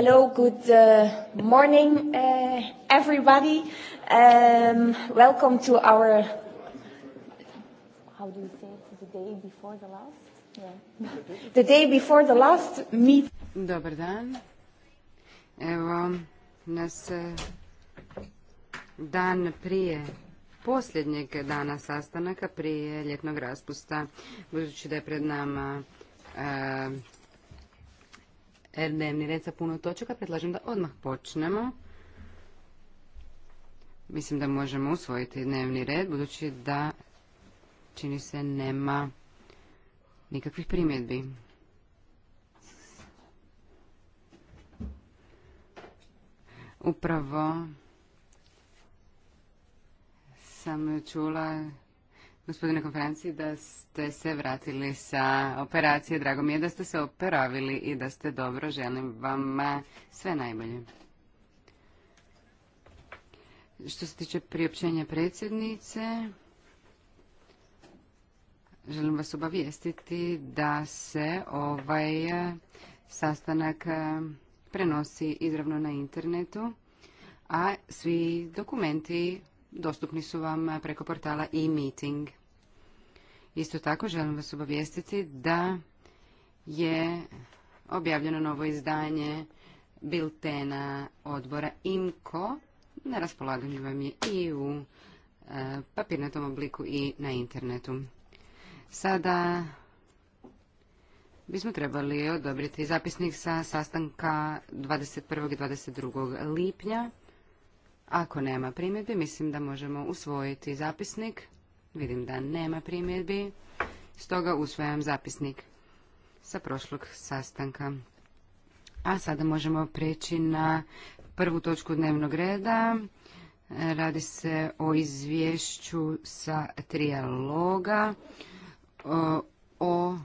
Hello, good uh, morning, uh, everybody. Um, welcome to our. How do you say it? The day before the last? Yeah. the day before the last meet. Dobar dan. Evo nas uh, dan prije posljednjeg dana sastanaka prije ljetnog raspusta, budući da je pred nama uh, dnevni red sa puno točaka, predlažem da odmah počnemo. Mislim da možemo usvojiti dnevni red, budući da čini se nema nikakvih primjedbi. Upravo sam čula gospodine konferenciji da ste se vratili sa operacije. Drago mi je da ste se operavili i da ste dobro. Želim vam eh, sve najbolje. Što se tiče priopćenja predsjednice, želim vas obavijestiti da se ovaj eh, sastanak eh, prenosi izravno na internetu, a svi dokumenti dostupni su vam preko portala e-meeting. Isto tako želim vas obavijestiti da je objavljeno novo izdanje biltena odbora IMKO. Na raspolaganju vam je i u e, papirnatom obliku i na internetu. Sada bismo trebali odobriti zapisnik sa sastanka 21. i 22. lipnja. Ako nema primjedbi, mislim da možemo usvojiti zapisnik. Vidim da nema primjedbi. Stoga usvajam zapisnik sa prošlog sastanka. A sada možemo preći na prvu točku dnevnog reda. Radi se o izvješću sa trijaloga o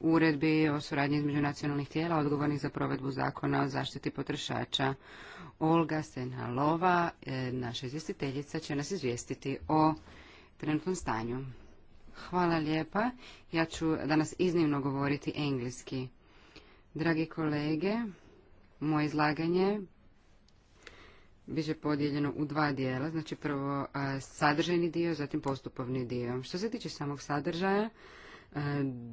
uredbi o suradnji između nacionalnih tijela odgovornih za provedbu zakona o zaštiti potrošača. Olga Stenhalova, e, naša izvjestiteljica, će nas izvijestiti o trenutnom stanju. Hvala lijepa. Ja ću danas iznimno govoriti engleski. Dragi kolege, moje izlaganje biže podijeljeno u dva dijela. Znači prvo sadržajni dio, zatim postupovni dio. Što se tiče samog sadržaja, e,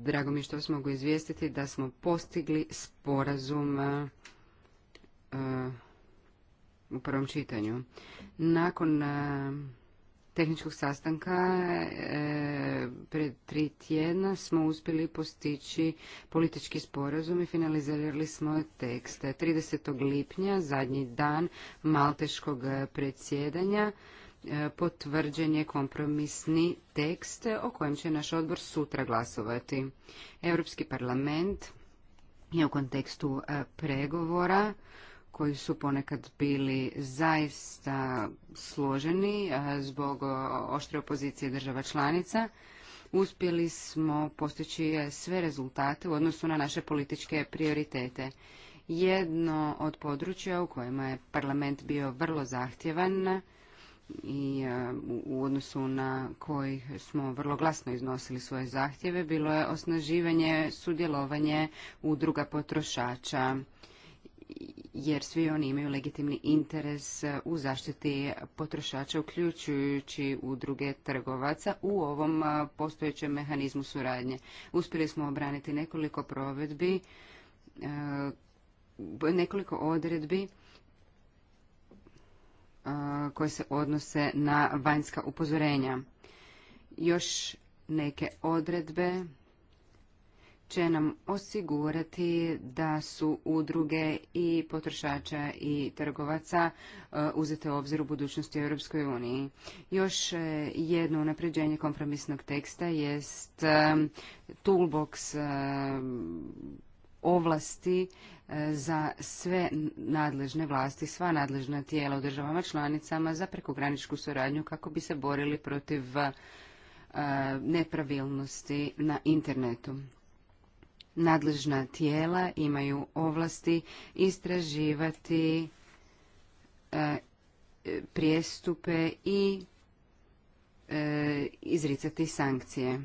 drago mi što vas mogu izvijestiti da smo postigli sporazum e, u prvom čitanju. Nakon e, tehničkog sastanka e, pred tri tjedna smo uspjeli postići politički sporazum i finalizirali smo tekst. 30. lipnja, zadnji dan malteškog predsjedanja, e, potvrđen je kompromisni tekst o kojem će naš odbor sutra glasovati. Europski parlament je u kontekstu pregovora koji su ponekad bili zaista složeni zbog oštre opozicije država članica, uspjeli smo postići e, sve rezultate u odnosu na naše političke prioritete. Jedno od područja u kojima je parlament bio vrlo zahtjevan i e, u odnosu na koji smo vrlo glasno iznosili svoje zahtjeve bilo je osnaživanje, sudjelovanje udruga potrošača jer svi oni imaju legitimni interes e, u zaštiti potrošača, uključujući udruge trgovaca u ovom e, postojećem mehanizmu suradnje. Uspjeli smo obraniti nekoliko provedbi, e, nekoliko odredbi koje se odnose na vanjska upozorenja. Još neke odredbe će nam osigurati da su udruge i potrošača i trgovaca e, uzete u obzir u budućnosti u Europskoj uniji. Još e, jedno unapređenje kompromisnog teksta jest e, toolbox ovlasti za sve nadležne vlasti, sva nadležna tijela u državama članicama za prekograničku suradnju kako bi se borili protiv nepravilnosti na internetu nadležna tijela imaju ovlasti istraživati e, prijestupe i e, izricati sankcije.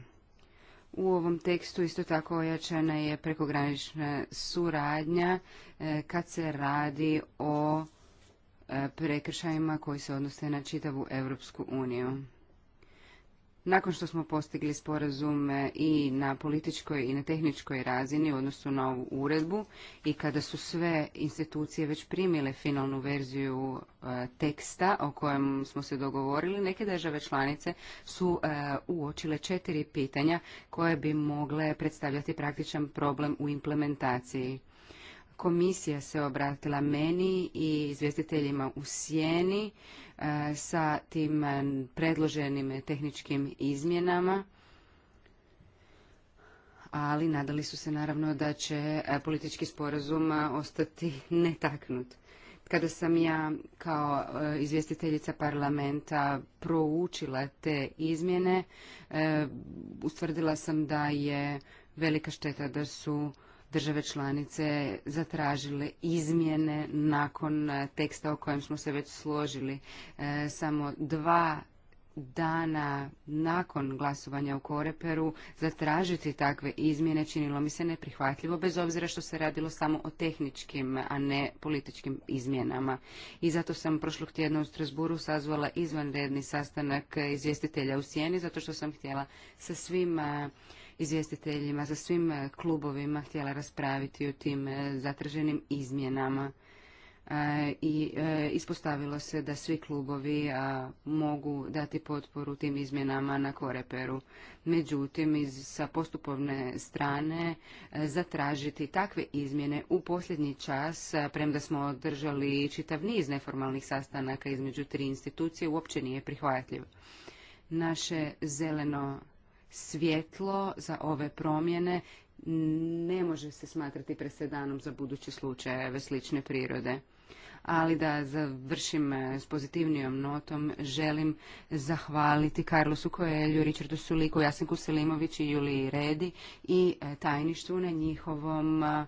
U ovom tekstu isto tako ojačana je prekogranična suradnja e, kad se radi o prekršajima koji se odnose na čitavu Europsku uniju nakon što smo postigli sporazum i na političkoj i na tehničkoj razini odnosno odnosu na ovu uredbu i kada su sve institucije već primile finalnu verziju e, teksta o kojem smo se dogovorili, neke države članice su e, uočile četiri pitanja koje bi mogle predstavljati praktičan problem u implementaciji. Komisija se obratila meni i izvjestiteljima u sjeni e, sa tim e, predloženim tehničkim izmjenama ali nadali su se naravno da će e, politički sporazum ostati netaknut. Kada sam ja kao izvjestiteljica parlamenta proučila te izmjene, ustvrdila sam da je velika šteta da su države članice zatražile izmjene nakon e, teksta o kojem smo se već složili. E, samo dva dana nakon glasovanja u Koreperu zatražiti takve izmjene činilo mi se neprihvatljivo, bez obzira što se radilo samo o tehničkim, a ne političkim izmjenama. I zato sam prošlog tjedna u Strasburu sazvala izvanredni sastanak izvjestitelja u Sjeni, zato što sam htjela sa svima izvjestiteljima, sa svim e, klubovima htjela raspraviti o tim e, zatraženim izmjenama e, i ispostavilo se da svi klubovi mogu dati potporu tim izmjenama na koreperu. Međutim, iz, sa postupovne strane zatražiti takve izmjene u posljednji čas, premda smo održali čitav niz neformalnih sastanaka između tri institucije, uopće nije prihvatljiv. Naše zeleno svjetlo za ove promjene ne može se smatrati presedanom za buduće slučajeve slične prirode. Ali da završim e, s pozitivnijom notom, želim zahvaliti Carlosu Koelju, Richardu Suliku, Jasenku Selimović i Juliji Redi i e, tajništvu na njihovom e,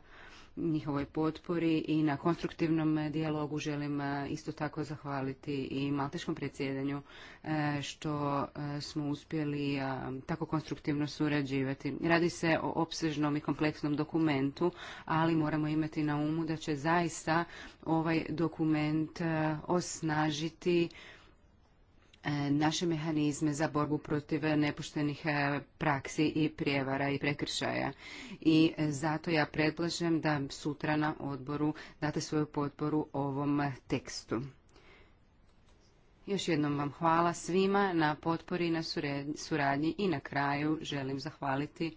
njihovoj potpori i na konstruktivnom eh, dijalogu želim eh, isto tako zahvaliti i malteškom predsjedanju eh, što smo uspjeli tako konstruktivno surađivati. Radi se o opsežnom i kompleksnom dokumentu, ali moramo imati na umu da će zaista ovaj dokument osnažiti E, naše mehanizme za borbu protiv nepoštenih e, praksi i prijevara i prekršaja. I e, zato ja predlažem da sutra na odboru date svoju potporu ovom tekstu. Još jednom vam hvala svima na potpori i na suradnji i na kraju želim zahvaliti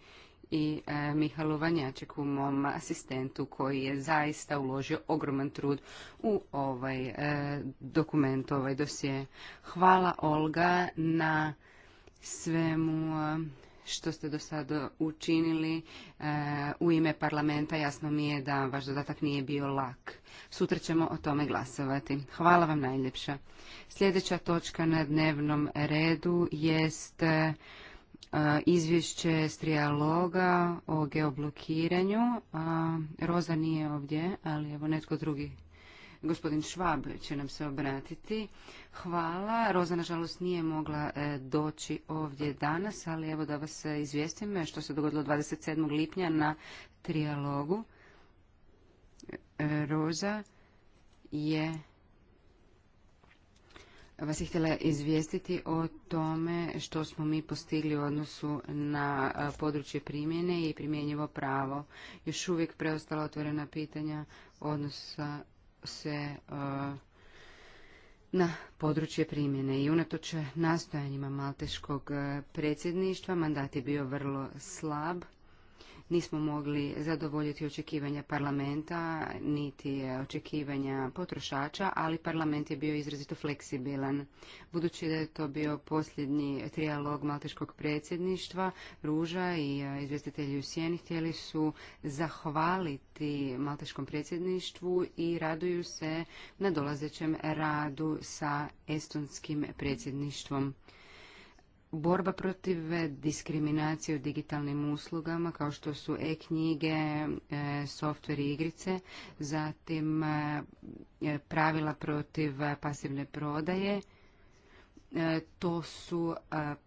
i e, Mihalu Vanjačeku, mom asistentu koji je zaista uložio ogroman trud u ovaj e, dokument, ovaj dosje. Hvala Olga na svemu e, što ste do sada učinili u ime parlamenta. Jasno mi je da vaš dodatak nije bio lak. Sutra ćemo o tome glasovati. Hvala vam najljepša. Sljedeća točka na dnevnom redu jest izvješće s trijaloga o geoblokiranju. Roza nije ovdje, ali evo netko drugi. Gospodin Švab će nam se obratiti. Hvala. Roza, nažalost, nije mogla e, doći ovdje danas, ali evo da vas e, izvijestim e, što se dogodilo 27. lipnja na trijalogu. Roza je vas je htjela izvijestiti o tome što smo mi postigli u odnosu na područje primjene i primjenjivo pravo. Još uvijek preostala otvorena pitanja odnosa se na područje primjene i unatoč nastojanjima malteškog predsjedništva mandat je bio vrlo slab nismo mogli zadovoljiti očekivanja parlamenta, niti očekivanja potrošača, ali parlament je bio izrazito fleksibilan. Budući da je to bio posljednji trijalog Malteškog predsjedništva, Ruža i e, izvjestitelji u Sjeni htjeli su zahvaliti Malteškom predsjedništvu i raduju se na dolazećem radu sa estonskim predsjedništvom. Borba protiv diskriminacije u digitalnim uslugama kao što su e-knjige, e, softver i igrice, zatim e, pravila protiv pasivne prodaje. E, to su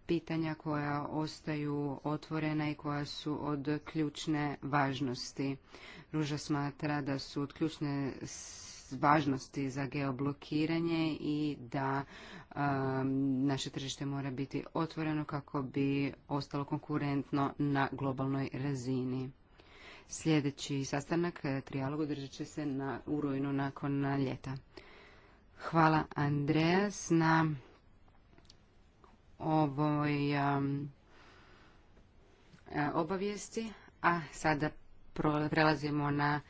pitanja koja ostaju otvorena i koja su od ključne važnosti. Ruža smatra da su od ključne važnosti za geoblokiranje i da um, naše tržište mora biti otvoreno kako bi ostalo konkurentno na globalnoj razini. Sljedeći sastanak eh, trijalogu držat će se na, u nakon ljeta. Hvala Andreas na ovoj um, eh, obavijesti, a sada prelazimo na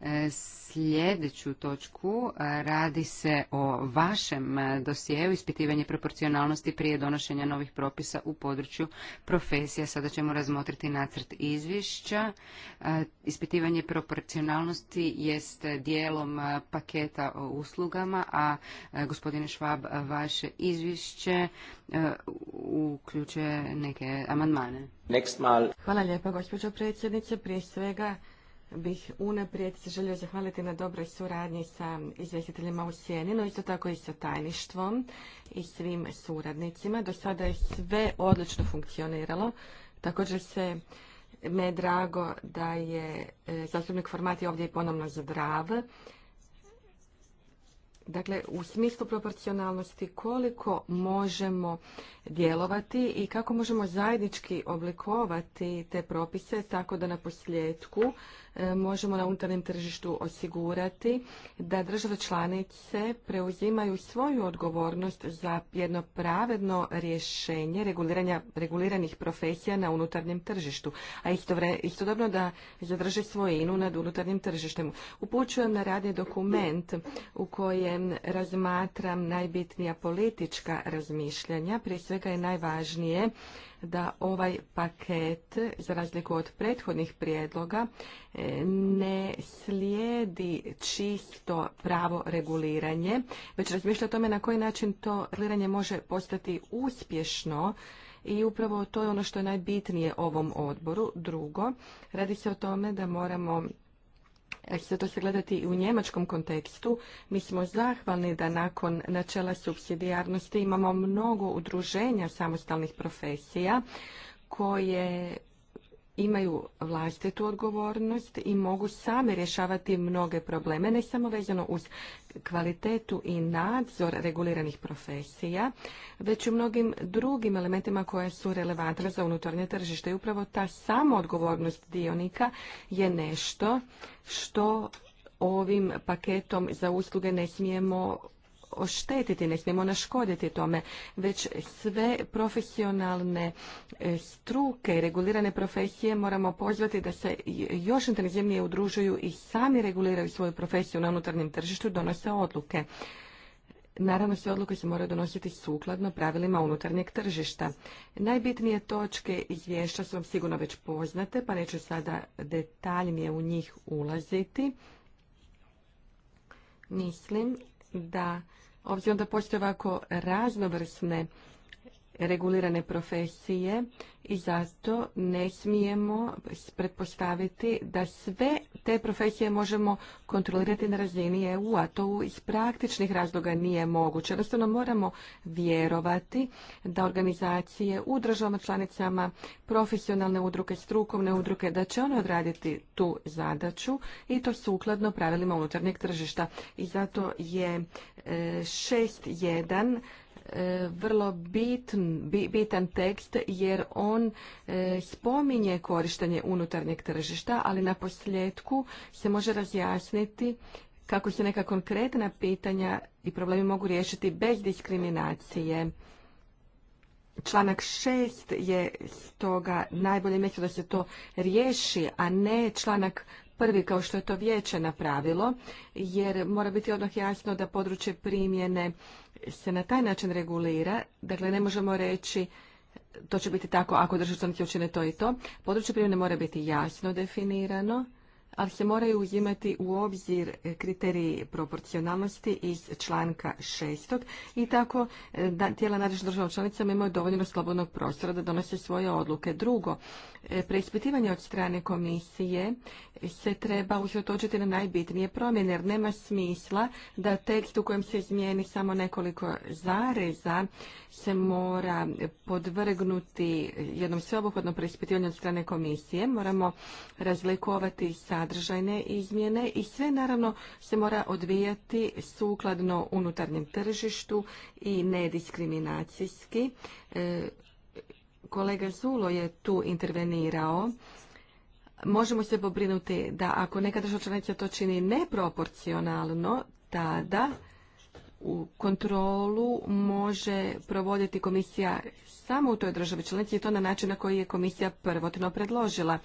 E, sljedeću točku. E, radi se o vašem e, dosjeu ispitivanje proporcionalnosti prije donošenja novih propisa u području profesija. Sada ćemo razmotriti nacrt izvješća. Ispitivanje proporcionalnosti jest dijelom paketa o uslugama, a gospodine Švab, vaše izvješće uključuje neke amandmane. Hvala lijepa, gospođo predsjednice. Prije svega bih unaprijed se želio zahvaliti na dobroj suradnji sa izvjestiteljima u Sjeni, no isto tako i sa tajništvom i svim suradnicima. Do sada je sve odlično funkcioniralo. Također se me je drago da je e, zastupnik formati ovdje i ponovno zdrav. Dakle, u smislu proporcionalnosti koliko možemo djelovati i kako možemo zajednički oblikovati te propise tako da na posljedku e, možemo na unutarnjem tržištu osigurati da države članice preuzimaju svoju odgovornost za jedno pravedno rješenje reguliranja, reguliranih profesija na unutarnjem tržištu, a istovre, istodobno da zadrže svojinu nad unutarnjim tržištem. Upućujem na radni dokument u kojem razmatram najbitnija politička razmišljanja, prije sve svega je najvažnije da ovaj paket, za razliku od prethodnih prijedloga, e, ne slijedi čisto pravo reguliranje, već razmišlja o tome na koji način to reguliranje može postati uspješno i upravo to je ono što je najbitnije ovom odboru. Drugo, radi se o tome da moramo to se gledati i u njemačkom kontekstu. Mi smo zahvalni da nakon načela subsidijarnosti imamo mnogo udruženja samostalnih profesija koje imaju vlastitu odgovornost i mogu same rješavati mnoge probleme, ne samo vezano uz kvalitetu i nadzor reguliranih profesija, već i u mnogim drugim elementima koje su relevantne za unutarnje tržište. I upravo ta odgovornost dionika je nešto što ovim paketom za usluge ne smijemo oštetiti, ne smijemo naškoditi tome, već sve profesionalne e, struke i regulirane profesije moramo pozvati da se još intenzivnije udružuju i sami reguliraju svoju profesiju na unutarnjem tržištu i donose odluke. Naravno, sve odluke se moraju donositi sukladno pravilima unutarnjeg tržišta. Najbitnije točke izvješća su vam sigurno već poznate, pa neću sada detaljnije u njih ulaziti. Mislim da obzirom da postoje ovako raznovrsne regulirane profesije i zato ne smijemo pretpostaviti da sve te profesije možemo kontrolirati na razini EU, a to iz praktičnih razloga nije moguće. Jednostavno moramo vjerovati da organizacije u državama članicama, profesionalne udruge, strukovne udruge, da će one odraditi tu zadaću i to sukladno pravilima unutarnjeg tržišta. I zato je 6.1 e, E, vrlo bitan, tekst jer on e, spominje korištenje unutarnjeg tržišta, ali na posljedku se može razjasniti kako se neka konkretna pitanja i problemi mogu riješiti bez diskriminacije. Članak šest je stoga najbolje mjesto da se to riješi, a ne članak prvi kao što je to vijeće napravilo, jer mora biti odmah jasno da područje primjene se na taj način regulira. Dakle, ne možemo reći to će biti tako ako države članice učine to i to. Područje primjene mora biti jasno definirano ali se moraju uzimati u obzir e, kriteriji proporcionalnosti iz članka 6. i tako e, da tijela nadležna država članica imaju dovoljno slobodnog prostora da donose svoje odluke. Drugo, e, preispitivanje od strane komisije se treba usjetočiti na najbitnije promjene, jer nema smisla da tekst u kojem se izmijeni samo nekoliko zareza se mora podvrgnuti jednom sveobuhvatnom preispitivanju od strane komisije. Moramo razlikovati sa sadržajne izmjene i sve naravno se mora odvijati sukladno unutarnjem tržištu i nediskriminacijski. E, kolega Zulo je tu intervenirao. Možemo se pobrinuti da ako neka država članica to čini neproporcionalno, tada u kontrolu može provoditi komisija samo u toj državi članici i to na način na koji je komisija prvotno predložila.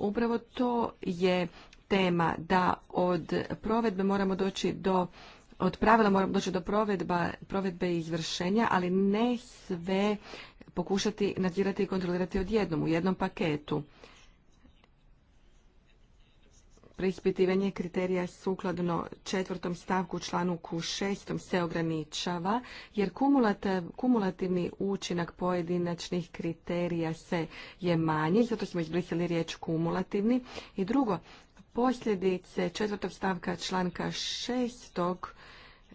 Upravo to je tema da od provedbe moramo doći do od pravila moramo doći do provedba, provedbe i izvršenja, ali ne sve pokušati nadzirati i kontrolirati odjednom, u jednom paketu preispitivanje kriterija sukladno četvrtom stavku članku šestom se ograničava, jer kumulativni učinak pojedinačnih kriterija se je manji, zato smo izbrisali riječ kumulativni. I drugo, posljedice četvrtog stavka članka šestog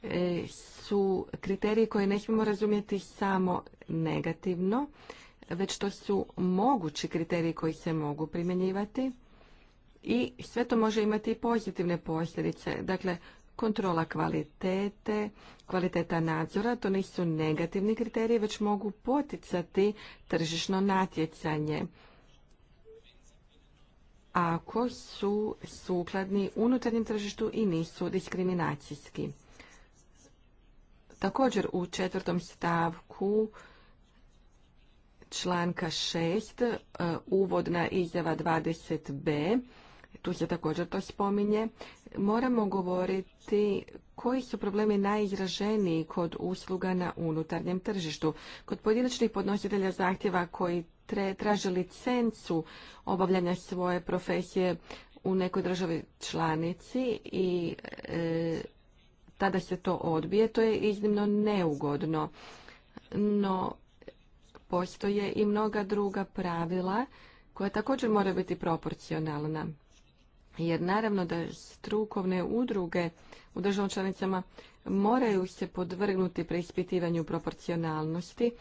e, su kriteriji koje ne smijemo razumjeti samo negativno, već to su mogući kriteriji koji se mogu primjenjivati i sve to može imati i pozitivne posljedice. Dakle, kontrola kvalitete, kvaliteta nadzora, to nisu negativni kriteriji, već mogu poticati tržišno natjecanje. Ako su sukladni unutarnjem tržištu i nisu diskriminacijski. Također u četvrtom stavku članka 6, e, uvodna izjava 20b, tu se također to spominje, moramo govoriti koji su problemi najizraženiji kod usluga na unutarnjem tržištu. Kod pojedinačnih podnositelja zahtjeva koji traže licencu obavljanja svoje profesije u nekoj državi članici i e, tada se to odbije, to je iznimno neugodno. No, postoje i mnoga druga pravila koja također mora biti proporcionalna jer naravno da strukovne udruge u državom članicama moraju se podvrgnuti preispitivanju proporcionalnosti,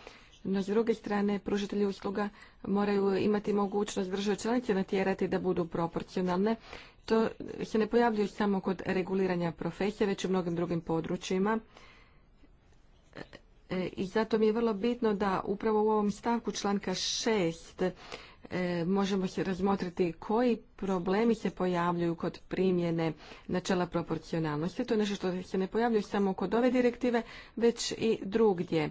no s druge strane pružatelji usluga moraju imati mogućnost države članice natjerati da budu proporcionalne. To se ne pojavljuje samo kod reguliranja profesije, već u mnogim drugim područjima. E, I zato mi je vrlo bitno da upravo u ovom stavku članka 6 E, možemo se razmotriti koji problemi se pojavljuju kod primjene načela proporcionalnosti. To je nešto što se ne pojavljuje samo kod ove direktive, već i drugdje.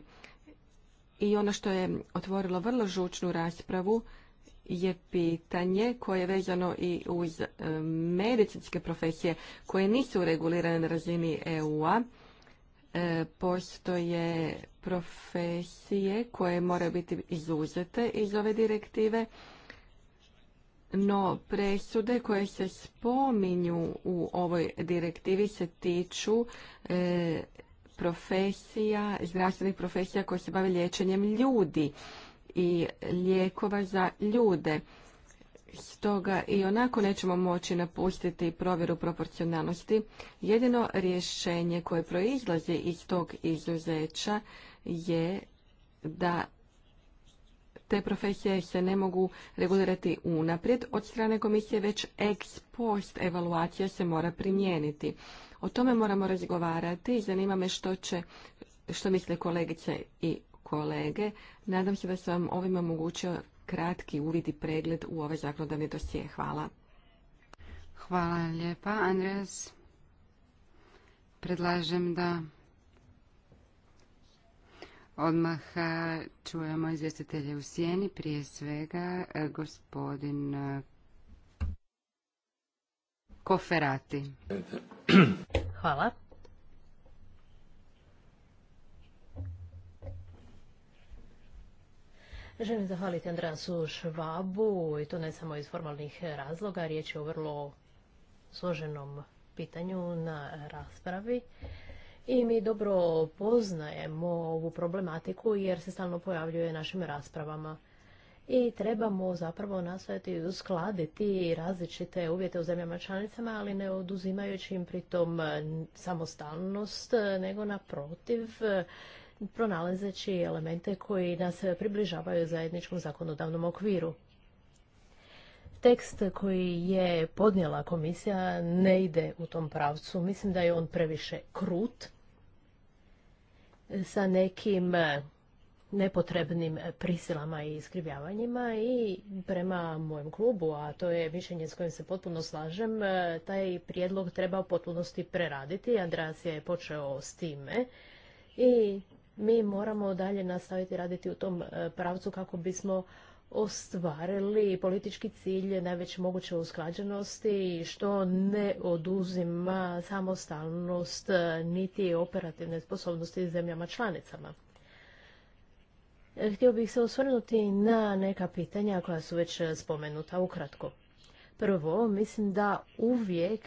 I ono što je otvorilo vrlo žučnu raspravu je pitanje koje je vezano i uz e, medicinske profesije koje nisu regulirane na razini EU-a. E, postoje profesije koje moraju biti izuzete iz ove direktive, no presude koje se spominju u ovoj direktivi se tiču e, profesija, zdravstvenih profesija koje se bave liječenjem ljudi i lijekova za ljude. Stoga i onako nećemo moći napustiti provjeru proporcionalnosti. Jedino rješenje koje proizlazi iz tog izuzeća je da te profesije se ne mogu regulirati unaprijed od strane komisije, već ex post evaluacija se mora primijeniti. O tome moramo razgovarati i zanima me što će, što misle kolegice i kolege. Nadam se da sam vam ovim omogućio kratki uvid i pregled u ovaj zakonodavni dosje. Hvala. Hvala lijepa, Andreas. Predlažem da odmah e, čujemo izvjestitelje u sjeni. Prije svega e, gospodin e, Koferati. Hvala. Želim zahvaliti Andrasu Švabu i to ne samo iz formalnih razloga. Riječ je o vrlo složenom pitanju na raspravi. I mi dobro poznajemo ovu problematiku jer se stalno pojavljuje našim raspravama. I trebamo zapravo nastojati uskladiti različite uvjete u zemljama članicama, ali ne oduzimajući im pritom samostalnost, nego naprotiv pronalazeći elemente koji nas približavaju zajedničkom zakonodavnom okviru. Tekst koji je podnijela komisija ne ide u tom pravcu. Mislim da je on previše krut sa nekim nepotrebnim prisilama i iskrivljavanjima i prema mojem klubu, a to je mišljenje s kojim se potpuno slažem, taj prijedlog treba u potpunosti preraditi. Andras je počeo s time i mi moramo dalje nastaviti raditi u tom e, pravcu kako bismo ostvarili politički cilj najveće moguće usklađenosti što ne oduzima samostalnost e, niti operativne sposobnosti zemljama članicama. Htio bih se osvrnuti na neka pitanja koja su već spomenuta ukratko. Prvo, mislim da uvijek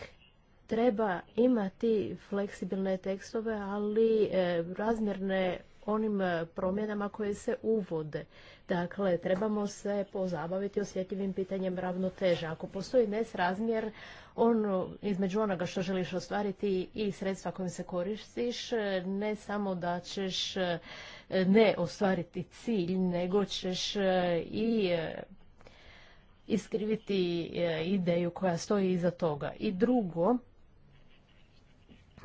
treba imati fleksibilne tekstove, ali e, razmjerne onim e, promjenama koje se uvode. Dakle, trebamo se pozabaviti osjetljivim pitanjem ravnoteže. Ako postoji nesrazmjer on između onoga što želiš ostvariti i sredstva kojim se koristiš, e, ne samo da ćeš ne ostvariti cilj, nego ćeš i iskriviti ideju koja stoji iza toga. I drugo,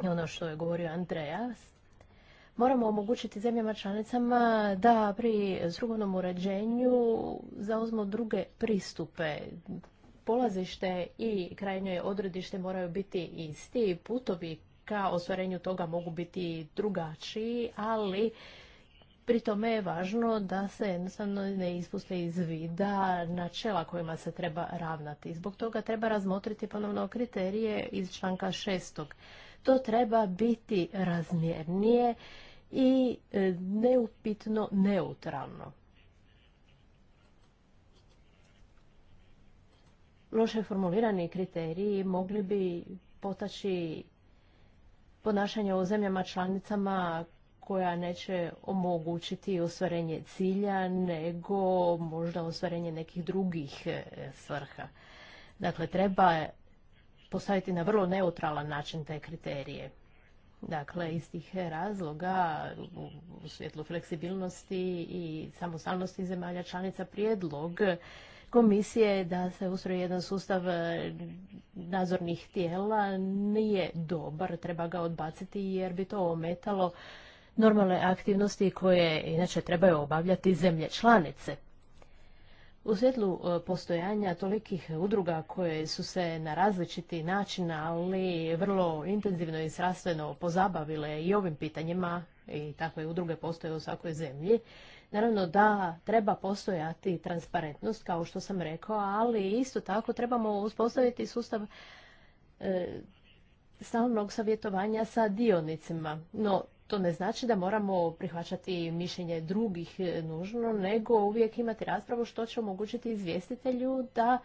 ono što je govorio Andreas, moramo omogućiti zemljama članicama da pri strukovnom uređenju zauzmu druge pristupe. Polazište i krajnje odredište moraju biti isti, putovi ka ostvarenju toga mogu biti drugačiji, ali pri tome je važno da se jednostavno ne ispuste iz vida načela kojima se treba ravnati. Zbog toga treba razmotriti ponovno kriterije iz članka šestog. To treba biti razmjernije i e, neupitno neutralno. Loše formulirani kriteriji mogli bi potaći ponašanje u zemljama članicama koja neće omogućiti ostvarenje cilja, nego možda ostvarenje nekih drugih e, svrha. Dakle, treba postaviti na vrlo neutralan način te kriterije. Dakle, iz tih razloga u svjetlu fleksibilnosti i samostalnosti zemalja članica prijedlog komisije da se ustroji jedan sustav nadzornih tijela nije dobar, treba ga odbaciti jer bi to ometalo normalne aktivnosti koje inače trebaju obavljati zemlje članice. U svjetlu e, postojanja tolikih udruga koje su se na različiti način, ali vrlo intenzivno i srastveno pozabavile i ovim pitanjima, i takve udruge postoje u svakoj zemlji, naravno da treba postojati transparentnost, kao što sam rekao, ali isto tako trebamo uspostaviti sustav e, stalnog savjetovanja sa dionicima. No, to ne znači da moramo prihvaćati mišljenje drugih e, nužno, nego uvijek imati raspravu što će omogućiti izvjestitelju da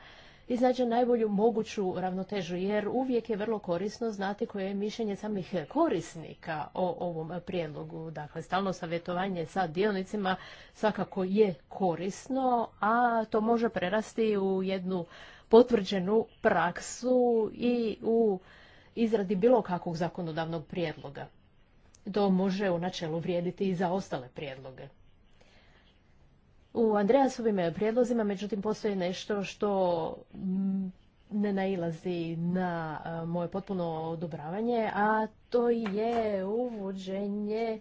iznađe najbolju moguću ravnotežu, jer uvijek je vrlo korisno znati koje je mišljenje samih korisnika o ovom prijedlogu. Dakle, stalno savjetovanje sa dionicima svakako je korisno, a to može prerasti u jednu potvrđenu praksu i u izradi bilo kakvog zakonodavnog prijedloga to može u načelu vrijediti i za ostale prijedloge. U Andreasovim prijedlozima, međutim, postoji nešto što ne nailazi na moje potpuno odobravanje, a to je uvođenje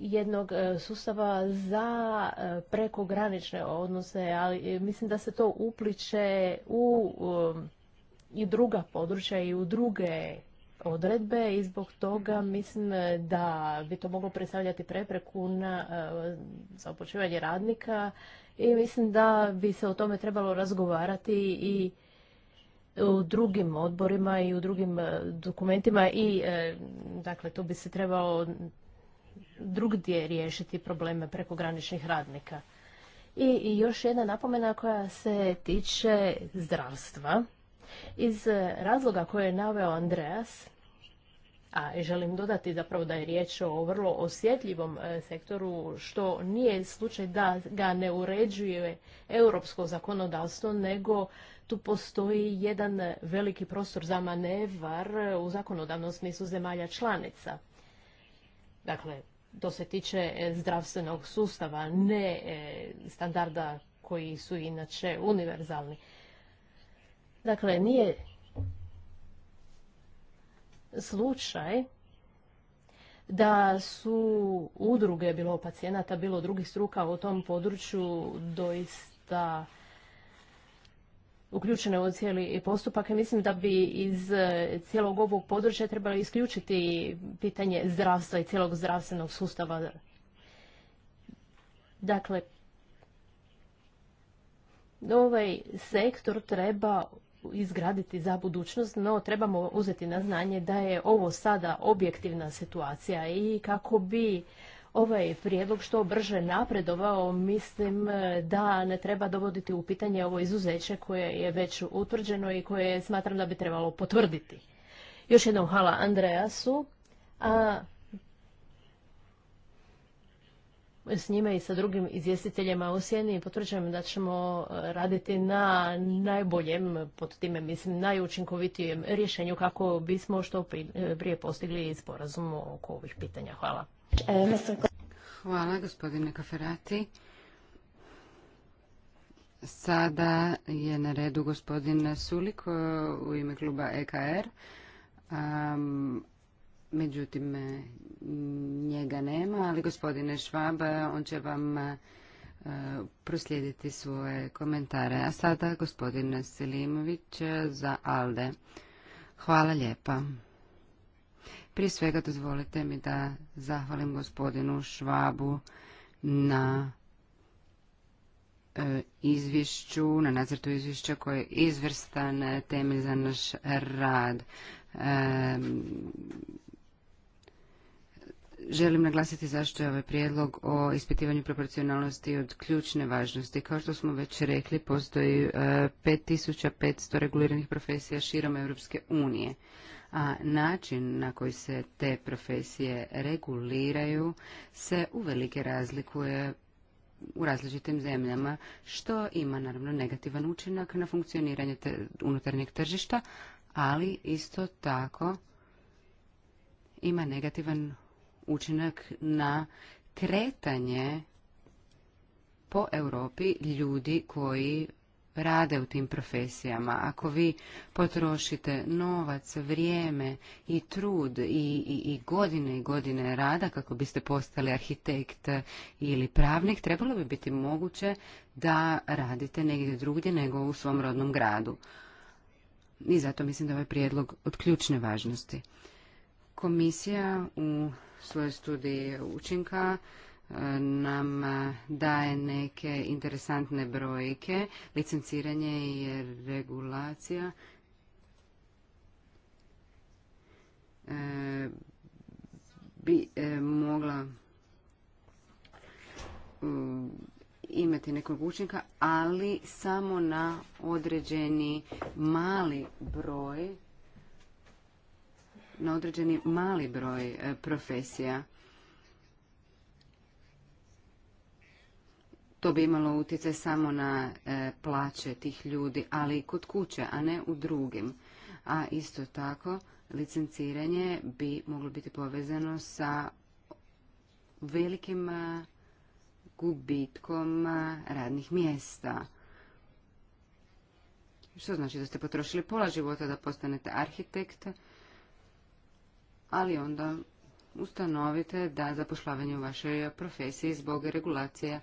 jednog e, sustava za e, prekogranične odnose, ali e, mislim da se to upliče u i druga područja i u druge odredbe i zbog toga mislim e, da bi to moglo predstavljati prepreku na e, započivanje radnika i mislim da bi se o tome trebalo razgovarati i u drugim odborima i u drugim e, dokumentima i dakle tu bi se trebalo drugdje riješiti probleme prekograničnih radnika. I još jedna napomena koja se tiče zdravstva. Iz razloga koje je naveo Andreas, a želim dodati zapravo da je riječ o vrlo osjetljivom e, sektoru, što nije slučaj da ga ne uređuje europsko zakonodavstvo, nego tu postoji jedan veliki prostor za manevar u zakonodavnom smislu zemalja članica. Dakle, to se tiče e, zdravstvenog sustava, ne e, standarda koji su inače univerzalni. Dakle, nije slučaj da su udruge, bilo pacijenata, bilo drugih struka u tom području doista uključene u cijeli postupak i mislim da bi iz e, cijelog ovog područja trebalo isključiti pitanje zdravstva i cijelog zdravstvenog sustava. Dakle, ovaj sektor treba izgraditi za budućnost, no trebamo uzeti na znanje da je ovo sada objektivna situacija i kako bi ovaj prijedlog što brže napredovao, mislim e, da ne treba dovoditi u pitanje ovo izuzeće koje je već utvrđeno i koje smatram da bi trebalo potvrditi. Još jednom hvala Andreasu. A s njime i sa drugim izvjestiteljima u Sjeni i potvrđujem da ćemo e, raditi na najboljem, pod time mislim najučinkovitijem rješenju kako bismo što e, prije postigli sporazum oko ovih pitanja. Hvala. Hvala gospodine Kaferati. Sada je na redu gospodin Sulik e, u ime kluba EKR. Međutim, e, njega nema, ali gospodine Švaba, e, on će vam e, proslijediti svoje komentare. A sada gospodin Selimović za ALDE. Hvala lijepa. Prije svega dozvolite mi da zahvalim gospodinu Švabu na izvješću, na nacrtu izvješća koji je izvrstan temi za naš rad želim naglasiti zašto je ovaj prijedlog o ispitivanju proporcionalnosti od ključne važnosti. Kao što smo već rekli, postoji 5500 e, reguliranih profesija širom Europske unije, a način na koji se te profesije reguliraju se uvelike razlikuje u različitim zemljama, što ima naravno negativan učinak na funkcioniranje unutarnjeg tržišta, ali isto tako ima negativan učinak na kretanje po Europi ljudi koji rade u tim profesijama. Ako vi potrošite novac, vrijeme i trud i, i, godine i godine rada kako biste postali arhitekt ili pravnik, trebalo bi biti moguće da radite negdje drugdje nego u svom rodnom gradu. I zato mislim da je ovaj prijedlog od ključne važnosti. Komisija u svojoj studiji učinka e, nam e, daje neke interesantne brojke, licenciranje i regulacija. E, bi mogla imati nekog učinka, ali samo na određeni mali broj na određeni mali broj e, profesija. To bi imalo utjecaj samo na e, plaće tih ljudi, ali i kod kuće, a ne u drugim. A isto tako, licenciranje bi moglo biti povezano sa velikim e, gubitkom radnih mjesta. Što znači da ste potrošili pola života da postanete arhitekta ali onda ustanovite da zapošljavanje u vašoj profesiji zbog regulacija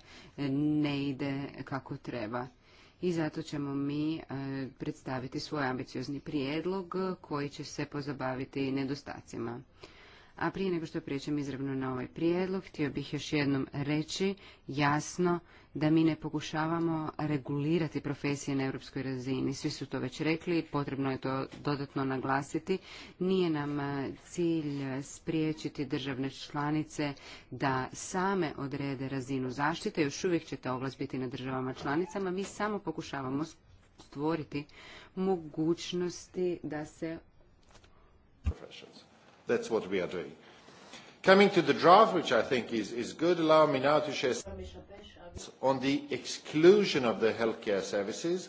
ne ide kako treba. I zato ćemo mi e, predstaviti svoj ambiciozni prijedlog koji će se pozabaviti nedostacima. A prije nego što pričam izravno na ovaj prijedlog, htio bih još jednom reći jasno da mi ne pokušavamo regulirati profesije na europskoj razini. Svi su to već rekli, potrebno je to dodatno naglasiti. Nije nam eh, cilj eh, spriječiti državne članice da same odrede razinu zaštite. Još uvijek će ta ovlast biti na državama članicama. Mi samo pokušavamo stvoriti mogućnosti da se That's what we are doing. Coming to the draft, which I think is, is good, allow me now to share on the exclusion of the healthcare services.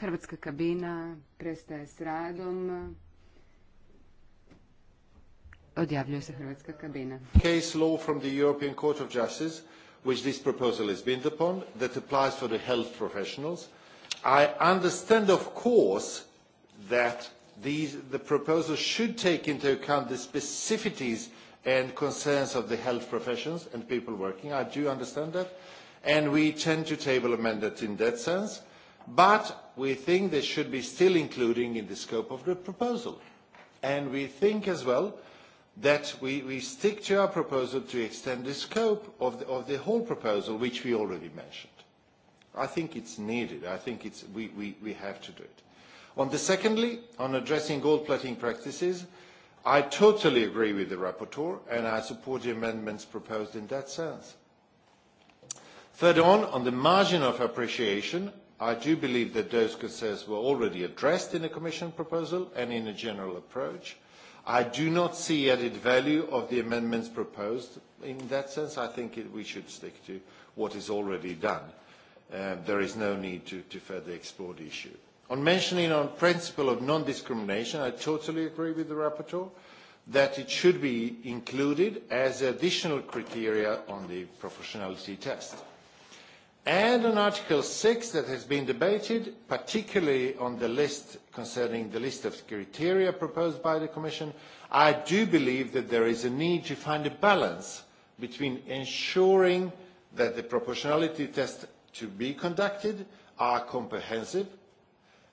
Hrvatska kabina prestaje s radom. Odjavljuje se Hrvatska kabina. Case law from the European Court of Justice, which this proposal is built upon, that applies for the health professionals. I understand, of course, that these, the proposal should take into account the specificities and concerns of the health professions and people working. I do understand that. And we tend to table amendments in that sense. But we think they should be still including in the scope of the proposal. And we think as well that we, we stick to our proposal to extend the scope of the, of the whole proposal, which we already mentioned. I think it's needed. I think it's, we, we, we have to do it. On the secondly, on addressing gold plating practices, i totally agree with the rapporteur, and I support the amendments proposed in that sense. Third on, on the margin of appreciation, I do believe that those concerns were already addressed in the Commission proposal and in a general approach. I do not see added value of the amendments proposed. In that sense, I think we should stick to what is already done. Uh, there is no need to, to further explore the issue. On mentioning on principle of non-discrimination, I totally agree with the rapporteur that it should be included as additional criteria on the proportionality test. And on Article 6 that has been debated, particularly on the list concerning the list of criteria proposed by the Commission, I do believe that there is a need to find a balance between ensuring that the proportionality tests to be conducted are comprehensive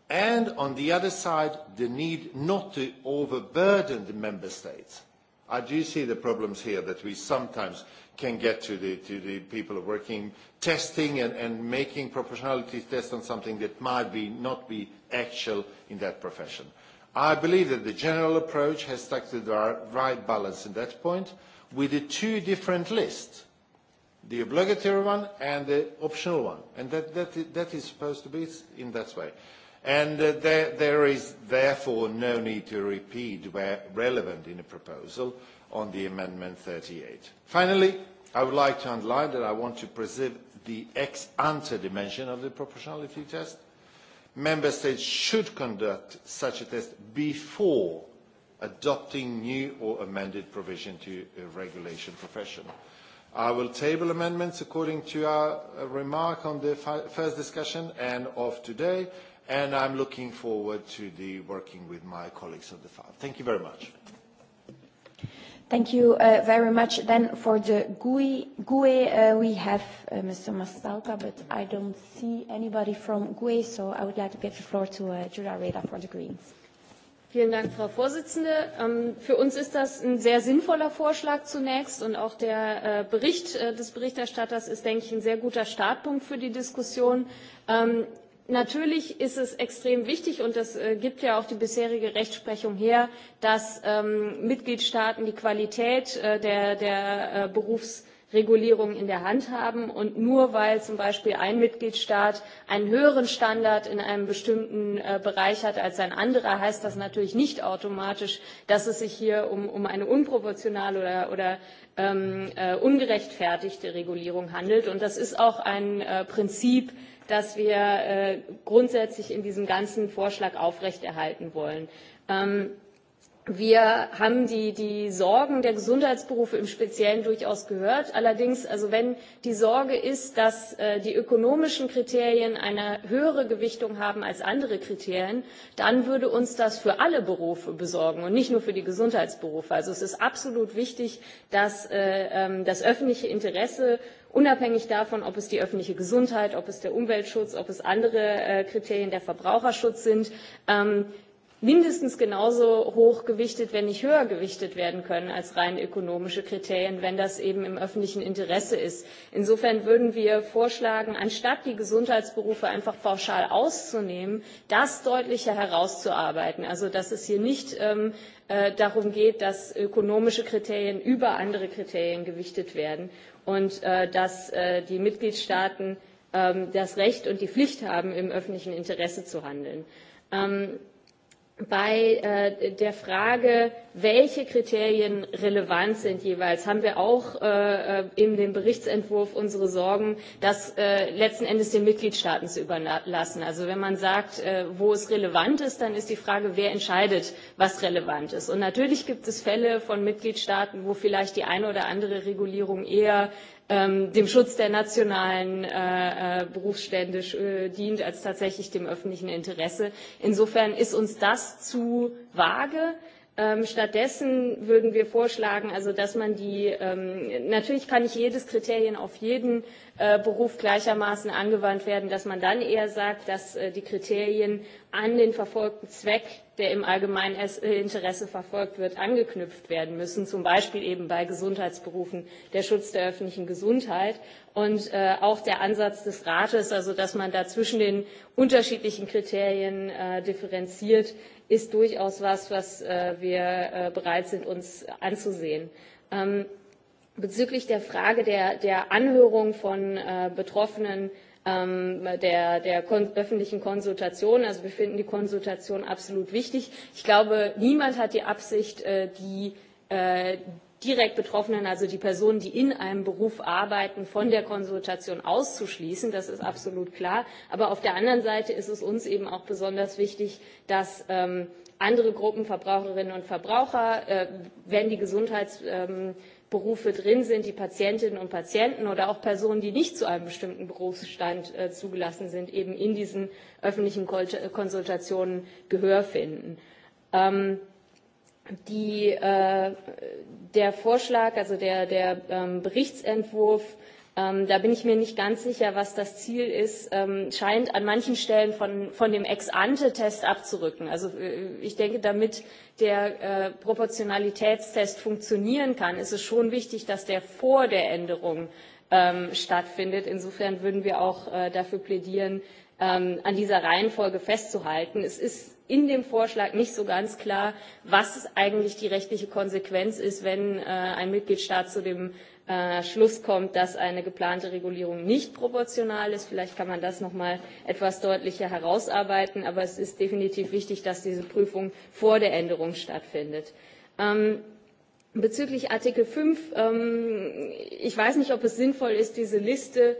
and on the other side the need not to overburden the member states. I do see the problems here that we sometimes can get to the, to the people working, testing and, and making proportionality tests on something that might be, not be actual in that profession. I believe that the general approach has stuck to the right balance in that point with the two different lists, the obligatory one and the optional one. And that, that, that is supposed to be in that way. And uh, there, there is therefore no need to repeat where relevant in a proposal on the Amendment 38. Finally, I would like to underline that I want to preserve the ex ante dimension of the proportionality test. Member States should conduct such a test before adopting new or amended provision to a regulation profession. I will table amendments according to our uh, remark on the first discussion and of today and I'm looking forward to the working with my colleagues on the farm. Thank you very much. Thank you uh, very much. Then for the GUI, GUE, uh, we have uh, Mr. Mastalka, but I don't see anybody from GUE, so I would like to give the floor to uh, Julia Reda for the Greens. Vielen Dank, Frau Vorsitzende. Ähm, für uns ist das ein sehr sinnvoller Vorschlag zunächst und auch der äh, Bericht äh, des Berichterstatters ist, denke ich, ein sehr guter Startpunkt für die Diskussion. Ähm, Natürlich ist es extrem wichtig, und das äh, gibt ja auch die bisherige Rechtsprechung her, dass ähm, Mitgliedstaaten die Qualität äh, der, der äh, Berufsregulierung in der Hand haben. Und nur weil zum Beispiel ein Mitgliedstaat einen höheren Standard in einem bestimmten Bereich hat als ein anderer, heißt das natürlich nicht automatisch, dass es sich hier um, um eine unproportionale oder, oder ähm, ungerechtfertigte Regulierung handelt. Und das ist auch ein Prinzip, das wir äh, grundsätzlich in diesem ganzen Vorschlag aufrechterhalten wollen. Ähm, wir haben die, die Sorgen der Gesundheitsberufe im Speziellen durchaus gehört. Allerdings, also wenn die Sorge ist, dass äh, die ökonomischen Kriterien eine höhere Gewichtung haben als andere Kriterien, dann würde uns das für alle Berufe besorgen und nicht nur für die Gesundheitsberufe. Also es ist absolut wichtig, dass äh, ähm, das öffentliche Interesse unabhängig davon ob es die öffentliche gesundheit ob es der umweltschutz ob es andere äh, kriterien der verbraucherschutz sind ähm, mindestens genauso hoch gewichtet wenn nicht höher gewichtet werden können als rein ökonomische kriterien wenn das eben im öffentlichen interesse ist. insofern würden wir vorschlagen anstatt die gesundheitsberufe einfach pauschal auszunehmen das deutlicher herauszuarbeiten also dass es hier nicht ähm, äh, darum geht dass ökonomische kriterien über andere kriterien gewichtet werden und äh, dass äh, die Mitgliedstaaten ähm, das Recht und die Pflicht haben, im öffentlichen Interesse zu handeln. Ähm, bei äh, der Frage, welche Kriterien relevant sind jeweils, haben wir auch äh, äh, in dem Berichtsentwurf unsere Sorgen, das letzten Endes den Mitgliedstaaten zu überlassen. Also wenn man sagt, wo es relevant ist, dann ist die Frage, wer entscheidet, was relevant ist. Und natürlich gibt es Fälle von Mitgliedstaaten, wo vielleicht die eine oder andere Regulierung eher ähm, dem Schutz der nationalen äh, äh Berufsstände äh, dient als tatsächlich dem öffentlichen Interesse. Insofern ist uns das zu vage. Ähm, stattdessen würden wir vorschlagen, also dass man die, ähm, natürlich kann nicht jedes Kriterien auf jeden äh, Beruf gleichermaßen angewandt werden, dass man dann eher sagt, dass äh, die Kriterien an den verfolgten Zweck der im allgemeinen äh, Interesse verfolgt wird, angeknüpft werden müssen, zum Beispiel eben bei Gesundheitsberufen der Schutz der öffentlichen Gesundheit und äh, auch der Ansatz des Rates, also dass man da zwischen den unterschiedlichen Kriterien äh, differenziert, ist durchaus was, was wir bereit sind, uns anzusehen. Ähm, bezüglich der Frage der, der Anhörung von Betroffenen Ähm, der, der kon öffentlichen Konsultation. Also wir finden die Konsultation absolut wichtig. Ich glaube, niemand hat die Absicht, äh, die äh, direkt Betroffenen, also die Personen, die in einem Beruf arbeiten, von der Konsultation auszuschließen. Das ist absolut klar. Aber auf der anderen Seite ist es uns eben auch besonders wichtig, dass ähm, andere Gruppen, Verbraucherinnen und Verbraucher, äh, wenn die Gesundheits ähm, Berufe drin sind, die Patientinnen und Patienten oder auch Personen, die nicht zu einem bestimmten Berufsstand äh, zugelassen sind, eben in diesen öffentlichen äh, Konsultationen Gehör finden. Ähm, die, äh, der Vorschlag, also der, der ähm, Berichtsentwurf Ähm, da bin ich mir nicht ganz sicher, was das Ziel ist, ähm, scheint an manchen Stellen von, von dem Ex-Ante-Test abzurücken. Also äh, ich denke, damit der äh, Proportionalitätstest funktionieren kann, ist es schon wichtig, dass der vor der Änderung ähm, stattfindet. Insofern würden wir auch äh, dafür plädieren, ähm, an dieser Reihenfolge festzuhalten. Es ist in dem Vorschlag nicht so ganz klar, was eigentlich die rechtliche Konsequenz ist, wenn äh, ein Mitgliedstaat zu dem Äh, Schluss kommt, dass eine geplante Regulierung nicht proportional ist. Vielleicht kann man das noch mal etwas deutlicher herausarbeiten, aber es ist definitiv wichtig, dass diese Prüfung vor der Änderung stattfindet. Ähm, bezüglich Artikel 5, ähm, ich weiß nicht, ob es sinnvoll ist, diese Liste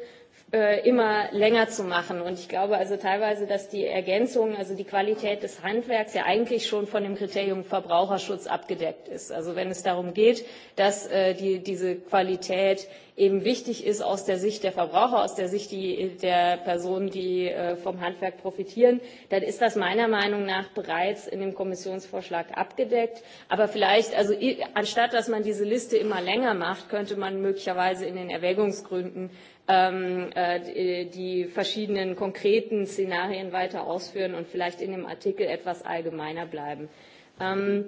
Äh, immer länger zu machen. Und ich glaube also teilweise, dass die Ergänzung, also die Qualität des Handwerks ja eigentlich schon von dem Kriterium Verbraucherschutz abgedeckt ist. Also wenn es darum geht, dass äh, die, diese Qualität eben wichtig ist aus der Sicht der Verbraucher, aus der Sicht die, der Personen, die äh, vom Handwerk profitieren, dann ist das meiner Meinung nach bereits in dem Kommissionsvorschlag abgedeckt. Aber vielleicht, also anstatt dass man diese Liste immer länger macht, könnte man möglicherweise in den Erwägungsgründen ähm, äh, die verschiedenen konkreten Szenarien weiter ausführen und vielleicht in dem Artikel etwas allgemeiner bleiben. Ähm,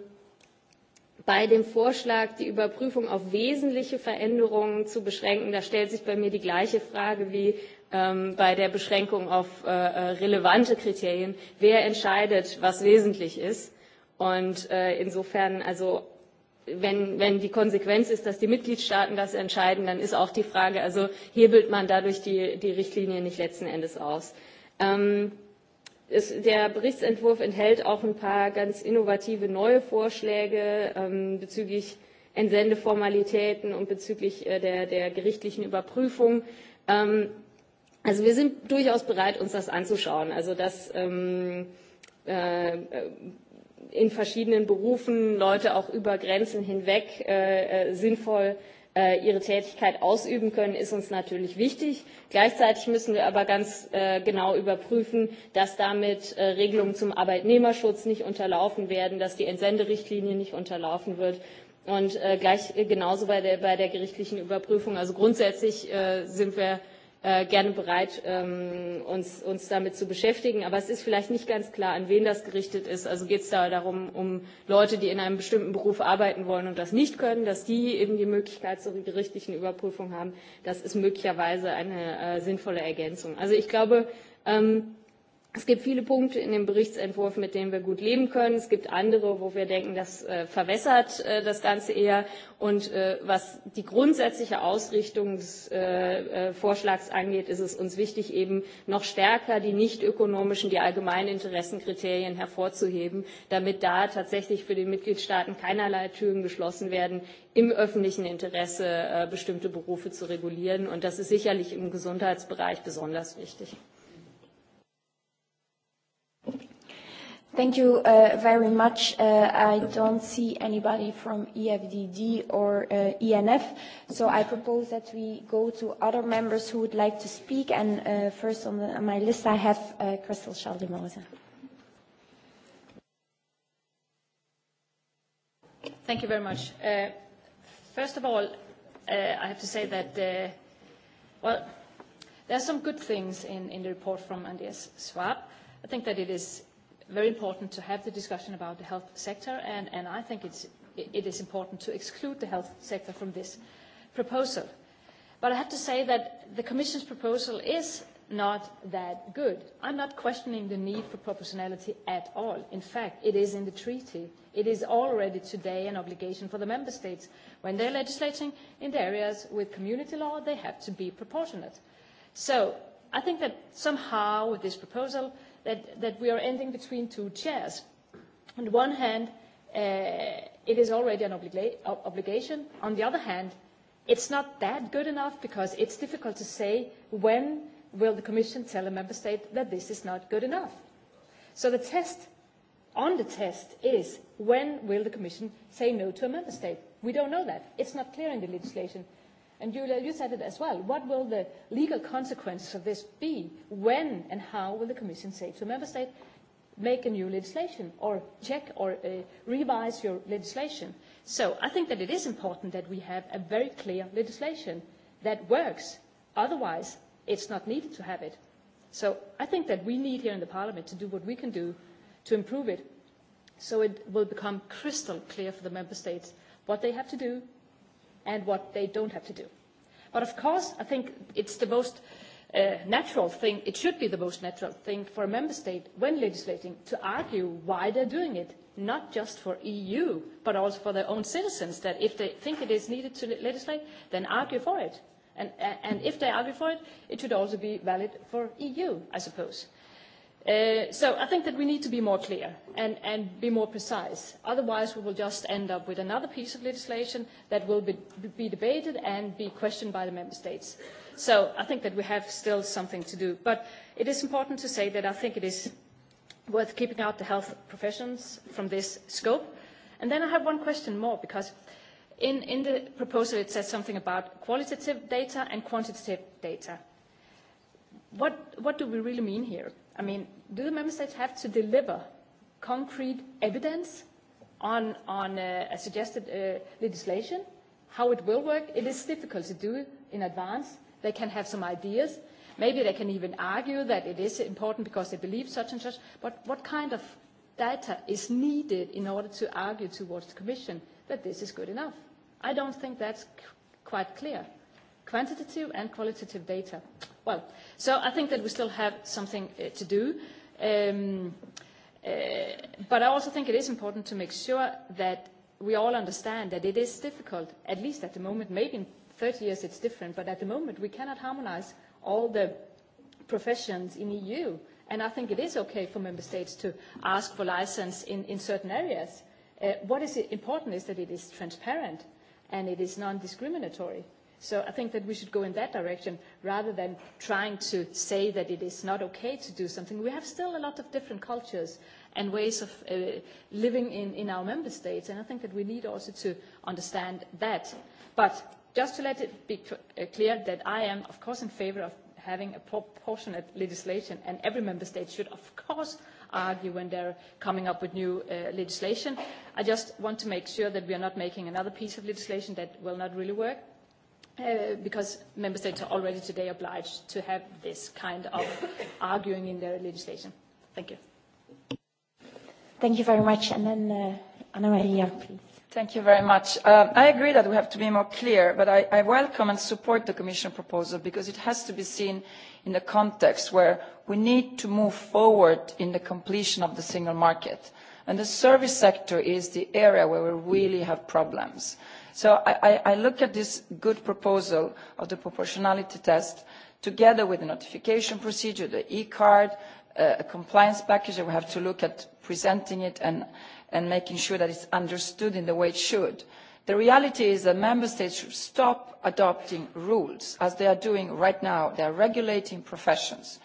bei dem Vorschlag, die Überprüfung auf wesentliche Veränderungen zu beschränken, da stellt sich bei mir die gleiche Frage wie ähm, bei der Beschränkung auf äh, äh, relevante Kriterien. Wer entscheidet, was wesentlich ist? Und äh, insofern, also wenn, wenn die Konsequenz ist, dass die Mitgliedstaaten das entscheiden, dann ist auch die Frage, also hebelt man dadurch die, die Richtlinie nicht letzten Endes aus. Ähm, der Berichtsentwurf enthält auch ein paar ganz innovative neue Vorschläge ähm, bezüglich Entsendeformalitäten und bezüglich äh, der, der gerichtlichen Überprüfung. Ähm, also wir sind durchaus bereit, uns das anzuschauen. Also dass ähm, äh, äh, in verschiedenen Berufen Leute auch über Grenzen hinweg sinnvoll Äh, ihre Tätigkeit ausüben können, ist uns natürlich wichtig. Gleichzeitig müssen wir aber ganz äh, genau überprüfen, dass damit äh, Regelungen zum Arbeitnehmerschutz nicht unterlaufen werden, dass die Entsenderichtlinie nicht unterlaufen wird und gleich genauso bei der, bei der gerichtlichen Überprüfung. Also grundsätzlich sind wir Äh, gerne bereit, ähm, uns, damit zu beschäftigen. Aber es ist vielleicht nicht ganz klar, an wen das gerichtet ist. Also geht es da darum, um Leute, die in einem bestimmten Beruf arbeiten wollen und das nicht können, dass die eben die Möglichkeit zur gerichtlichen Überprüfung haben. Das ist möglicherweise eine äh, sinnvolle Ergänzung. Also ich glaube, ähm, Es gibt viele Punkte in dem Berichtsentwurf, mit denen wir gut leben können. Es gibt andere, wo wir denken, das äh, verwässert äh, das Ganze eher. Und äh, was die grundsätzliche Ausrichtung des äh, Vorschlags angeht, ist es uns wichtig, eben noch stärker die nicht ökonomischen, die allgemeinen Interessenkriterien hervorzuheben, damit da tatsächlich für die Mitgliedstaaten keinerlei Türen geschlossen werden, im öffentlichen Interesse bestimmte Berufe zu regulieren. Und das ist sicherlich im Gesundheitsbereich besonders wichtig. Thank you uh, very much. Uh, I don't see anybody from EFDD or uh, ENF, so I propose that we go to other members who would like to speak. And uh, first on, the, on my list, I have uh, Crystal Schaldemose. Thank you very much. Uh, first of all, uh, I have to say that, uh, well, there are some good things in, in the report from Andreas Schwab. I think that it is very important to have the discussion about the health sector, and, and I think it's, it is important to exclude the health sector from this proposal. But I have to say that the Commission's proposal is not that good. I'm not questioning the need for proportionality at all. In fact, it is in the treaty. It is already today an obligation for the member states. When they're legislating in the areas with community law, they have to be proportionate. So I think that somehow with this proposal, that, that we are ending between two chairs. On the one hand, uh, it is already an obliga obligation. On the other hand, it's not that good enough because it's difficult to say when will the Commission tell a member state that this is not good enough. So the test on the test is when will the Commission say no to a member state? We don't know that. It's not clear in the legislation. And Julia, you said it as well. What will the legal consequences of this be? When and how will the Commission say to a Member State, make a new legislation or check or uh, revise your legislation? So I think that it is important that we have a very clear legislation that works. Otherwise, it's not needed to have it. So I think that we need here in the Parliament to do what we can do to improve it so it will become crystal clear for the Member States what they have to do and what they don't have to do. But of course, I think it's the most uh, natural thing, it should be the most natural thing for a member state when legislating to argue why they're doing it, not just for EU, but also for their own citizens, that if they think it is needed to legislate, then argue for it. And, and if they argue for it, it should also be valid for EU, I suppose. Uh, so I think that we need to be more clear and, and be more precise. Otherwise, we will just end up with another piece of legislation that will be, be debated and be questioned by the member states. So I think that we have still something to do. But it is important to say that I think it is worth keeping out the health professions from this scope. And then I have one question more, because in, in the proposal it says something about qualitative data and quantitative data. What, what do we really mean here? I mean, do the member states have to deliver concrete evidence on, on uh, a suggested uh, legislation, how it will work? It is difficult to do in advance. They can have some ideas. Maybe they can even argue that it is important because they believe such and such. But what kind of data is needed in order to argue towards the Commission that this is good enough? I don't think that's quite clear quantitative and qualitative data. Well, so I think that we still have something uh, to do. Um, uh, but I also think it is important to make sure that we all understand that it is difficult, at least at the moment, maybe in 30 years it's different, but at the moment we cannot harmonize all the professions in EU. And I think it is okay for member states to ask for license in, in certain areas. Uh, what is important is that it is transparent and it is non-discriminatory. So I think that we should go in that direction rather than trying to say that it is not okay to do something. We have still a lot of different cultures and ways of uh, living in, in our member states, and I think that we need also to understand that. But just to let it be uh, clear that I am, of course, in favour of having a proportionate legislation, and every member state should, of course, argue when they're coming up with new uh, legislation. I just want to make sure that we are not making another piece of legislation that will not really work Uh, because member states are already today obliged to have this kind of arguing in their legislation. Thank you. Thank you very much. And then uh, Anna Maria, please. Thank you very much. Uh, I agree that we have to be more clear, but I, I welcome and support the Commission proposal because it has to be seen in the context where we need to move forward in the completion of the single market. And the service sector is the area where we really have problems so I, I look at this good proposal of the proportionality test together with the notification procedure, the e-card, uh, a compliance package, and we have to look at presenting it and, and making sure that it is understood in the way it should. The reality is that member states should stop adopting rules, as they are doing right now. They are regulating professions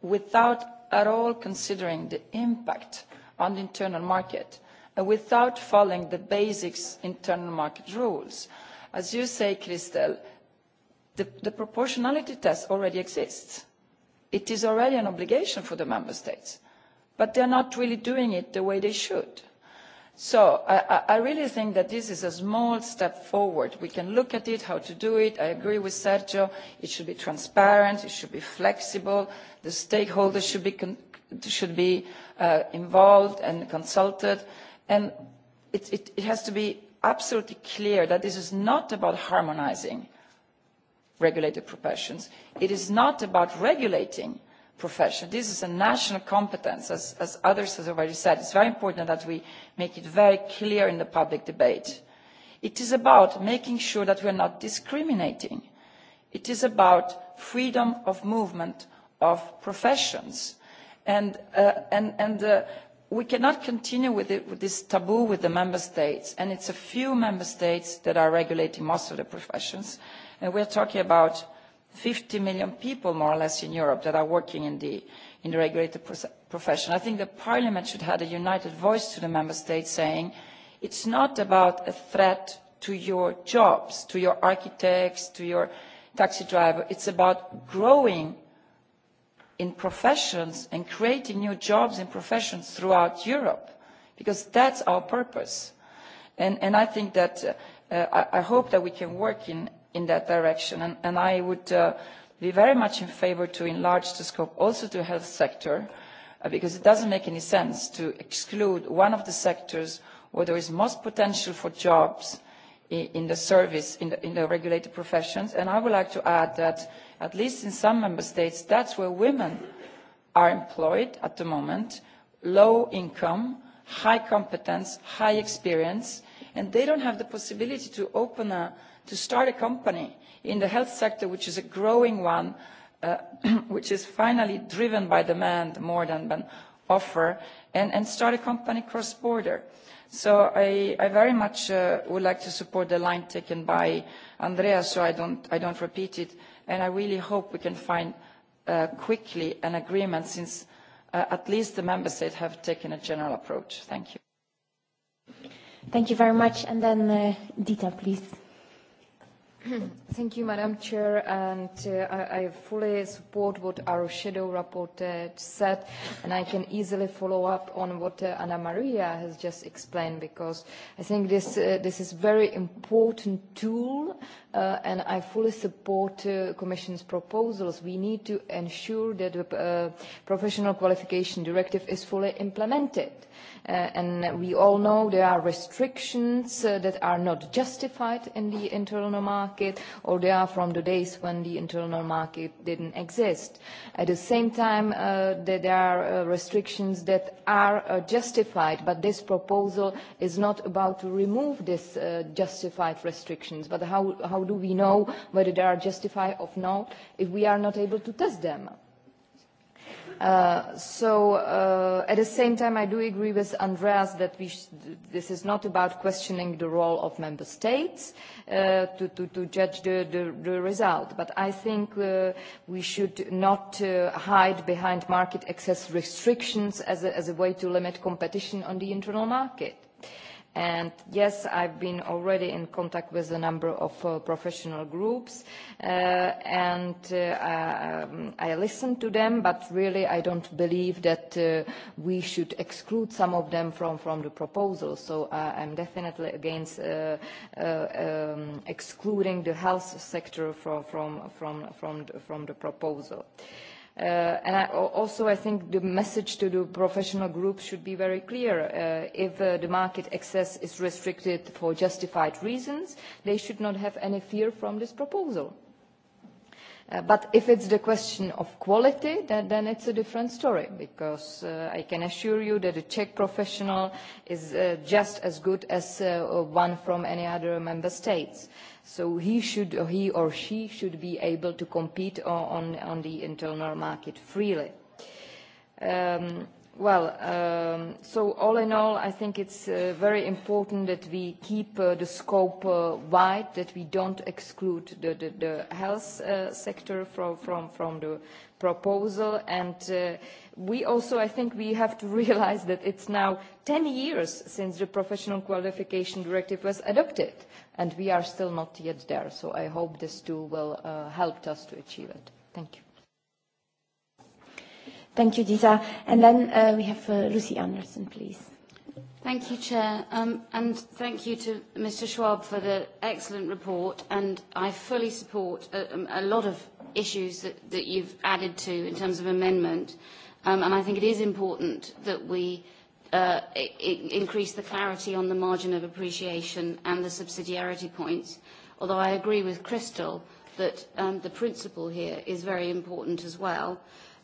without at all considering the impact on the internal market Uh, without following the basic internal market rules. as you say christel the, proportionality test already exists. it is already an obligation for the member states but they are not really doing it the way they should. so I, really think that this is a small step forward. we can look at it how to do it. i agree with sergio it should be transparent it should be flexible the stakeholders should be, should be uh, involved and consulted and it, has to be absolutely clear that this is not about harmonising regulated professions it is not about regulating professions this is a national competence as, others have already said. it is very important that we make it very clear in the public debate. it is about making sure that we are not discriminating. it is about freedom of movement of professions and, uh, uh, we cannot continue with, this taboo with the member states and it's a few member states that are regulating most of the professions and we are talking about fifty million people more or less in europe that are working in the, in the regulated profession. i think parliament should have a united voice to the member states saying it's not about a threat to your jobs to your architects to your taxi driver it's about growing in professions and creating new jobs in professions throughout europe because that's our purpose and, i think that uh, uh, I, hope that we can work in, that direction and, i would uh, be very much in favour to enlarge the scope also to the health sector because it doesn't make any sense to exclude one of the sectors where there is most potential for jobs in, the service in the regulated professions and i would like to add that at least in some member states that's where women are employed at the moment low income high competence high experience and they don't have the possibility to open a to start a company in the health sector which is a growing one uh, which is finally driven by demand more than by offer and, and start a company cross border. So I, I very much uh, would like to support the line taken by Andrea so I don't I don't repeat it and I really hope we can find uh, quickly an agreement since uh, at least the Member States have taken a general approach. Thank you. Thank you very much. And then uh, Dita, please. Thank you, Madam Chair, and uh, I, I fully support what our shadow rapporteur uh, said, and I can easily follow up on what uh, Anna Maria has just explained, because I think this, uh, this is a very important tool, uh, and I fully support the uh, Commission's proposals. We need to ensure that the uh, Professional Qualification Directive is fully implemented Uh, and we all know there are restrictions uh, that are not justified in the internal market or they are from the days when the internal market didn't exist. At the same time, uh, there are restrictions that are justified, but this proposal is not about to remove these justified restrictions. But how, how do we know whether they are justified or not if we are not able to test them? Uh, so uh, at the same time I do agree with Andreas that we this is not about questioning the role of member states uh, to, to, judge the, result, but I think we should not hide behind market access restrictions as a way to limit competition on the internal market. And yes, I've been already in contact with a number of uh, professional groups uh, and uh, um, I listened to them, but really I don't believe that we should exclude some of them from, the proposal. So I am definitely against um, excluding the health sector from, the, proposal. Uh, and I, also, I think the message to the professional groups should be very clear. Uh, if uh, the market access is restricted for justified reasons, they should not have any fear from this proposal. but if it's the question of quality, then, then it's a different story, because uh, I can assure you that a Czech professional is uh, just as good as uh, one from any other member states. Uh, So he should or he or she should be able to compete on on, the internal market freely. Um, Well, um, so all in all, I think it's uh, very important that we keep uh, the scope uh, wide, that we don't exclude the, health sector from, from, from the proposal. And we also, I think we have to realize that it's now 10 years since the Professional Qualification Directive was adopted, and we are still not yet there. So I hope this tool will help us to achieve it. Thank you. Thank you, Disa. And then uh, we have uh, Lucy Anderson, please. Thank you, Chair. Um, and thank you to Mr. Schwab for the excellent report. And I fully support a, uh, um, a lot of issues that, that you've added to in terms of amendment. Um, and I think it is important that we uh, i increase the clarity on the margin of appreciation and the subsidiarity points. Although I agree with Crystal that um, the principle here is very important as well.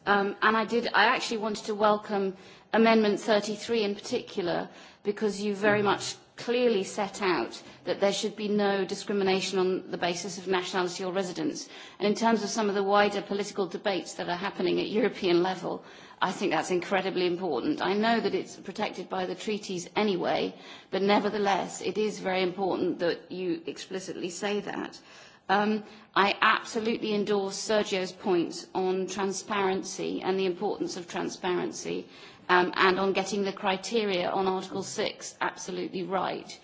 Um, and I did, I actually wanted to welcome Amendment 33 in particular, because you very mm-hmm. much clearly set out that there should be no discrimination on the basis of nationality or residence. And in terms of some of the wider political debates that are happening at European level, I think that's incredibly important. I know that it's protected by the treaties anyway, but nevertheless, it is very important that you explicitly say that. Um, I absolutely endorse Sergio's point on transparency and the importance of transparency um, and on getting the criteria on Article 6 absolutely right.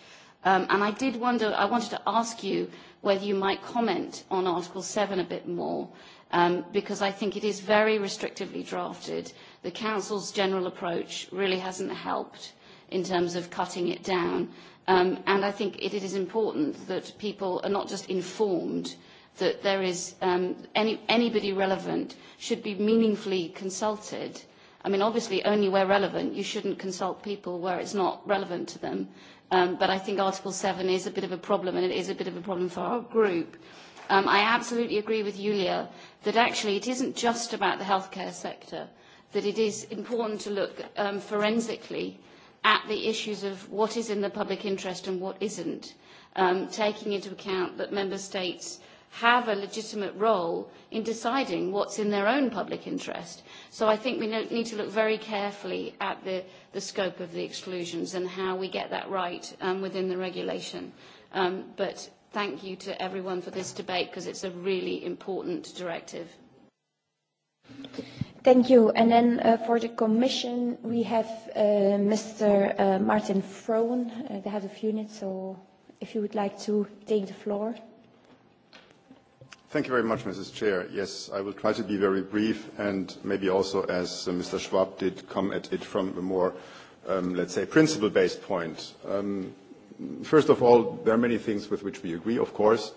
Um, and I did wonder, I wanted to ask you whether you might comment on Article 7 a bit more, um, because I think it is very restrictively drafted. The Council's general approach really hasn't helped in terms of cutting it down. Um, and I think it, it is important that people are not just informed that there is um, any, anybody relevant should be meaningfully consulted. I mean, obviously, only where relevant, you shouldn't consult people where it's not relevant to them. Um, but I think Article 7 is a bit of a problem, and it is a bit of a problem for our group. Um, I absolutely agree with Julia that actually it isn't just about the healthcare sector, that it is important to look um, forensically at the issues of what is in the public interest and what isn't, um, taking into account that member states have a legitimate role in deciding what's in their own public interest. So I think we need to look very carefully at the, the scope of the exclusions and how we get that right um, within the regulation. Um, but thank you to everyone for this debate because it's a really important directive. Thank you. And then uh, for the Commission, we have uh, Mr. Uh, Martin Frohn, uh, the head of unit, so if you would like to take the floor. Thank you very much, Mrs. Chair. Yes, I will try to be very brief and maybe also, as uh, Mr. Schwab did, come at it from a more, um, let's say, principle-based point. Um, first of all, there are many things with which we agree, of course.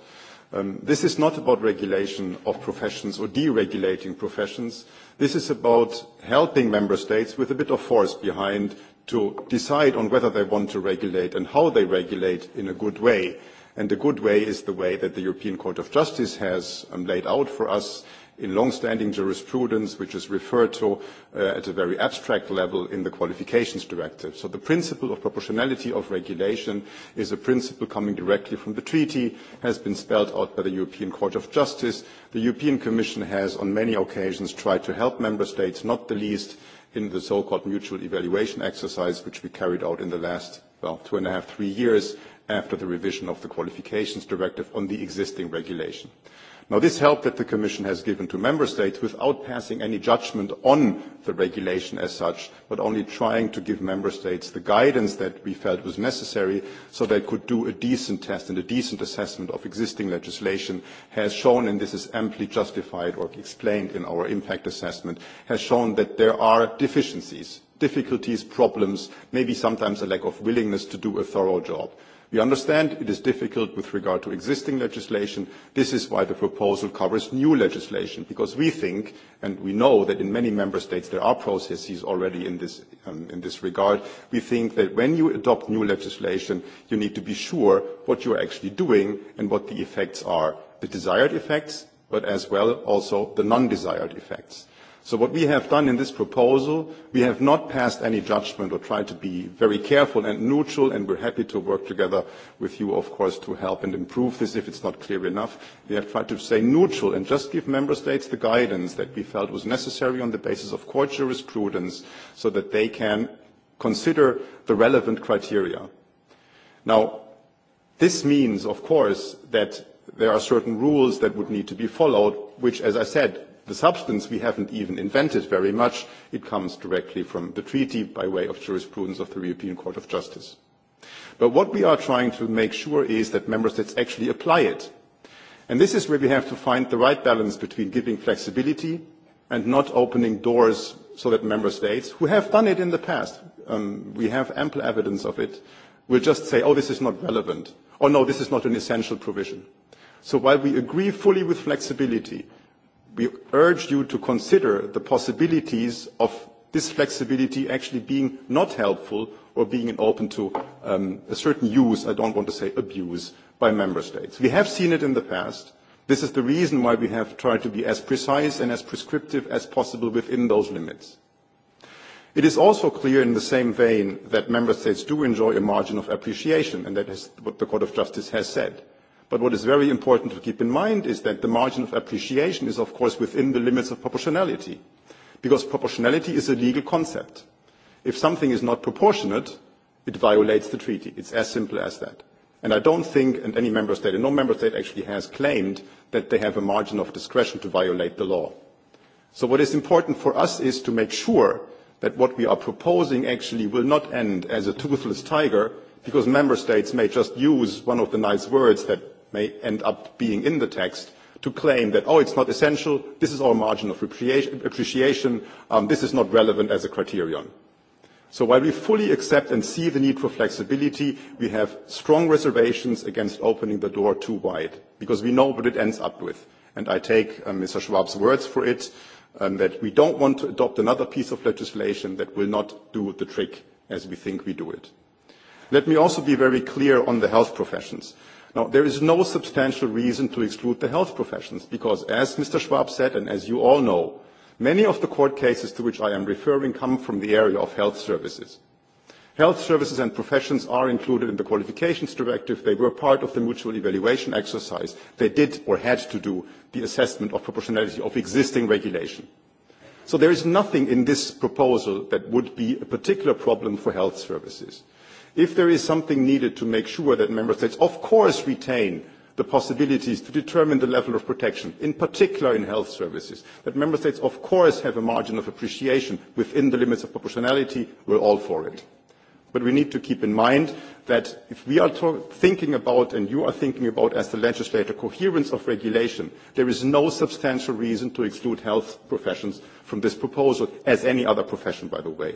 Um, this is not about regulation of professions or deregulating professions. This is about helping member states with a bit of force behind to decide on whether they want to regulate and how they regulate in a good way. And a good way is the way that the European Court of Justice has um, laid out for us in long-standing jurisprudence, which is referred to uh, at a very abstract level in the Qualifications Directive. So the principle of proportionality of regulation is a principle coming directly from the treaty, has been spelled out by the European Court of Justice. The European Commission has on many occasions tried to help member states, not the least in the so-called mutual evaluation exercise, which we carried out in the last, well, two and a half, three years after the revision of the Qualifications Directive on the existing regulation. Now, this help that the Commission has given to member states without passing any judgment on the regulation as such, but only trying to give member states the guidance that we felt was necessary so they could do a decent test and a decent assessment of existing legislation has shown, and this is amply justified or explained in our impact assessment, has shown that there are deficiencies, difficulties, problems, maybe sometimes a lack of willingness to do a thorough job. We understand it is difficult with regard to existing legislation. This is why the proposal covers new legislation, because we think and we know that in many member states there are processes already in this, um, in this regard. We think that when you adopt new legislation, you need to be sure what you are actually doing and what the effects are, the desired effects, but as well also the non-desired effects. So what we have done in this proposal, we have not passed any judgment or tried to be very careful and neutral, and we're happy to work together with you, of course, to help and improve this if it's not clear enough. We have tried to say neutral and just give member states the guidance that we felt was necessary on the basis of court jurisprudence so that they can consider the relevant criteria. Now, this means, of course, that there are certain rules that would need to be followed, which, as I said, the substance we haven't even invented very much. It comes directly from the treaty by way of jurisprudence of the European Court of Justice. But what we are trying to make sure is that member states actually apply it. And this is where we have to find the right balance between giving flexibility and not opening doors so that member states, who have done it in the past, um, we have ample evidence of it, will just say, oh, this is not relevant, or no, this is not an essential provision. So while we agree fully with flexibility, we urge you to consider the possibilities of this flexibility actually being not helpful or being open to um, a certain use, I don't want to say abuse, by member states. We have seen it in the past. This is the reason why we have tried to be as precise and as prescriptive as possible within those limits. It is also clear in the same vein that member states do enjoy a margin of appreciation, and that is what the Court of Justice has said. But what is very important to keep in mind is that the margin of appreciation is, of course, within the limits of proportionality, because proportionality is a legal concept. If something is not proportionate, it violates the treaty. It's as simple as that. And I don't think, and any member state, and no member state actually has claimed that they have a margin of discretion to violate the law. So what is important for us is to make sure that what we are proposing actually will not end as a toothless tiger, because member states may just use one of the nice words that may end up being in the text to claim that, oh, it's not essential, this is our margin of appreciation, um, this is not relevant as a criterion. So while we fully accept and see the need for flexibility, we have strong reservations against opening the door too wide, because we know what it ends up with. And I take Mr. Um, Schwab's words for it, um, that we don't want to adopt another piece of legislation that will not do the trick as we think we do it. Let me also be very clear on the health professions. Now, there is no substantial reason to exclude the health professions because, as Mr. Schwab said, and as you all know, many of the court cases to which I am referring come from the area of health services. Health services and professions are included in the qualifications directive. They were part of the mutual evaluation exercise. They did or had to do the assessment of proportionality of existing regulation. So there is nothing in this proposal that would be a particular problem for health services. If there is something needed to make sure that member states, of course, retain the possibilities to determine the level of protection, in particular in health services, that member states, of course, have a margin of appreciation within the limits of proportionality, we're all for it. But we need to keep in mind that if we are thinking about, and you are thinking about as the legislator, coherence of regulation, there is no substantial reason to exclude health professions from this proposal, as any other profession, by the way.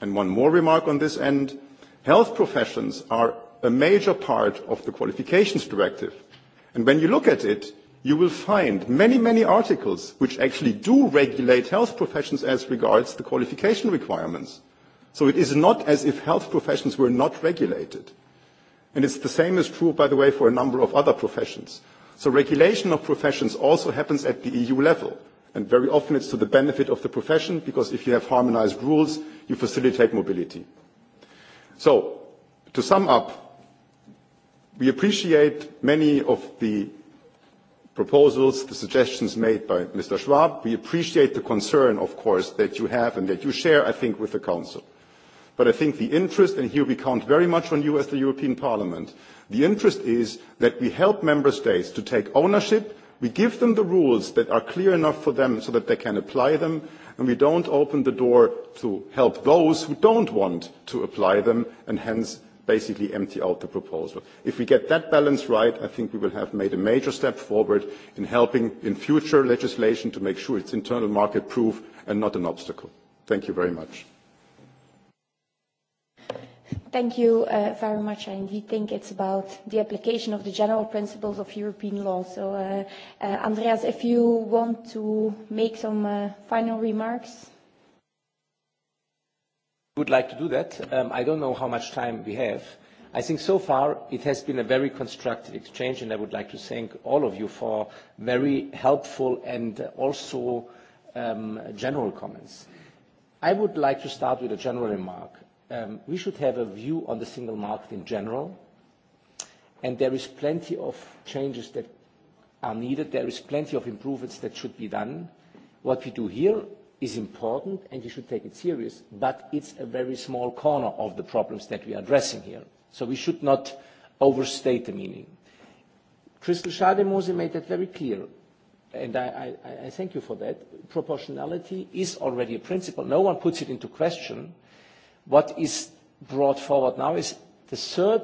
And one more remark on this end Health professions are a major part of the Qualifications Directive. And when you look at it, you will find many, many articles which actually do regulate health professions as regards the qualification requirements. So it is not as if health professions were not regulated. And it's the same is true, by the way, for a number of other professions. So regulation of professions also happens at the EU level. And very often it's to the benefit of the profession because if you have harmonized rules, you facilitate mobility. So, to sum up, we appreciate many of the proposals, the suggestions made by Mr. Schwab. We appreciate the concern, of course, that you have and that you share, I think, with the Council. But I think the interest, and here we count very much on you as the European Parliament, the interest is that we help member states to take ownership, we give them the rules that are clear enough for them so that they can apply them, and we don't open the door to help those who don't want to apply them and hence basically empty out the proposal. If we get that balance right, I think we will have made a major step forward in helping in future legislation to make sure it's internal market proof and not an obstacle. Thank you very much. Thank you uh, very much. I indeed think it's about the application of the general principles of European law. So, uh, uh, Andreas, if you want to make some uh, final remarks. I would like to do that. Um, I don't know how much time we have. I think so far it has been a very constructive exchange, and I would like to thank all of you for very helpful and also um, general comments. I would like to start with a general remark Um, we should have a view on the single market in general, and there is plenty of changes that are needed. There is plenty of improvements that should be done. What we do here is important, and you should take it serious, but it's a very small corner of the problems that we are addressing here. So we should not overstate the meaning. Crystal Schademose made that very clear, and I, I thank you for that. Proportionality is already a principle. No one puts it into question, What is brought forward now is the third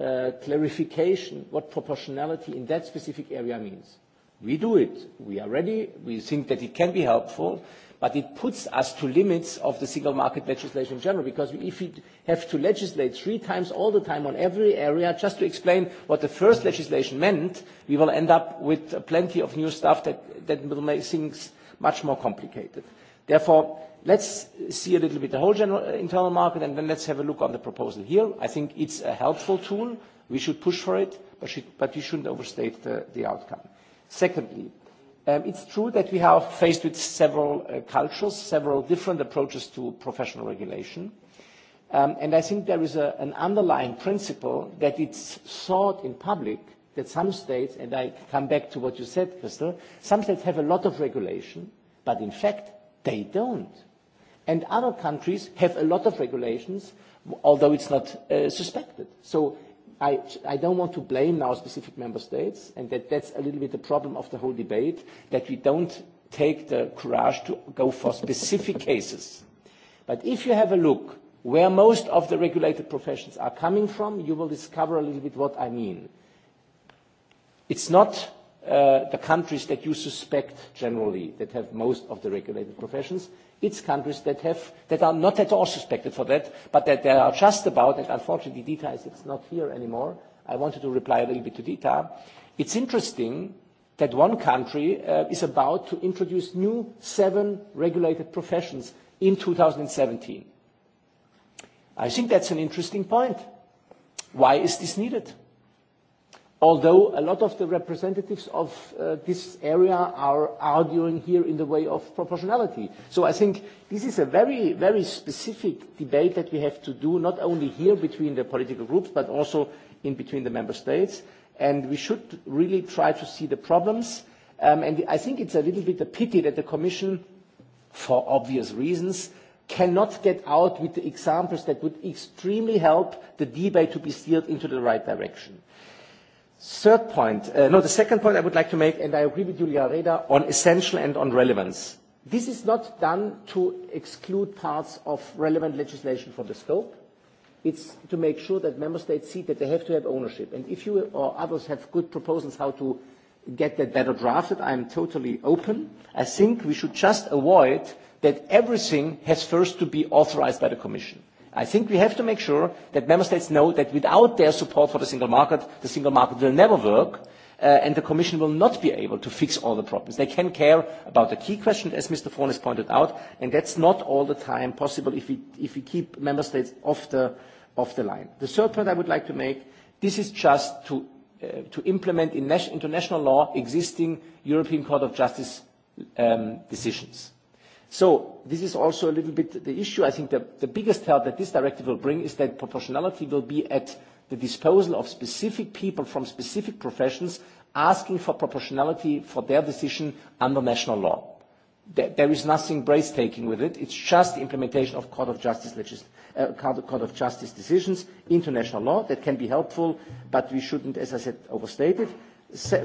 uh, clarification what proportionality in that specific area means. We do it. We are ready. We think that it can be helpful, but it puts us to limits of the single market legislation in general, because if we have to legislate three times all the time on every area just to explain what the first legislation meant, we will end up with plenty of new stuff that, that will make things much more complicated. Therefore, Let's see a little bit the whole general uh, internal market, and then let's have a look on the proposal here. I think it's a helpful tool. We should push for it, but, we shouldn't overstate the, outcome. Secondly, um, it's true that we are faced with several uh, cultures, several different approaches to professional regulation. Um, and I think there is an underlying principle that it's thought in public that some states, and I come back to what you said, Crystal, some states have a lot of regulation, but in fact, they don't and other countries have a lot of regulations although it's not uh, suspected so i i don't want to blame now specific member states and that that's a little bit the problem of the whole debate that we don't take the courage to go for specific cases but if you have a look where most of the regulated professions are coming from you will discover a little bit what i mean it's not uh, the countries that you suspect generally that have most of the regulated professions its countries that have that are not at all suspected for that, but that they are just about, and unfortunately Dita is it's not here anymore. I wanted to reply a little bit to Dita. It's interesting that one country uh, is about to introduce new seven regulated professions in 2017. I think that's an interesting point. Why is this needed? although a lot of the representatives of uh, this area are arguing here in the way of proportionality. So I think this is a very, very specific debate that we have to do, not only here between the political groups, but also in between the member states. And we should really try to see the problems. Um, and I think it's a little bit a pity that the Commission, for obvious reasons, cannot get out with the examples that would extremely help the debate to be steered into the right direction. Third point, uh, no, the second point I would like to make, and I agree with Julia Reda, on essential and on relevance. This is not done to exclude parts of relevant legislation from the scope. It's to make sure that member states see that they have to have ownership. And if you or others have good proposals how to get that better drafted, I'm totally open. I think we should just avoid that everything has first to be authorized by the Commission. I think we have to make sure that member states know that without their support for the single market, the single market will never work. Uh, and the Commission will not be able to fix all the problems. They can care about the key question, as Mr. Vaughan has pointed out, and that's not all the time possible if we, if we keep member states off the, off the line. The third point I would like to make, this is just to, uh, to implement in international law existing European Court of Justice um, decisions. So this is also a little bit the issue. I think the, biggest help that this directive will bring is that proportionality will be at the disposal of specific people from specific professions asking for proportionality for their decision under national law. There, is nothing breathtaking with it. It's just the implementation of Court of Justice uh, Court of Justice decisions into national law that can be helpful, but we shouldn't, as I said, overstate it.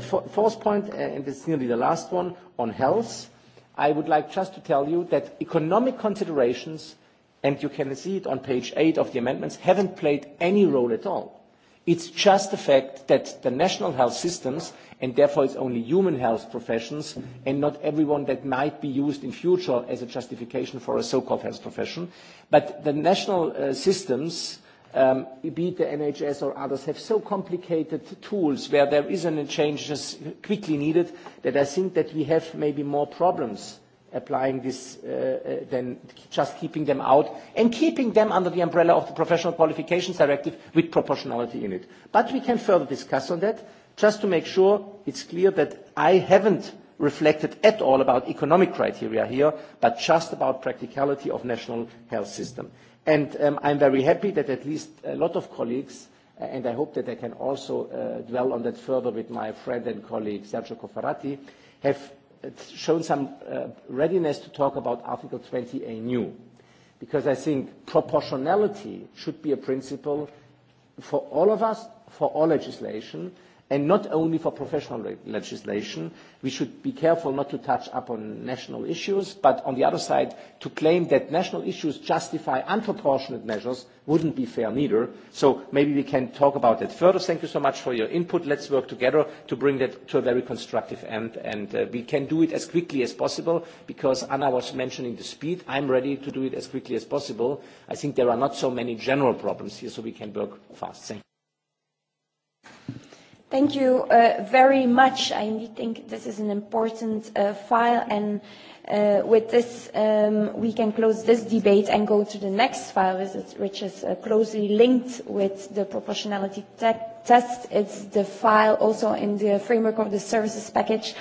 Fourth point, uh, and it's nearly the last one, on health i would like just to tell you that economic considerations, and you can see it on page 8 of the amendments, haven't played any role at all. It's just the fact that the national health systems, and therefore it's only human health professions, and not everyone that might be used in future as a justification for a so-called health profession, but the national uh, systems um, be it the NHS or others, have so complicated tools where there is an changes quickly needed that I think that we have maybe more problems applying this uh, uh, than just keeping them out and keeping them under the umbrella of the Professional Qualifications Directive with proportionality in it. But we can further discuss on that just to make sure it's clear that I haven't reflected at all about economic criteria here, but just about practicality of national health system. And um, I'm very happy that at least a lot of colleagues, uh, and I hope that I can also uh, dwell on that further with my friend and colleague Sergio Cofferati, have uh, shown some readiness to talk about Article 20 new, Because I think proportionality should be a principle for all of us, for all legislation, and not only for professional legislation. We should be careful not to touch upon national issues, but on the other side, to claim that national issues justify unproportionate measures wouldn't be fair neither. So maybe we can talk about that further. Thank you so much for your input. Let's work together to bring that to a very constructive end, and uh, we can do it as quickly as possible, because Anna was mentioning the speed. I'm ready to do it as quickly as possible. I think there are not so many general problems here, so we can work fast. Thank you. Thank you uh, very much. I think this is an important uh, file and uh, with this um, we can close this debate and go to the next file which is uh, closely linked with the proportionality te test. It's the file also in the framework of the services package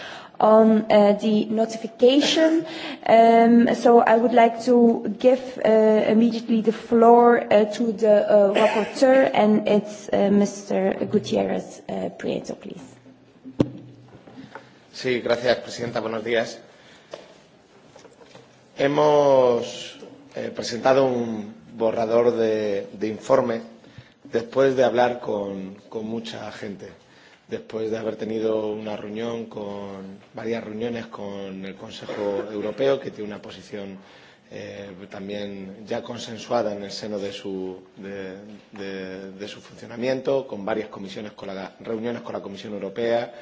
on uh, the notification. Um, so I would like to give uh, immediately the floor uh, to the uh, rapporteur, and it's uh, Mr. Gutierrez uh, Prieto, please. Sí, gracias, Presidenta. Buenos días. Hemos eh, presentado un borrador de, de informe después de hablar con, con mucha gente después de haber tenido una reunión con varias reuniones con el Consejo Europeo, que tiene una posición eh, también ya consensuada en el seno de su, de, de, de su funcionamiento, con varias comisiones, con la, reuniones con la Comisión Europea,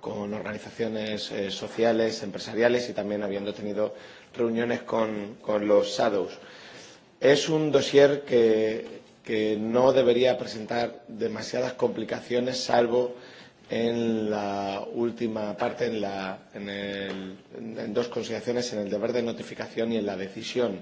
con organizaciones eh, sociales, empresariales y también habiendo tenido reuniones con, con los SADOS. Es un dossier que, que no debería presentar demasiadas complicaciones, salvo en la última parte, en, la, en, el, en dos consideraciones, en el deber de notificación y en la decisión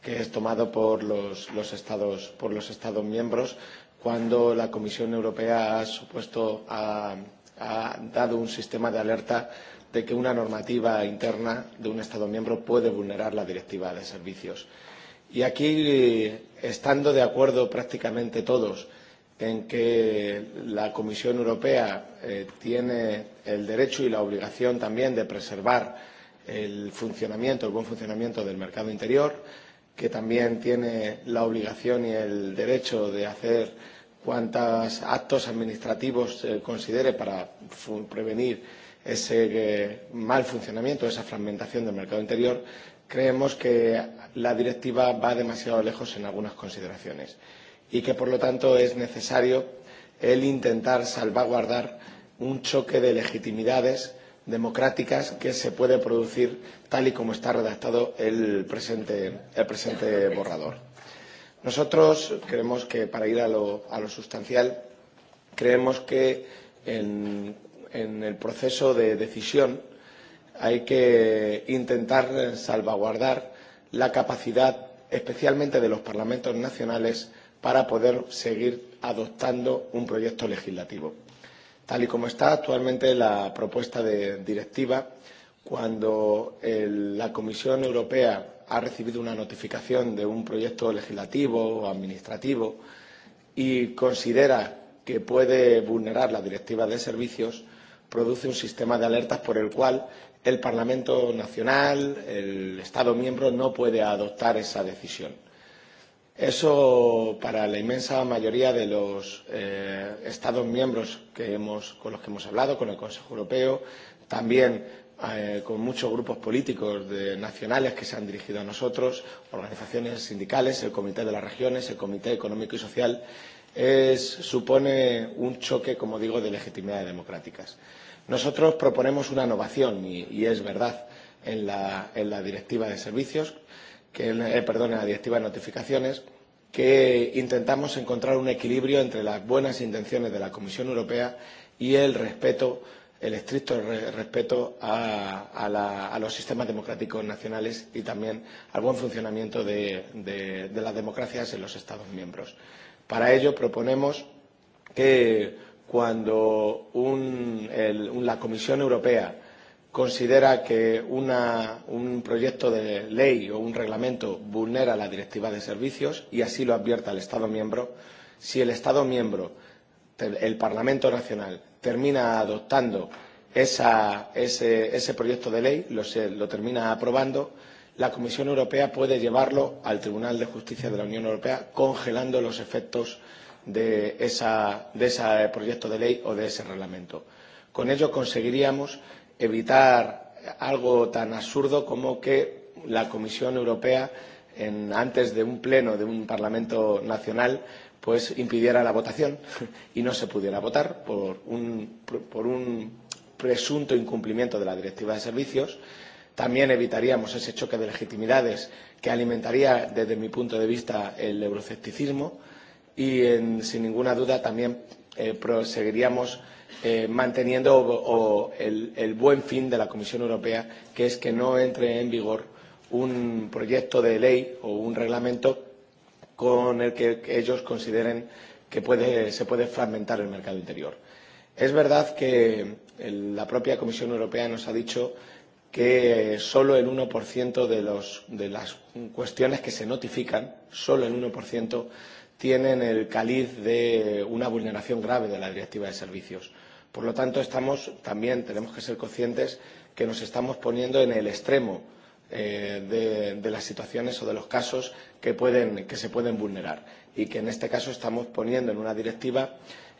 que es tomado por los, los, estados, por los Estados miembros cuando la Comisión Europea ha supuesto, ha, ha dado un sistema de alerta de que una normativa interna de un Estado miembro puede vulnerar la directiva de servicios. Y aquí, estando de acuerdo prácticamente todos, en que la Comisión Europea eh, tiene el derecho y la obligación también de preservar el funcionamiento, el buen funcionamiento del mercado interior, que también tiene la obligación y el derecho de hacer cuantos actos administrativos eh, considere para prevenir ese eh, mal funcionamiento, esa fragmentación del mercado interior, creemos que la directiva va demasiado lejos en algunas consideraciones y que por lo tanto es necesario el intentar salvaguardar un choque de legitimidades democráticas que se puede producir tal y como está redactado el presente, el presente borrador. Nosotros creemos que, para ir a lo, a lo sustancial, creemos que en el proceso de decisión hay que intentar salvaguardar la capacidad, especialmente de los parlamentos nacionales, para poder seguir adoptando un proyecto legislativo. Tal y como está actualmente la propuesta de directiva, cuando la Comisión Europea ha recibido una notificación de un proyecto legislativo o administrativo y considera que puede vulnerar la directiva de servicios, produce un sistema de alertas por el cual el Parlamento Nacional, el Estado miembro, no puede adoptar esa decisión Eso para la inmensa mayoría de los eh, Estados miembros que hemos, con los que hemos hablado, con el Consejo Europeo, también eh, con muchos grupos políticos de, nacionales que se han dirigido a nosotros, organizaciones sindicales, el Comité de las Regiones, el Comité Económico y Social, es, supone un choque, como digo, de legitimidades democráticas. Nosotros proponemos una innovación, y, y es verdad, en la, en la directiva de servicios que, eh, perdón, en la directiva de notificaciones, que intentamos encontrar un equilibrio entre las buenas intenciones de la Comisión Europea y el respeto, el estricto respeto a, a, la, a los sistemas democráticos nacionales y también al buen funcionamiento de, de, de las democracias en los Estados miembros. Para ello proponemos que cuando un, el, la Comisión Europea considera que una, un proyecto de ley o un reglamento vulnera la directiva de servicios y así lo advierta el Estado miembro, si el Estado miembro, el Parlamento Nacional, termina adoptando esa, ese, ese proyecto de ley, lo, lo termina aprobando, la Comisión Europea puede llevarlo al Tribunal de Justicia de la Unión Europea congelando los efectos de, esa, de ese proyecto de ley o de ese reglamento. Con ello conseguiríamos evitar algo tan absurdo como que la Comisión Europea, antes de un pleno de un Parlamento nacional, pues impidiera la votación y no se pudiera votar por un, por un presunto incumplimiento de la Directiva de Servicios. También evitaríamos ese choque de legitimidades que alimentaría, desde mi punto de vista, el euroscepticismo y, sin ninguna duda, también eh, proseguiríamos eh, manteniendo o, el, el buen fin de la Comisión Europea, que es que no entre en vigor un proyecto de ley o un reglamento con el que ellos consideren que puede, se puede fragmentar el mercado interior. Es verdad que la propia Comisión Europea nos ha dicho que solo el 1% de, los, de las cuestiones que se notifican, solo el 1%, tienen el caliz de una vulneración grave de la Directiva de Servicios. Por lo tanto, estamos, también tenemos que ser conscientes que nos estamos poniendo en el extremo eh, de, de las situaciones o de los casos que, pueden, que se pueden vulnerar y que en este caso estamos poniendo en una directiva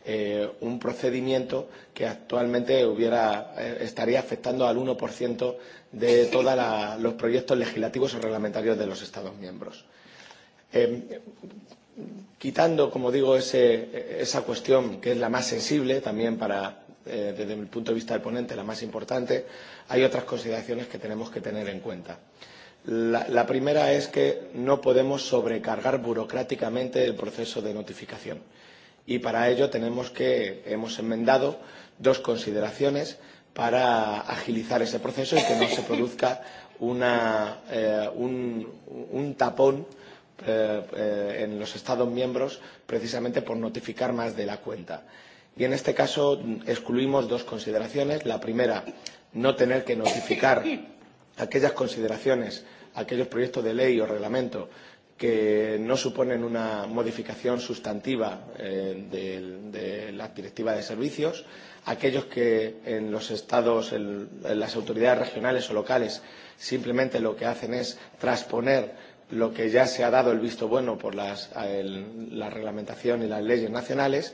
eh, un procedimiento que actualmente hubiera, eh, estaría afectando al 1% de todos los proyectos legislativos o reglamentarios de los Estados miembros. Eh, quitando, como digo, ese, esa cuestión que es la más sensible también para, eh, desde el punto de vista del ponente, la más importante, hay otras consideraciones que tenemos que tener en cuenta. La, la primera es que no podemos sobrecargar burocráticamente el proceso de notificación y para ello tenemos que hemos enmendado dos consideraciones para agilizar ese proceso y que no se produzca una, eh, un, un tapón eh, eh, en los Estados miembros precisamente por notificar más de la cuenta y en este caso excluimos dos consideraciones la primera no tener que notificar aquellas consideraciones aquellos proyectos de ley o reglamento que no suponen una modificación sustantiva eh, de, la directiva de servicios aquellos que en los estados en, en las autoridades regionales o locales simplemente lo que hacen es transponer lo que ya se ha dado el visto bueno por las, el, la reglamentación y las leyes nacionales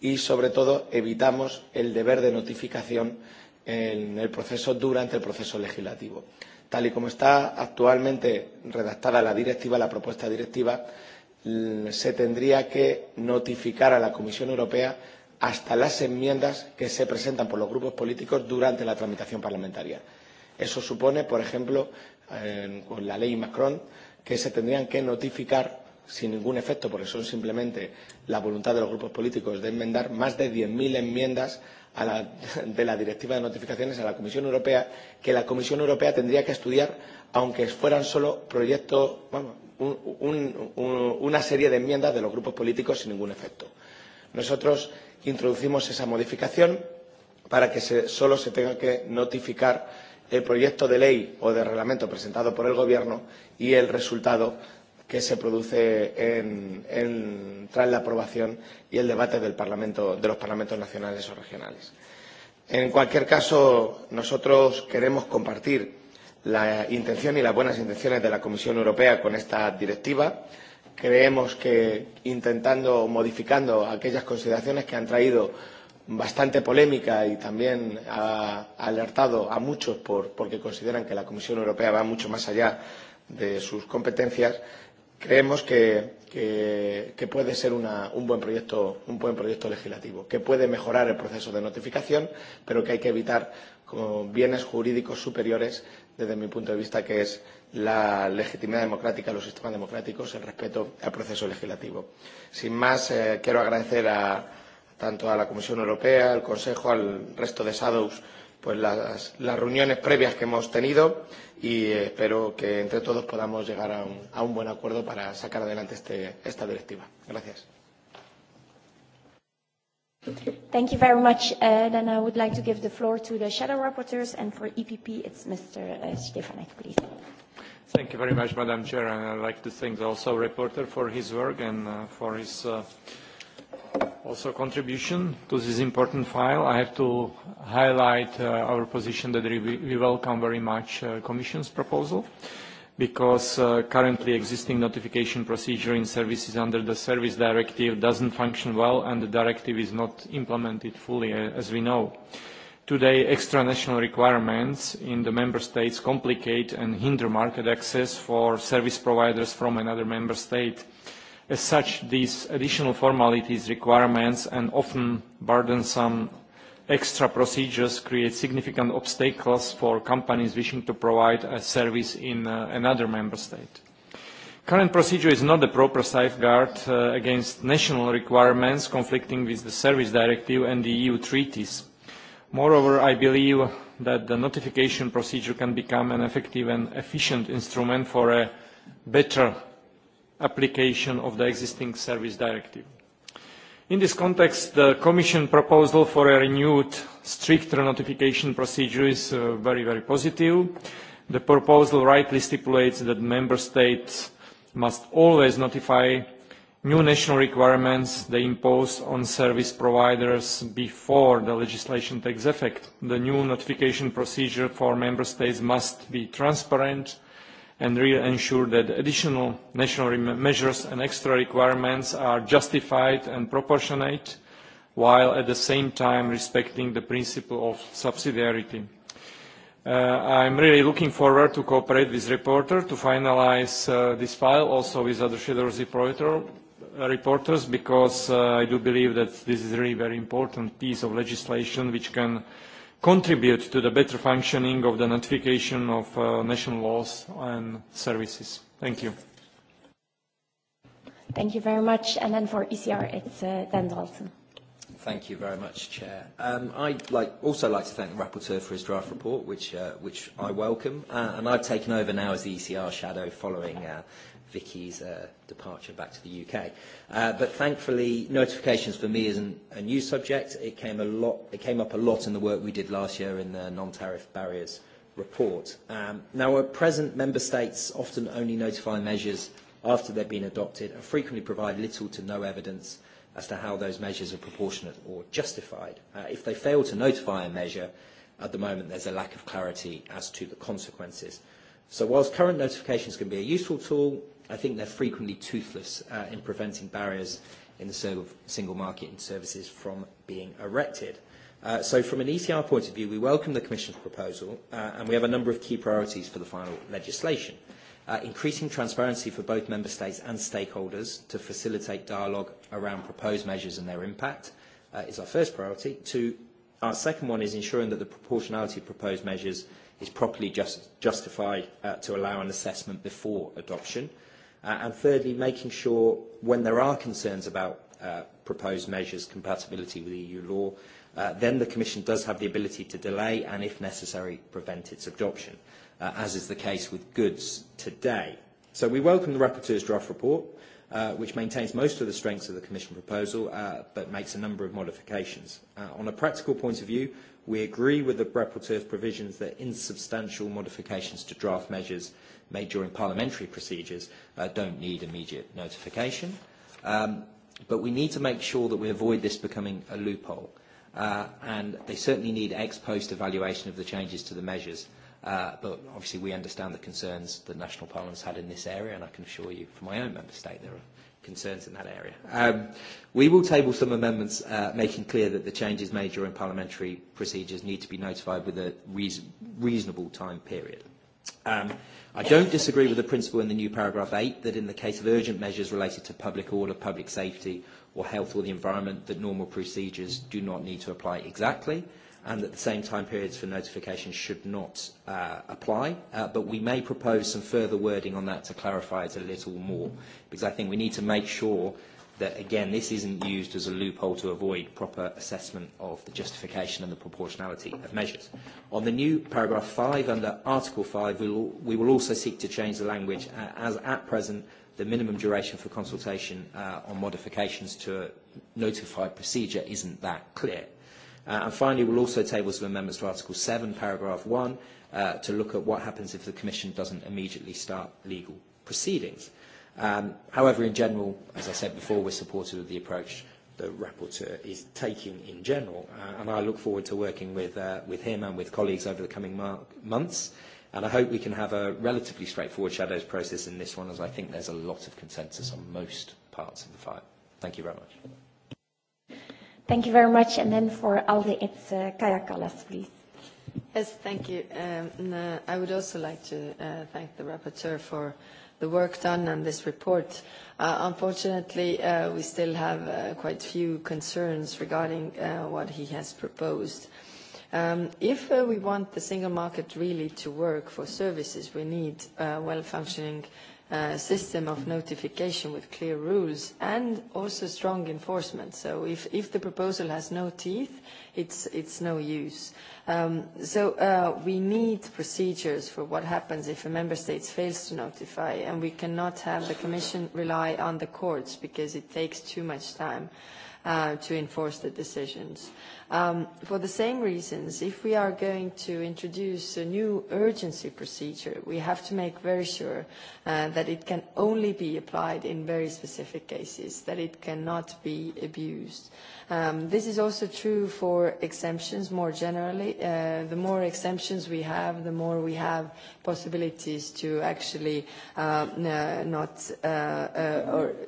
y, sobre todo, evitamos el deber de notificación en el proceso durante el proceso legislativo. Tal y como está actualmente redactada la directiva, la propuesta directiva, mm, se tendría que notificar a la Comisión Europea hasta las enmiendas que se presentan por los grupos políticos durante la tramitación parlamentaria. Eso supone, por ejemplo, eh, con la ley Macron, que se tendrían que notificar sin ningún efecto, porque son simplemente la voluntad de los grupos políticos de enmendar más de 10.000 enmiendas a la, de la Directiva de Notificaciones a la Comisión Europea, que la Comisión Europea tendría que estudiar, aunque fueran solo proyectos, vamos, un, un, un, una serie de enmiendas de los grupos políticos sin ningún efecto. Nosotros introducimos esa modificación para que se, solo se tenga que notificar el proyecto de ley o de reglamento presentado por el Gobierno y el resultado que se produce en, en, tras la aprobación y el debate del Parlamento, de los parlamentos nacionales o regionales. En cualquier caso, nosotros queremos compartir la intención y las buenas intenciones de la Comisión Europea con esta directiva. Creemos que intentando, modificando aquellas consideraciones que han traído bastante polémica y también ha alertado a muchos por, porque consideran que la Comisión Europea va mucho más allá de sus competencias, creemos que, que, que puede ser una, un, buen proyecto, un buen proyecto legislativo, que puede mejorar el proceso de notificación, pero que hay que evitar como bienes jurídicos superiores desde mi punto de vista, que es la legitimidad democrática, los sistemas democráticos, el respeto al proceso legislativo. Sin más, eh, quiero agradecer a, tanto a la Comisión Europea, al Consejo, al resto de SADOS, pues las, las reuniones previas que hemos tenido y eh, espero que entre todos podamos llegar a un, a un buen acuerdo para sacar adelante este, esta directiva. Gracias. Thank you very much. Uh, then I would like to give the floor to the shadow rapporteurs and for EPP it's Mr. Uh, Stefanek, please. Thank you very much, Madam Chair, and I'd like to thank the also reporter for his work and uh, for his uh, also contribution to this important file. I have to highlight uh, our position that we welcome very much uh, Commission's proposal because uh, currently existing notification procedure in services under the Service Directive doesn't function well and the directive is not implemented fully uh, as we know. Today, extra national requirements in the member states complicate and hinder market access for service providers from another member state. As such, these additional formalities, requirements, and often burdensome extra procedures create significant obstacles for companies wishing to provide a service in uh, another member state. Current procedure is not a proper safeguard uh, against national requirements conflicting with the Service Directive and the EU treaties. Moreover, I believe that the notification procedure can become an effective and efficient instrument for a better application of the existing service directive. In this context, the Commission proposal for a renewed, stricter notification procedure is uh, very, very positive. The proposal rightly stipulates that Member States must always notify new national requirements they impose on service providers before the legislation takes effect. The new notification procedure for Member States must be transparent, and ensure that additional national measures and extra requirements are justified and proportionate while at the same time respecting the principle of subsidiarity. Uh, I am really looking forward to cooperate with rapporteur to finalize uh, this file also with other shadow reporter, uh, reporters because I do believe that this is a really very important piece of legislation which can contribute to the better functioning of the notification of uh, national laws and services. Thank you. Thank you very much. And then for ECR, it's uh, Dan Dalton. Thank you very much, Chair. Um, I'd like, also like to thank the Rapporteur for his draft report, which, uh, which I welcome. Uh, and I've taken over now as the ECR shadow following uh, Vicky's uh, departure back to the UK. Uh, but thankfully, notifications for me isn't a new subject. It came, a lot, it came up a lot in the work we did last year in the non-tariff barriers report. Um, now, at present, member states often only notify measures after they've been adopted and frequently provide little to no evidence as to how those measures are proportionate or justified. Uh, if they fail to notify a measure, at the moment there's a lack of clarity as to the consequences. So whilst current notifications can be a useful tool, i think they're frequently toothless uh, in preventing barriers in the single market and services from being erected. Uh, so from an ECR point of view, we welcome the Commission's proposal uh, and we have a number of key priorities for the final legislation. Uh, increasing transparency for both Member States and stakeholders to facilitate dialogue around proposed measures and their impact uh, is our first priority. Two, our second one is ensuring that the proportionality of proposed measures is properly just, justified uh, to allow an assessment before adoption. Uh, and thirdly, making sure when there are concerns about uh, proposed measures' compatibility with EU law, uh, then the Commission does have the ability to delay and, if necessary, prevent its adoption, as is the case with goods today. So we welcome the Rapporteur's draft report, uh, which maintains most of the strengths of the Commission proposal, uh, but makes a number of modifications. Uh, on a practical point of view, we agree with the Rapporteur's provisions that insubstantial modifications to draft measures made during parliamentary procedures uh, don't need immediate notification. Um, but we need to make sure that we avoid this becoming a loophole. Uh, and they certainly need ex post evaluation of the changes to the measures. Uh, but obviously we understand the concerns that national parliaments had in this area, and I can assure you from my own member state there are concerns in that area. Um, we will table some amendments uh, making clear that the changes made during parliamentary procedures need to be notified with a reason, reasonable time period. Um, I don't disagree with the principle in the new paragraph 8 that in the case of urgent measures related to public order, public safety or health or the environment that normal procedures do not need to apply exactly and that the same time periods for notification should not uh, apply. Uh, but we may propose some further wording on that to clarify it a little more because I think we need to make sure that, again, this isn't used as a loophole to avoid proper assessment of the justification and the proportionality of measures. On the new paragraph 5, under Article 5, we will, we will also seek to change the language uh, as at present the minimum duration for consultation uh, on modifications to a notified procedure isn't that clear. Uh, and finally, we'll also table some amendments to Article 7, Paragraph 1, uh, to look at what happens if the Commission doesn't immediately start legal proceedings. Um, however, in general, as I said before, we're supportive of the approach the rapporteur is taking in general, uh, and I look forward to working with, uh, with him and with colleagues over the coming months. And I hope we can have a relatively straightforward shadows process in this one, as I think there's a lot of consensus on most parts of the file. Thank you very much. Thank you very much. And then for ALDE, it's uh, Kaya Kallas, please. Yes, thank you. Um, uh, I would also like to uh, thank the rapporteur for the work done on this report. Uh, unfortunately, uh, we still have uh, quite few concerns regarding uh, what he has proposed. Um, if we want the single market really to work for services, we need a well-functioning system of notification with clear rules and also strong enforcement. So if, if the proposal has no teeth, it's, it's no use. Um, so uh, we need procedures for what happens if a member state fails to notify, and we cannot have the Commission rely on the courts because it takes too much time. Uh, to enforce the decisions. Um, for the same reasons, if we are going to introduce a new urgency procedure, we have to make very sure uh, that it can only be applied in very specific cases, that it cannot be abused. Um, this is also true for exemptions more generally. Uh, the more exemptions we have, the more we have possibilities to actually uh, uh, not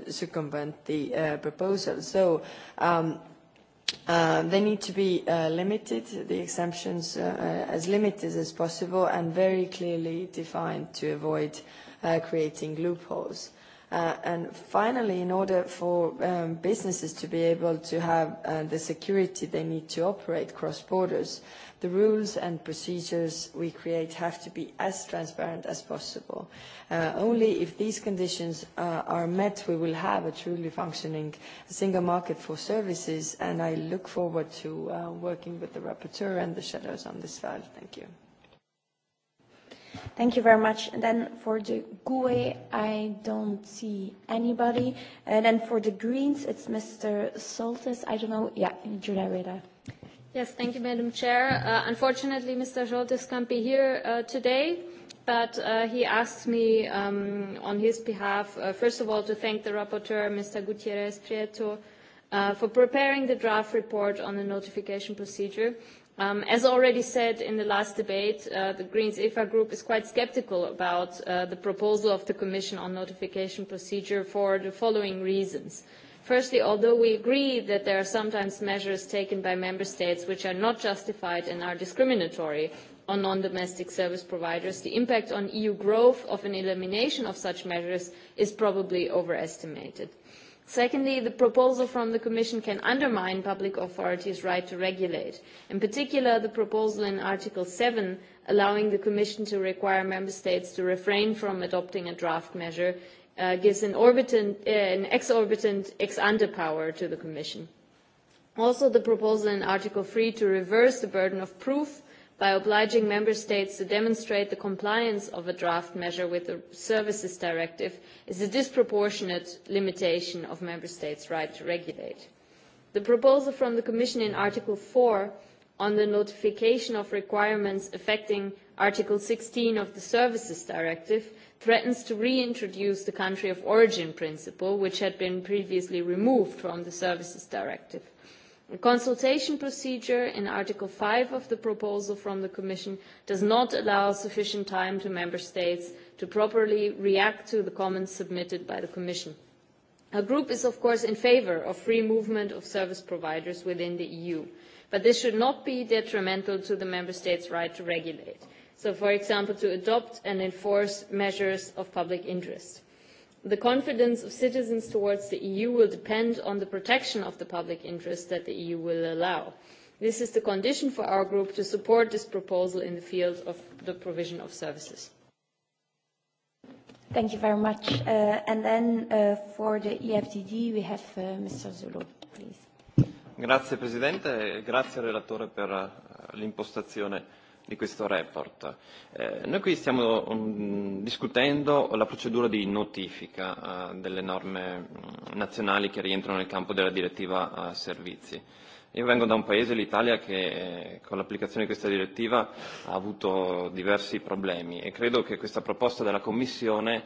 circumvent the proposal. So um, they need to be limited, the exemptions as limited as possible and very clearly defined to avoid creating loopholes. Uh, finally, in order for um, businesses to be able to have uh, the security they need to operate cross borders, the rules and procedures we create have to be as transparent as possible. Uh, only if these conditions are met, we will have a truly functioning single market for services, and I look forward to working with the rapporteur and the shadows on this file. Thank you. Thank you very much. And then for the GUE, I don't see anybody. And then for the Greens, it's Mr. Soltis. I don't know. Yeah, Julia Reda. Yes, thank you, Madam Chair. Uh, unfortunately, Mr. Soltis can't be here uh, today, but uh, he asked me um, on his behalf, uh, first of all, to thank the rapporteur, Mr. Gutierrez Prieto, uh, for preparing the draft report on the notification procedure Um, as already said in the last debate, uh, the Greens IFA group is quite skeptical about uh, the proposal of the Commission on notification procedure for the following reasons. Firstly, although we agree that there are sometimes measures taken by member states which are not justified and are discriminatory on non-domestic service providers, the impact on EU growth of an elimination of such measures is probably overestimated. Secondly, the proposal from the Commission can undermine public authorities' right to regulate. In particular, the proposal in Article 7 allowing the Commission to require Member States to refrain from adopting a draft measure uh, gives an, uh, exorbitant ex-ante power to the Commission. Also, the proposal in Article 3 to reverse the burden of proof by obliging member states to demonstrate the compliance of a draft measure with the services directive is a disproportionate limitation of member states' right to regulate. the proposal from the commission in article 4 on the notification of requirements affecting article 16 of the services directive threatens to reintroduce the country of origin principle which had been previously removed from the services directive. The consultation procedure in Article 5 of the proposal from the Commission does not allow sufficient time to Member States to properly react to the comments submitted by the Commission. A group is of course in favour of free movement of service providers within the EU, but this should not be detrimental to the Member States' right to regulate, so for example to adopt and enforce measures of public interest the confidence of citizens towards the eu will depend on the protection of the public interest that the eu will allow. this is the condition for our group to support this proposal in the field of the provision of services. thank you very much. Uh, and then uh, for the efdd we have uh, mr zullo grazie presidente e grazie relatore per l'impostazione di questo report. Eh, noi qui stiamo um, discutendo la procedura di notifica uh, delle norme mm, nazionali che rientrano nel campo della direttiva uh, servizi. Io vengo da un paese, l'Italia, che eh, con l'applicazione di questa direttiva ha avuto diversi problemi e credo che questa proposta della Commissione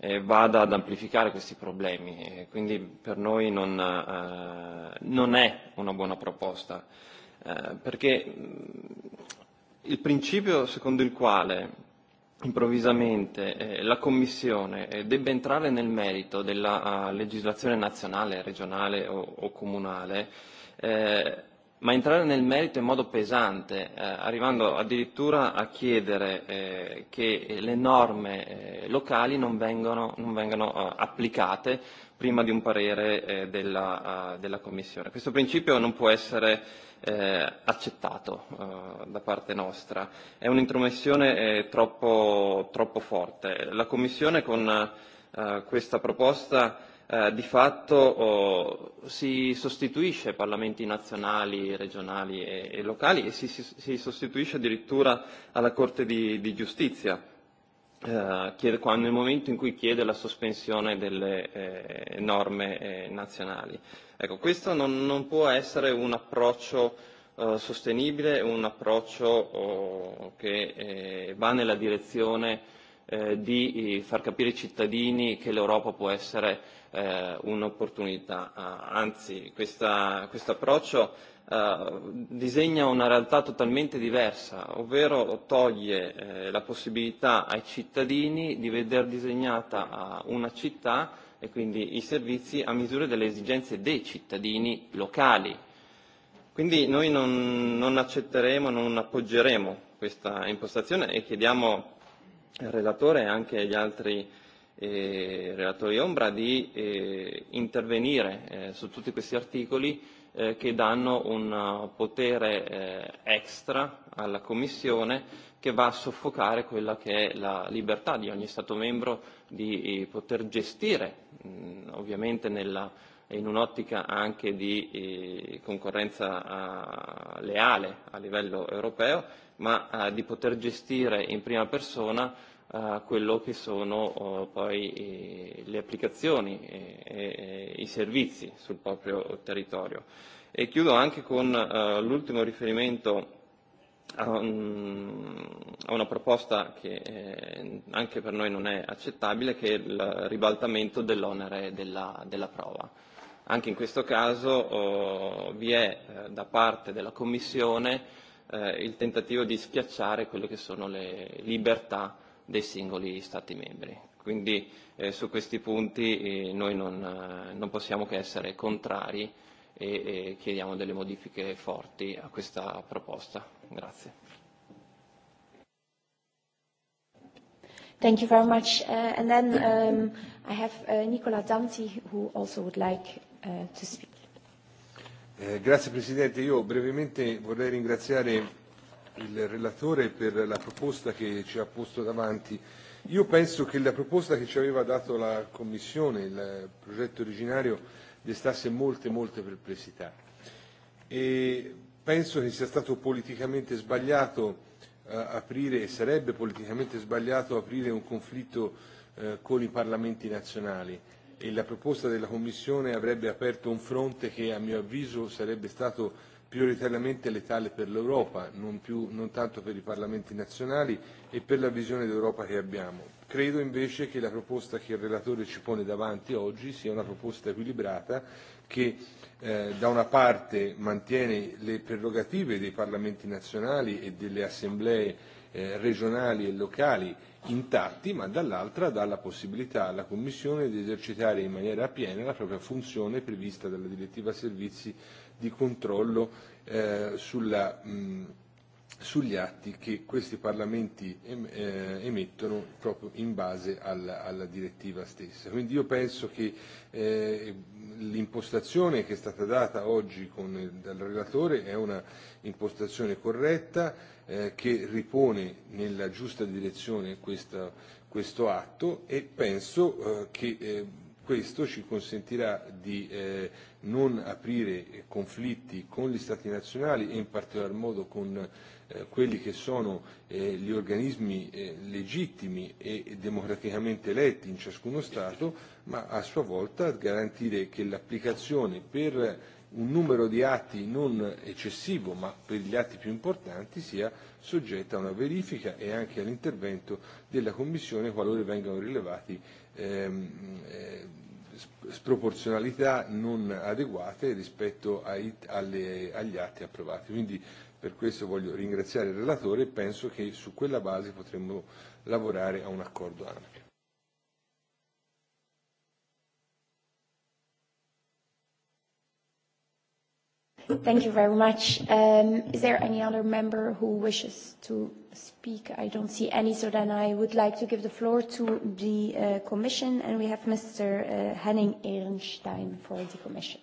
eh, vada ad amplificare questi problemi e quindi per noi non, non è una buona proposta perché mm, il principio secondo il quale improvvisamente eh, la Commissione eh, debba entrare nel merito della eh, legislazione nazionale, regionale o, o comunale, eh, ma entrare nel merito in modo pesante, eh, arrivando addirittura a chiedere eh, che le norme locali non vengano, non vengano applicate prima di un parere eh, della, eh, della Commissione. Questo principio non può essere eh, accettato da parte nostra, è un'intromissione troppo, troppo forte. La Commissione con questa proposta di fatto oh, si sostituisce parlamenti nazionali, regionali e, e locali e si, si, sostituisce addirittura alla Corte di giustizia Eh, chiede, quando, nel momento in cui chiede la sospensione delle eh, norme eh, nazionali. Ecco, questo non, non può essere un approccio eh, sostenibile, un approccio oh, che eh, va nella direzione eh, di eh, far capire ai cittadini che l'Europa può essere eh, un'opportunità. Ah, anzi, questo approccio Eh, disegna una realtà totalmente diversa, ovvero toglie eh, la possibilità ai cittadini di veder disegnata eh, una città e quindi i servizi a misura delle esigenze dei cittadini locali. Quindi noi non, non accetteremo, non appoggeremo questa impostazione e chiediamo al relatore e anche agli altri relatori ombra di intervenire su tutti questi articoli Eh, che danno un eh, potere eh, extra alla Commissione che va a soffocare quella che è la libertà di ogni Stato membro di eh, poter gestire, mh, mm, ovviamente nella, in un'ottica anche di concorrenza leale a livello europeo, ma di poter gestire in prima persona a quello che sono eh, poi le applicazioni e, e, e i servizi sul proprio territorio. E chiudo anche con eh, l'ultimo riferimento a una proposta che eh, anche per noi non è accettabile, che è il ribaltamento dell'onere della, della prova. Anche in questo caso oh, vi è da parte della Commissione il tentativo di schiacciare quelle che sono le libertà dei singoli Stati membri. Quindi eh, su questi punti eh, noi non, eh, non possiamo che essere contrari e, e chiediamo delle modifiche forti a questa proposta. Grazie. Thank you very much. Uh, and then um, I have uh, Nicola Danti who also would like uh, to speak. Eh, grazie Presidente, io brevemente vorrei ringraziare il relatore per la proposta che ci ha posto davanti. Io penso che la proposta che ci aveva dato la Commissione, il progetto originario, destasse molte, molte perplessità. E penso che sia stato politicamente sbagliato eh, aprire, e sarebbe politicamente sbagliato aprire un conflitto eh, con i parlamenti nazionali e la proposta della Commissione avrebbe aperto un fronte che a mio avviso sarebbe stato prioritariamente letale per l'Europa, non, non tanto per i parlamenti nazionali e per la visione d'Europa che abbiamo. Credo invece che la proposta che il relatore ci pone davanti oggi sia una proposta equilibrata che eh, da una parte mantiene le prerogative dei parlamenti nazionali e delle assemblee eh, regionali e locali intatti, ma dall'altra dà la possibilità alla Commissione di esercitare in maniera piena la propria funzione prevista dalla direttiva servizi di controllo eh, sulla, mm, sugli atti che questi parlamenti eh, emettono proprio in base alla, alla direttiva stessa. Quindi io penso che eh, l'impostazione che è stata data oggi con, dal relatore è una impostazione corretta che ripone nella giusta direzione questa, questo atto e penso che questo ci consentirà di eh, non aprire conflitti con gli Stati nazionali e in particolar modo con eh, quelli che sono eh, gli organismi eh, legittimi e democraticamente eletti in ciascuno Stato, ma a sua volta garantire che l'applicazione per un numero di atti non eccessivo, ma per gli atti più importanti sia soggetta a una verifica e anche all'intervento della Commissione qualora vengano rilevati ehm, sproporzionalità non adeguate rispetto ai, alle, agli atti approvati. Quindi per questo voglio ringraziare il relatore e penso che su quella base potremmo lavorare a un accordo ampio. Thank you very much. Um, is there any other member who wishes to speak? I don't see any, so then I would like to give the floor to the uh, Commission, and we have Mr. Uh, Henning Ehrenstein for the Commission.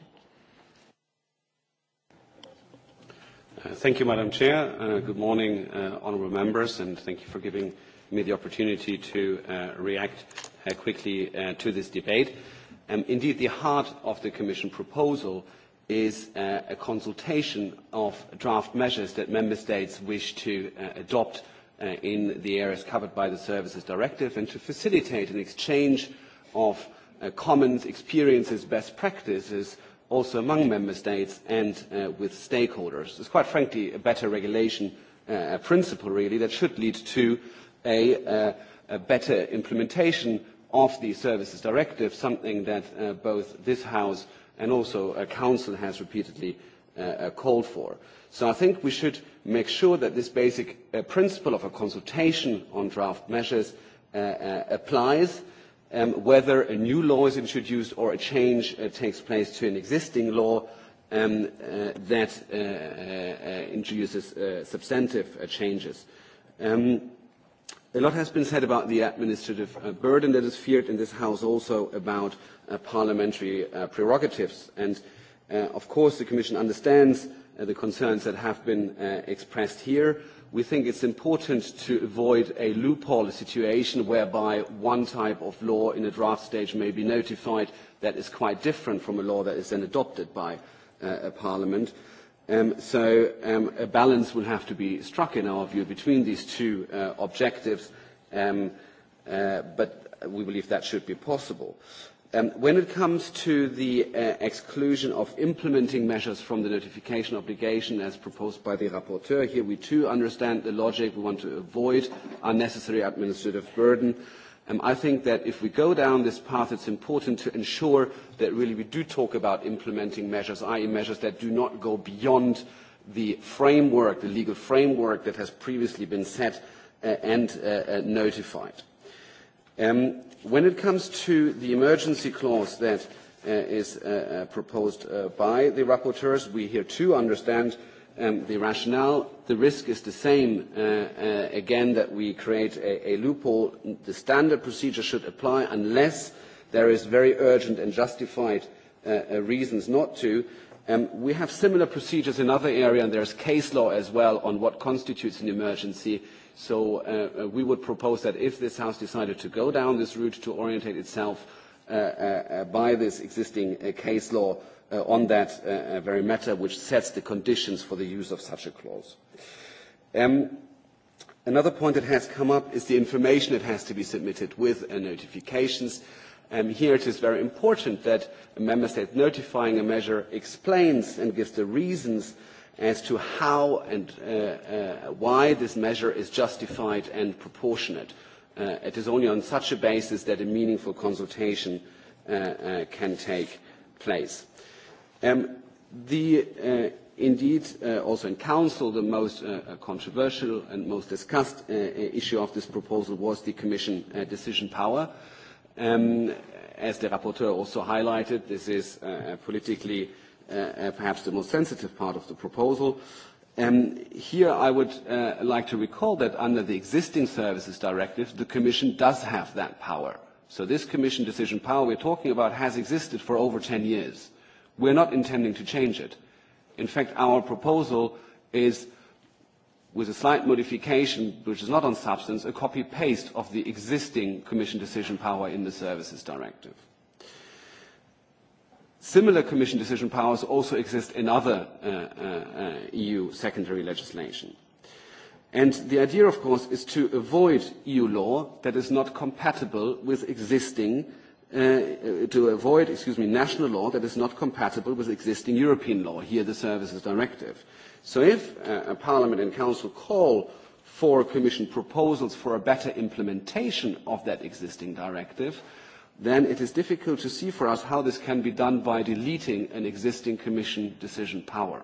Uh, thank you, Madam Chair. Uh, good morning, uh, honourable members, and thank you for giving me the opportunity to uh, react uh, quickly uh, to this debate. Um, indeed, the heart of the Commission proposal is uh, a consultation of draft measures that member states wish to uh, adopt uh, in the areas covered by the services directive and to facilitate an exchange of common experiences best practices also among member states and with stakeholders it's quite frankly a better regulation principle really that should lead to a, a better implementation of the services directive something that both this house and also a Council has repeatedly uh, uh, called for. So I think we should make sure that this basic uh, principle of a consultation on draft measures applies, um, whether a new law is introduced or a change takes place to an existing law um, that introduces substantive changes. Um, a lot has been said about the administrative uh, burden that is feared in this House, also about uh, parliamentary uh, prerogatives. And uh, of course, the Commission understands uh, the concerns that have been uh, expressed here. We think it's important to avoid a loophole a situation whereby one type of law in a draft stage may be notified that is quite different from a law that is then adopted by a parliament. Um, so um, a balance will have to be struck, in our view, between these two uh, objectives, um, uh, but we believe that should be possible. Um, when it comes to the uh, exclusion of implementing measures from the notification obligation as proposed by the rapporteur, here we too understand the logic. We want to avoid unnecessary administrative burden. I think that if we go down this path, it's important to ensure that really we do talk about implementing measures, i.e. measures that do not go beyond the framework, the legal framework that has previously been set uh, and uh, uh, notified. Um, when it comes to the emergency clause that is proposed by the rapporteurs, we here too understand Um, the rationale. The risk is the same, uh, uh, again, that we create a, loophole. The standard procedure should apply unless there is very urgent and justified uh, reasons not to. Um, we have similar procedures in other areas, and there is case law as well on what constitutes an emergency. So we would propose that if this House decided to go down this route to orientate itself by this existing case law, Uh, on that uh, uh, very matter, which sets the conditions for the use of such a clause. Um, another point that has come up is the information that has to be submitted with uh, notifications. Um, here it is very important that a member state notifying a measure explains and gives the reasons as to how and uh, uh, why this measure is justified and proportionate. Uh, it is only on such a basis that a meaningful consultation can take place. Um, the, uh, indeed, uh, also in Council, the most uh, uh controversial and most discussed uh, uh, issue of this proposal was the Commission uh, decision power. Um, as the rapporteur also highlighted, this is uh, uh politically uh, perhaps the most sensitive part of the proposal. Um, here I would uh, like to recall that under the existing services directive, the Commission does have that power. So this Commission decision power we're talking about has existed for over 10 years. We are not intending to change it. In fact, our proposal is, with a slight modification, which is not on substance, a copy-paste of the existing Commission decision power in the Services Directive. Similar Commission decision powers also exist in other uh, uh, uh, EU secondary legislation. And the idea, of course, is to avoid EU law that is not compatible with existing Uh, uh, to avoid excuse me, national law that is not compatible with existing European law, here the Services Directive. So if uh, Parliament and Council call for Commission proposals for a better implementation of that existing directive, then it is difficult to see for us how this can be done by deleting an existing Commission decision power.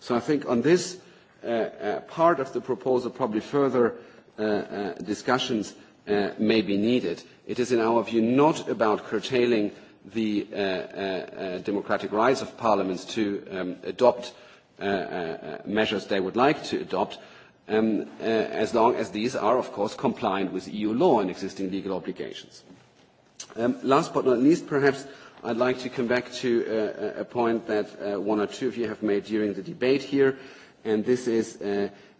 So I think on this uh, uh, part of the proposal, probably further uh, uh discussions uh, may be needed. It is, in our view, not about curtailing the uh, uh, uh, democratic rights of parliaments to um, adopt measures they would like to adopt, um, as long as these are, of course, compliant with EU law and existing legal obligations. Um, last but not least, perhaps I'd like to come back to a point that one or two of you have made during the debate here, and this is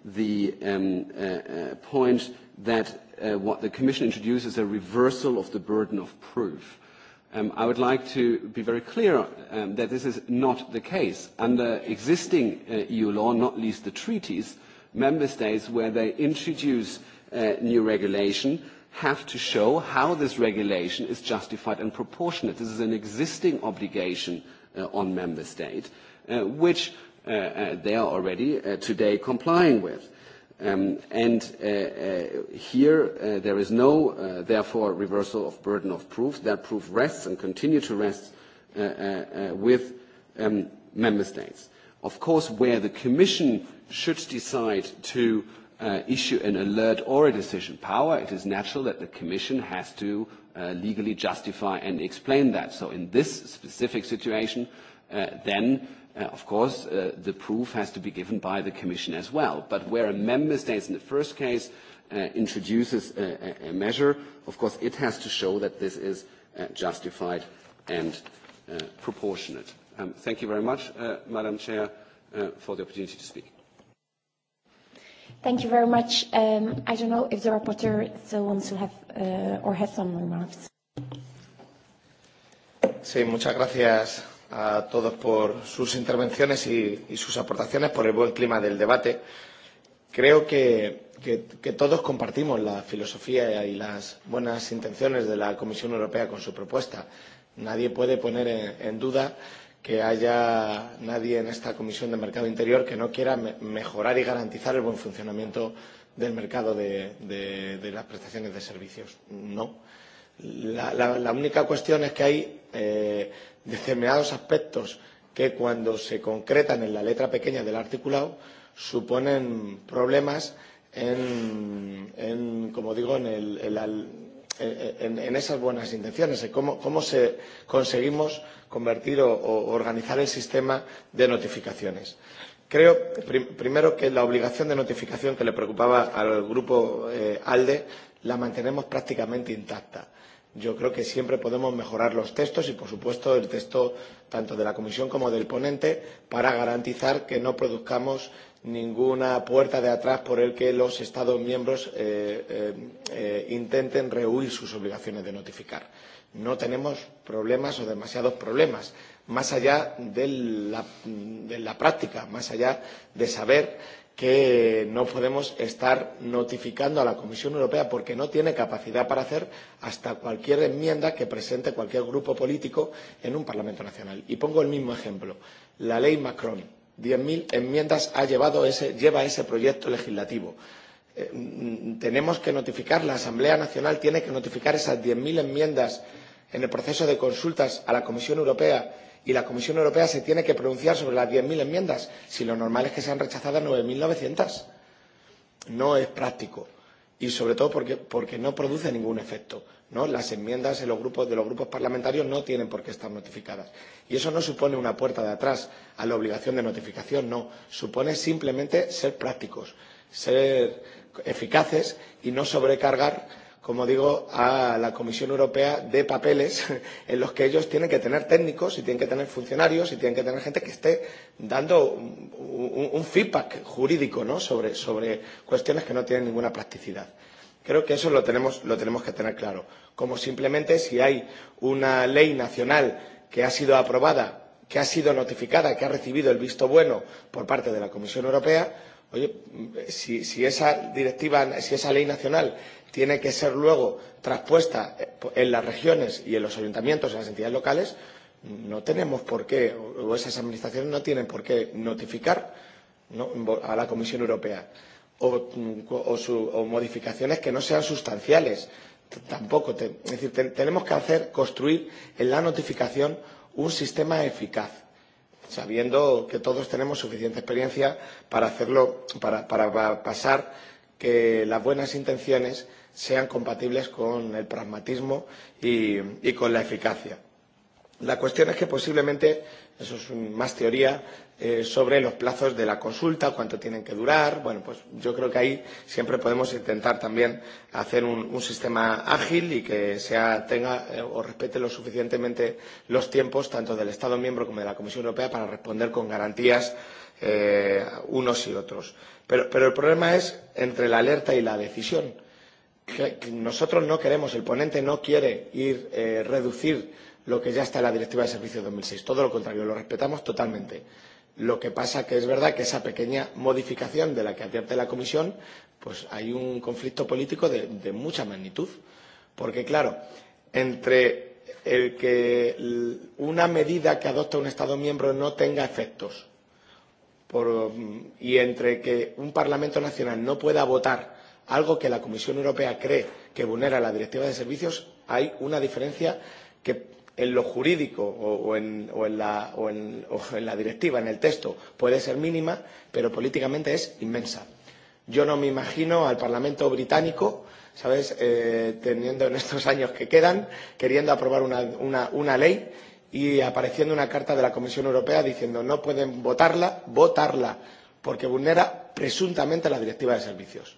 the point that Uh, what the Commission introduces a reversal of the burden of proof. Um, I would like to be very clear um, that this is not the case. Under existing uh, EU law, not least the treaties, member states where they introduce uh, new regulation have to show how this regulation is justified and proportionate. This is an existing obligation uh, on member state, uh, which uh, they are already today complying with. Um, and uh, uh, here uh, there is no, therefore, reversal of burden of proof. That proof rests and continue to rest with um, member states. Of course, where the Commission should decide to issue an alert or a decision power, it is natural that the Commission has to legally justify and explain that. So in this specific situation, then Uh, of course, uh, the proof has to be given by the Commission as well. But where a member state, in the first case, uh, introduces a, measure, of course, it has to show that this is justified and proportionate. Um, thank you very much, Madam Chair, for the opportunity to speak. Thank you very much. Um, I don't know if the rapporteur still wants to have or has some remarks. Sí, muchas gracias, a todos por sus intervenciones y, y sus aportaciones, por el buen clima del debate. Creo que, que, que todos compartimos la filosofía y las buenas intenciones de la Comisión Europea con su propuesta. Nadie puede poner en, en duda que haya nadie en esta Comisión de Mercado Interior que no quiera mejorar y garantizar el buen funcionamiento del mercado de, de, de las prestaciones de servicios. No. La, la, la única cuestión es que hay eh, determinados aspectos que cuando se concretan en la letra pequeña del articulado suponen problemas en, en como digo, en, el, en, esas buenas intenciones, en cómo, se conseguimos convertir o, organizar el sistema de notificaciones. Creo, primero, que la obligación de notificación que le preocupaba al grupo eh, ALDE la mantenemos prácticamente intacta yo creo que siempre podemos mejorar los textos y por supuesto el texto tanto de la comisión como del ponente para garantizar que no produzcamos ninguna puerta de atrás por el que los estados miembros eh, eh, intenten rehuir sus obligaciones de notificar no tenemos problemas o demasiados problemas más allá de la, de la práctica más allá de saber que no podemos estar notificando a la Comisión Europea porque no tiene capacidad para hacer hasta cualquier enmienda que presente cualquier grupo político en un Parlamento Nacional. Y pongo el mismo ejemplo. La ley Macron. 10.000 enmiendas ha llevado ese, lleva ese proyecto legislativo. Eh, mm, tenemos que notificar, la Asamblea Nacional tiene que notificar esas 10.000 enmiendas en el proceso de consultas a la Comisión Europea y la Comisión Europea se tiene que pronunciar sobre las 10.000 enmiendas, si lo normal es que sean rechazadas 9.900. No es práctico y sobre todo porque, porque no produce ningún efecto. ¿no? Las enmiendas en los grupos, de los grupos parlamentarios no tienen por qué estar notificadas. Y eso no supone una puerta de atrás a la obligación de notificación, no. Supone simplemente ser prácticos, ser eficaces y no sobrecargar como digo, a la Comisión Europea de papeles en los que ellos tienen que tener técnicos y tienen que tener funcionarios y tienen que tener gente que esté dando un, un, feedback jurídico ¿no? sobre, sobre cuestiones que no tienen ninguna practicidad. Creo que eso lo tenemos, lo tenemos que tener claro. Como simplemente si hay una ley nacional que ha sido aprobada, que ha sido notificada, que ha recibido el visto bueno por parte de la Comisión Europea, oye, si, si esa directiva, si esa ley nacional tiene que ser luego traspuesta eh, en las regiones y en los ayuntamientos, en las entidades locales, no tenemos por qué, o esas administraciones no tienen por qué notificar ¿no? a la Comisión Europea. O, mm, o, su, o modificaciones que no sean sustanciales. T Tampoco. Te, es decir, te, tenemos que hacer, construir en la notificación un sistema eficaz sabiendo que todos tenemos suficiente experiencia para hacerlo, para, para, para pasar que las buenas intenciones sean compatibles con el pragmatismo y, y con la eficacia. La cuestión es que posiblemente, eso es más teoría, eh, sobre los plazos de la consulta, cuánto tienen que durar. Bueno, pues yo creo que ahí siempre podemos intentar también hacer un, un sistema ágil y que sea, tenga eh, o respete lo suficientemente los tiempos tanto del Estado miembro como de la Comisión Europea para responder con garantías eh, unos y otros. Pero, pero el problema es entre la alerta y la decisión. Que nosotros no queremos, el ponente no quiere ir eh, reducir lo que ya está en la Directiva de Servicios 2006. Todo lo contrario, lo respetamos totalmente. Lo que pasa que es verdad que esa pequeña modificación de la que advierte la Comisión, pues hay un conflicto político de, de mucha magnitud. Porque, claro, entre el que una medida que adopta un Estado miembro no tenga efectos por, mm, y entre que un Parlamento Nacional no pueda votar algo que la Comisión Europea cree que vulnera la Directiva de Servicios, hay una diferencia que en lo jurídico o, o, en, o, en la, o, en, o en la directiva, en el texto, puede ser mínima, pero políticamente es inmensa. Yo no me imagino al Parlamento británico, ¿sabes?, eh, teniendo en estos años que quedan, queriendo aprobar una, una, una ley y apareciendo una carta de la Comisión Europea diciendo no pueden votarla, votarla, porque vulnera presuntamente la directiva de servicios.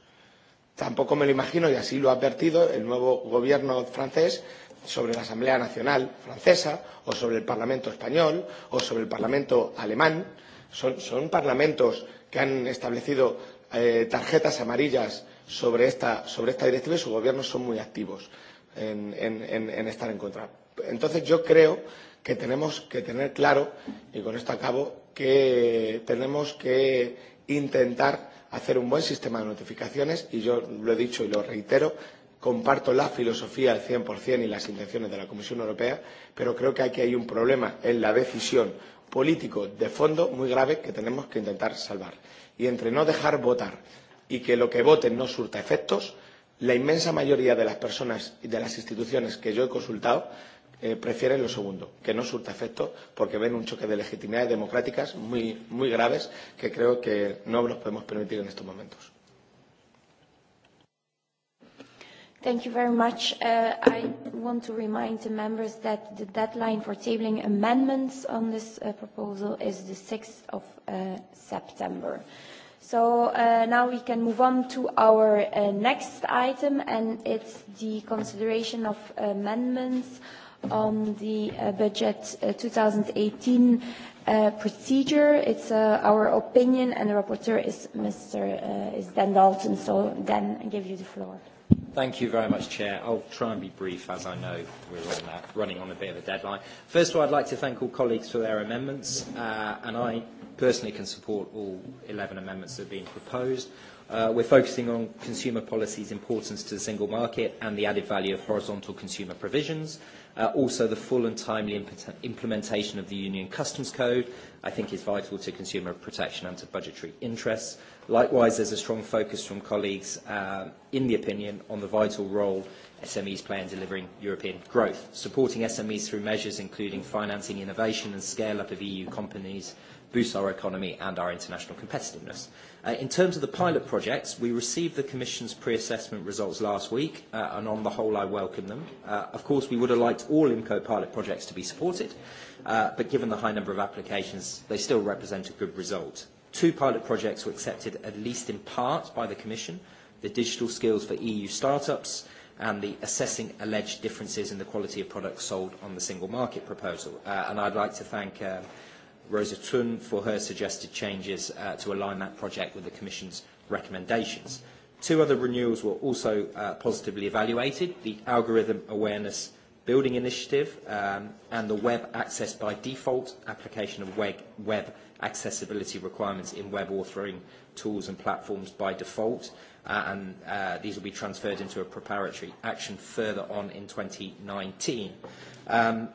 Tampoco me lo imagino, y así lo ha advertido el nuevo gobierno francés, sobre la Asamblea Nacional francesa, o sobre el Parlamento español, o sobre el Parlamento alemán. Son, son parlamentos que han establecido eh, tarjetas amarillas sobre esta, sobre esta directiva y sus gobiernos son muy activos en, en, en estar en contra. Entonces yo creo que tenemos que tener claro, y con esto acabo, que tenemos que intentar hacer un buen sistema de notificaciones, y yo lo he dicho y lo reitero, comparto la filosofía al 100% y las intenciones de la Comisión Europea, pero creo que aquí hay un problema en la decisión político de fondo muy grave que tenemos que intentar salvar. Y entre no dejar votar y que lo que voten no surta efectos, la inmensa mayoría de las personas y de las instituciones que yo he consultado eh, prefieren lo segundo, que no surta efecto, porque ven un choque de legitimidades democráticas muy, muy graves que creo que no nos podemos permitir en estos momentos. Thank you very much. Uh, I want to remind the members that the deadline for tabling amendments on this uh, proposal is the 6th of uh, September. So now we can move on to our next item, and it's the consideration of amendments on the uh, budget uh, 2018 uh, procedure. It's uh, our opinion, and the rapporteur is Mr. Uh, is Dan Dalton. So, Dan, I give you the floor. Thank you very much, Chair. I'll try and be brief, as I know we're on that, uh, running on a bit of a deadline. First of all, I'd like to thank all colleagues for their amendments, uh, and I personally can support all 11 amendments that have been proposed. Uh, we're focusing on consumer policy's importance to the single market and the added value of horizontal consumer provisions. Uh, also, the full and timely imp implementation of the Union Customs Code, I think, is vital to consumer protection and to budgetary interests. Likewise, there's a strong focus from colleagues uh, in the opinion on the vital role SMEs play in delivering European growth, supporting SMEs through measures including financing innovation and scale-up of EU companies boost our economy and our international competitiveness. Uh, in terms of the pilot projects, we received the Commission's pre-assessment results last week, uh, and on the whole, I welcome them. Uh, of course, we would have liked all IMCO pilot projects to be supported, but given the high number of applications, they still represent a good result. Two pilot projects were accepted at least in part by the Commission, the Digital Skills for EU Startups and the Assessing Alleged Differences in the Quality of Products Sold on the Single Market proposal. And I'd like to thank um, Rosa Thun for her suggested changes uh, to align that project with the Commission's recommendations. Two other renewals were also uh, positively evaluated, the Algorithm Awareness Building Initiative um, and the Web Access by Default application of web, web accessibility requirements in web authoring tools and platforms by default. Uh, and uh, these will be transferred into a preparatory action further on in 2019. Um,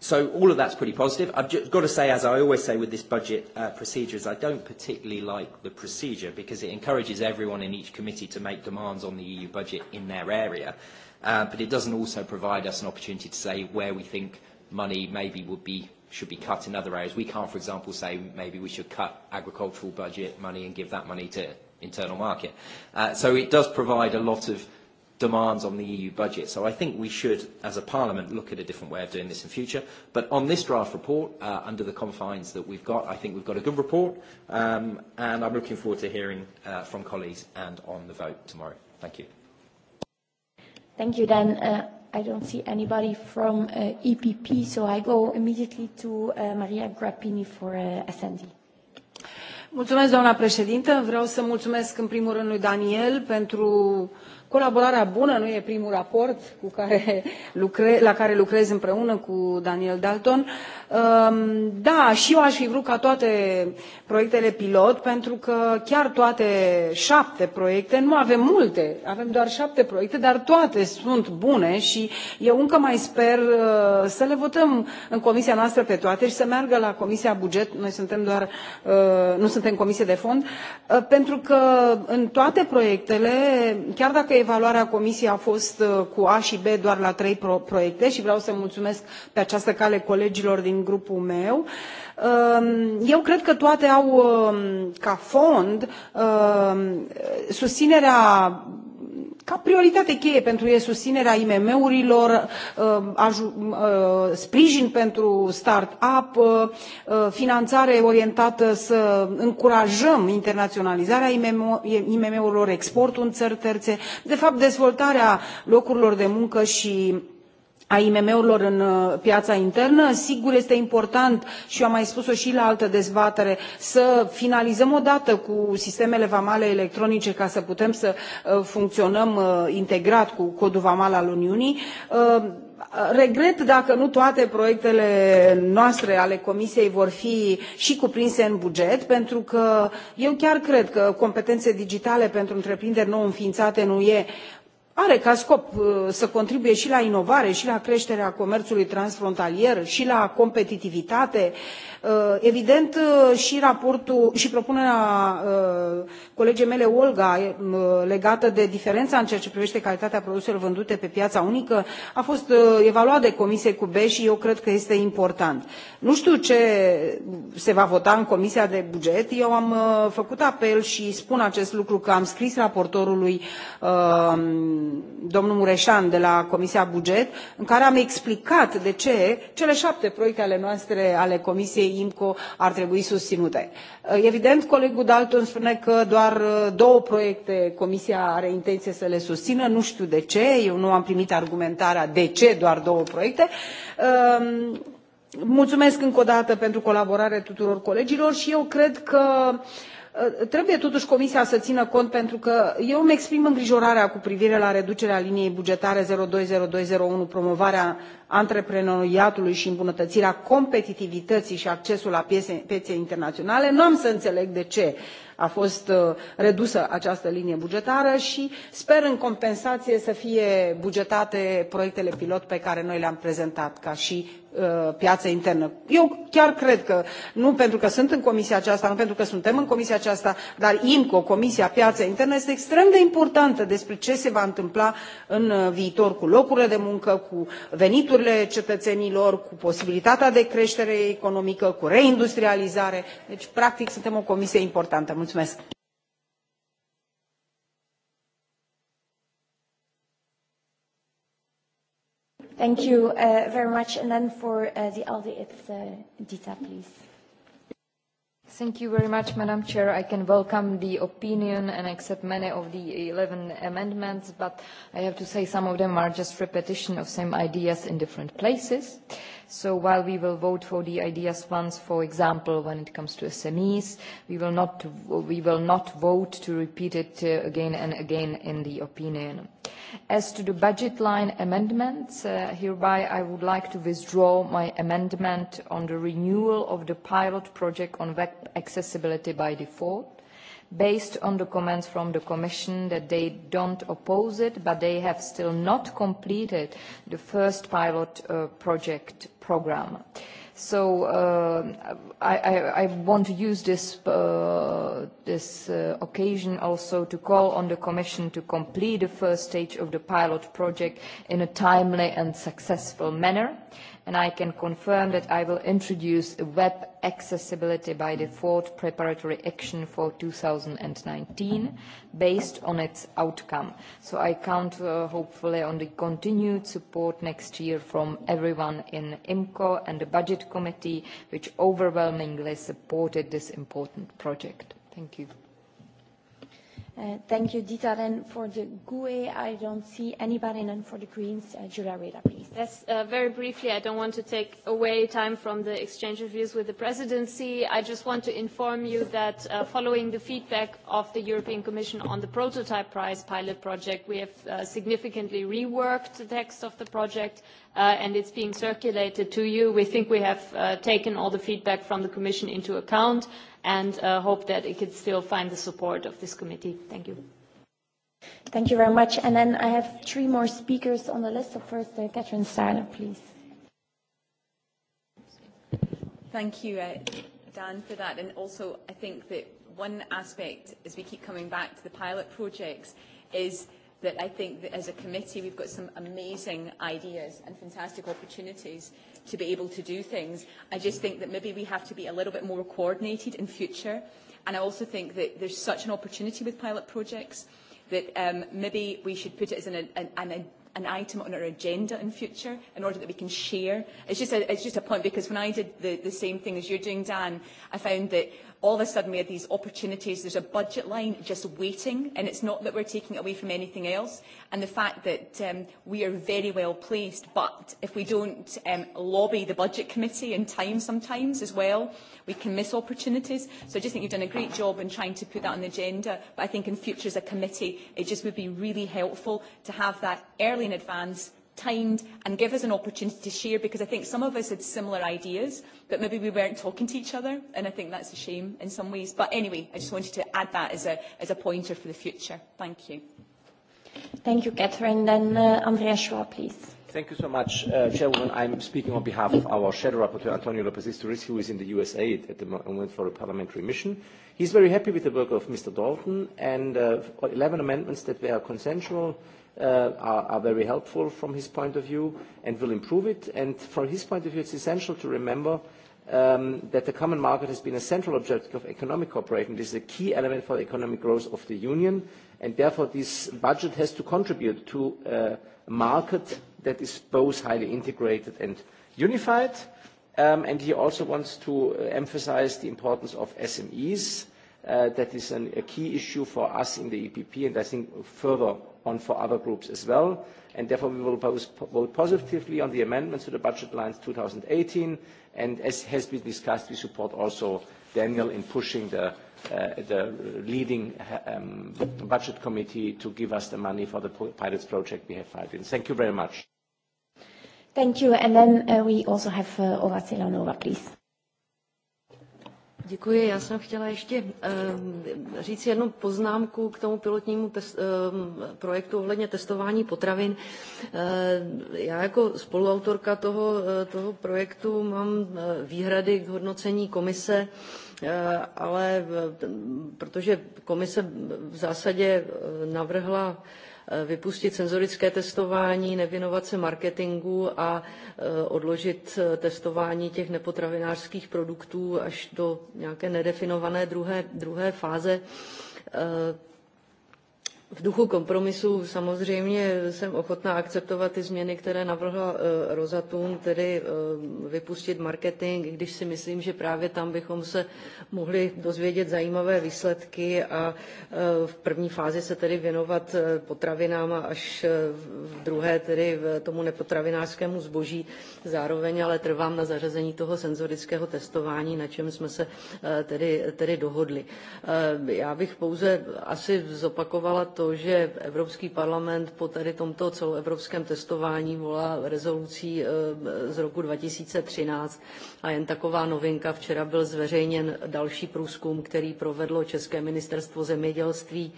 So all of that's pretty positive. I've just got to say, as I always say with this budget uh, procedure, is I don't particularly like the procedure because it encourages everyone in each committee to make demands on the EU budget in their area, uh, but it doesn't also provide us an opportunity to say where we think money maybe would be should be cut in other areas. We can't, for example, say maybe we should cut agricultural budget money and give that money to internal market. Uh, so it does provide a lot of demands on the EU budget. So I think we should, as a parliament, look at a different way of doing this in future. But on this draft report, uh, under the confines that we've got, I think we've got a good report, um, and I'm looking forward to hearing uh, from colleagues and on the vote tomorrow. Thank you. Thank you, Dan. Uh, I don't see anybody from uh, EPP, so I go immediately to uh, Maria Grappini for uh, SND. Mulțumesc, doamna președintă. Vreau să mulțumesc în primul rând lui Daniel pentru uh, Colaborarea bună nu e primul raport cu care la care lucrez împreună cu Daniel Dalton. Um, da, și eu aș fi vrut ca toate proiectele pilot, pentru că chiar toate șapte proiecte, nu avem multe, avem doar șapte proiecte, dar toate sunt bune și eu încă mai sper uh, să le votăm în comisia noastră pe toate și să meargă la Comisia Buget, noi suntem doar, uh, nu suntem Comisie de Fond, uh, pentru că în toate proiectele, chiar dacă evaluarea comisiei a fost uh, cu a și b doar la trei proiecte și vreau să mulțumesc pe această cale colegilor din grupul meu um, eu cred că toate au um, ca fond um, susținerea ca prioritate cheie pentru e susținerea IMM-urilor, uh, uh, sprijin pentru start-up, uh, finanțare orientată să încurajăm internaționalizarea IMM-urilor, exportul în țări terțe, de fapt dezvoltarea locurilor de muncă și a imm urilor în uh, piața internă sigur este important și eu am mai spus o și la altă dezbatere să finalizăm odată cu sistemele vamale electronice ca să putem să uh, funcționăm uh, integrat cu codul vamal al uniunii regret dacă nu toate proiectele noastre ale comisiei vor fi și cuprinse în buget pentru că eu chiar cred că competențe digitale pentru întreprinderi nou înființate nu e are ca scop uh, să contribuie și la inovare și la creșterea comerțului transfrontalier și la competitivitate Uh, evident uh, și raportul și propunerea uh, colegei mele Olga e, legată de diferența în ceea ce privește calitatea produselor vândute pe piața unică a fost evaluat de Comisie cu B și eu cred că este important. Nu știu ce se va vota în Comisia de Buget. Eu am făcut apel și spun acest lucru că am scris raportorului um, domnul Mureșan de la Comisia Buget în care am explicat de ce cele șapte proiecte ale noastre ale Comisiei IMCO ar trebui susținute. Uh, evident, colegul Dalton spune că doar uh, două proiecte Comisia are intenție să le susțină, nu știu de ce, eu nu am primit argumentarea de ce doar două proiecte. Um, mulțumesc încă o dată pentru colaborare tuturor colegilor și eu cred că trebuie totuși comisia să țină cont pentru că eu îmi exprim îngrijorarea cu privire la reducerea liniei bugetare zero doi zero zero unu promovarea antreprenoriatului și îmbunătățirea competitivității și accesul la piețe internaționale nu am să înțeleg de ce a fost uh, redusă această linie bugetară și sper în compensație să fie bugetate proiectele pilot pe care noi le am prezentat ca și Uh, piață internă. Eu chiar cred că, nu pentru că sunt în comisia aceasta, nu pentru că suntem în comisia aceasta, dar IMCO, Comisia Piața Internă, este extrem de importantă despre ce se va întâmpla în uh, viitor cu locurile de muncă, cu veniturile cetățenilor, cu posibilitatea de creștere economică, cu reindustrializare. Deci, practic, suntem o comisie importantă. Mulțumesc! Thank you uh, very much. And then for uh, the ALDE, it's uh, Dita, please. Thank you very much, Madam Chair. I can welcome the opinion and accept many of the 11 amendments, but I have to say some of them are just repetition of same ideas in different places. Uh, So while we will vote for the ideas funds, for example, when it comes to SMEs, we will not, we will not vote to repeat it uh, again and again in the opinion. As to the budget line amendments, uh, hereby I would like to withdraw my amendment on the renewal of the pilot project on web accessibility by default based on the comments from the Commission that they don't oppose it, but they have still not completed the first pilot uh, project program. So uh, I, I, I want to use this, uh, this occasion also to call on the Commission to complete the first stage of the pilot project in a timely and successful manner and I can confirm that I will introduce web accessibility by default preparatory action for 2019 based on its outcome. So I count uh, hopefully on the continued support next year from everyone in IMCO and the Budget Committee, which overwhelmingly supported this important project. Thank you. Uh, thank you, Dita. Then for the GUE, I don't see anybody. And then for the Greens, uh, Julia Reda, please. Yes, uh, very briefly, I don't want to take away time from the exchange of views with the presidency. I just want to inform you that uh, following the feedback of the European Commission on the prototype prize pilot project, we have significantly reworked the text of the project uh, and it's being circulated to you. We think we have taken all the feedback from the Commission into account and uh, hope that it could still find the support of this committee. Thank you. Thank you very much. And then I have three more speakers on the list. So first, uh, Catherine Styler, please. Thank you, uh, Dan, for that. And also, I think that one aspect, as we keep coming back to the pilot projects, is that I think that as a committee, we've got some amazing ideas and fantastic opportunities to be able to do things. I just think that maybe we have to be a little bit more coordinated in future. And I also think that there's such an opportunity with pilot projects that um, maybe we should put it as an, an, an, an item on our agenda in future in order that we can share. It's just a, it's just a point because when I did the, the same thing as you're doing, Dan, I found that all of a sudden we have these opportunities. There's a budget line just waiting, and it's not that we're taking it away from anything else. And the fact that um, we are very well placed, but if we don't um, lobby the Budget Committee in time sometimes as well, we can miss opportunities. So I just think you've done a great job in trying to put that on the agenda. But I think in future as a committee, it just would be really helpful to have that early in advance timed and give us an opportunity to share because I think some of us had similar ideas but maybe we weren't talking to each other and I think that's a shame in some ways. But anyway, I just wanted to add that as a, as a pointer for the future. Thank you. Thank you, Catherine. Then uh, Andrea Schwab, please. Thank you so much, uh, Chairwoman. I'm speaking on behalf of our Shadow Rapporteur, Antonio Lopez Isturiz, who is in the USA at the moment for a parliamentary mission. He's very happy with the work of Mr. Dalton and uh, 11 amendments that were consensual Uh, are, very helpful from his point of view and will improve it. from his point of view, it's essential to remember um, that the common market has been a central objective of economic cooperation. This is a key element for the economic growth of the Union, and therefore this budget has to contribute to a market that is both highly integrated and unified. Um, and he also wants to uh, emphasize the importance of SMEs Uh, that is an, a key issue for us in the EPP and I think further on for other groups as well. And therefore we will vote positively on the amendments to the budget lines 2018. And as has been discussed, we support also Daniel in pushing the, uh, the leading um, budget committee to give us the money for the pilots project we have filed in. Thank you very much. Thank you. And then uh, we also have uh, Ova Celanova, please. Děkuji. Já jsem chtěla ještě ehm, říct jednu poznámku k tomu pilotnímu ehm, projektu ohledně testování potravin. Ehm, já jako spoluautorka toho, eh, toho projektu mám eh, výhrady k hodnocení komise, eh, ale protože komise v zásadě navrhla vypustit senzorické testování, nevěnovat se marketingu a e, odložit e, testování těch nepotravinářských produktů až do nějaké nedefinované druhé, druhé fáze e, V duchu kompromisu samozřejmě jsem ochotná akceptovat ty změny, které navrhla eh, Rozatun tedy eh, vypustit marketing, když si myslím, že právě tam bychom se mohli dozvědět zajímavé výsledky a eh, v první fázi se tedy věnovat potravinám a až v druhé tedy tomu nepotravinářskému zboží. Zároveň ale trvám na zařazení toho senzorického testování, na čem jsme se tedy, tedy dohodli. Já bych pouze asi zopakovala to, že Evropský parlament po tady tomto celoevropském testování volá rezolucí eh, z roku 2013 a jen taková novinka. Včera byl zveřejněn další průzkum, který provedlo České ministerstvo zemědělství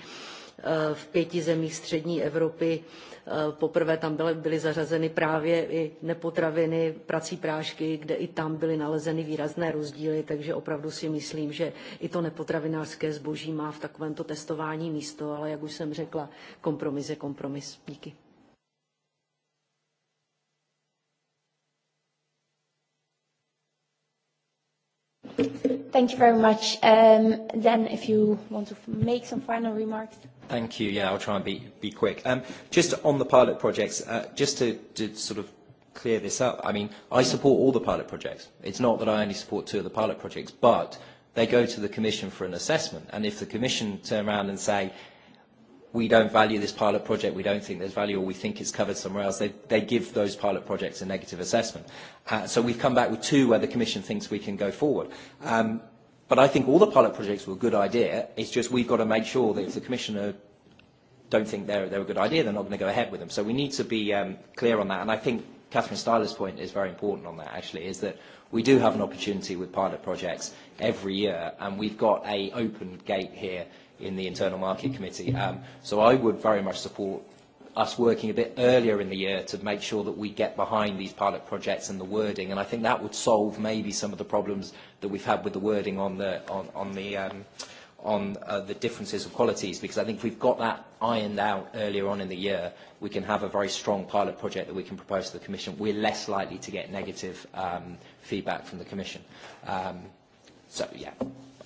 E, v pěti zemích střední Evropy. E, poprvé tam byly, byly zařazeny právě i nepotraviny, prací prášky, kde i tam byly nalezeny výrazné rozdíly, takže opravdu si myslím, že i to nepotravinářské zboží má v takovémto testování místo, ale jak už jsem řekla, kompromis je kompromis. Díky. Thank you very much. Um, then if you want to make some final remarks. Thank you. Yeah, I'll try and be, be quick. Um, just on the pilot projects, uh, just to, to sort of clear this up, I mean, I support all the pilot projects. It's not that I only support two of the pilot projects, but they go to the Commission for an assessment. And if the Commission turn around and say, we don't value this pilot project, we don't think there's value, or we think it's covered somewhere else, they, they give those pilot projects a negative assessment. Uh, so we've come back with two where the Commission thinks we can go forward. Um, but I think all the pilot projects were a good idea. It's just we've got to make sure that if the Commissioner don't think they're, they're a good idea, they're not going to go ahead with them. So we need to be um, clear on that. And I think Catherine Styler's point is very important on that, actually, is that we do have an opportunity with pilot projects every year, and we've got an open gate here in the Internal Market Committee. Um, so I would very much support us working a bit earlier in the year to make sure that we get behind these pilot projects and the wording. And I think that would solve maybe some of the problems that we've had with the wording on the, on, on the, um, on uh, the differences of qualities, because I think if we've got that ironed out earlier on in the year, we can have a very strong pilot project that we can propose to the Commission. We're less likely to get negative um, feedback from the Commission. Um, so, yeah,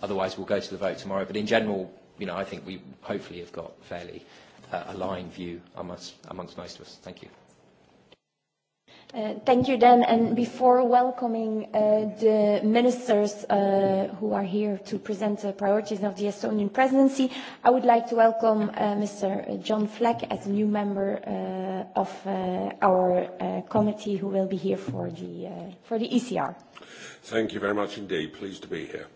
otherwise we'll go to the vote tomorrow. But in general, you know, I think we hopefully have got fairly uh, aligned view amongst, amongst most of us. Thank you. Uh, thank you, Dan. And before welcoming uh, the ministers uh, who are here to present the priorities of the Estonian presidency, I would like to welcome uh, Mr. John Fleck as a new member uh, of uh, our committee who will be here for the, for the ECR. Thank you very much indeed. Pleased to be here.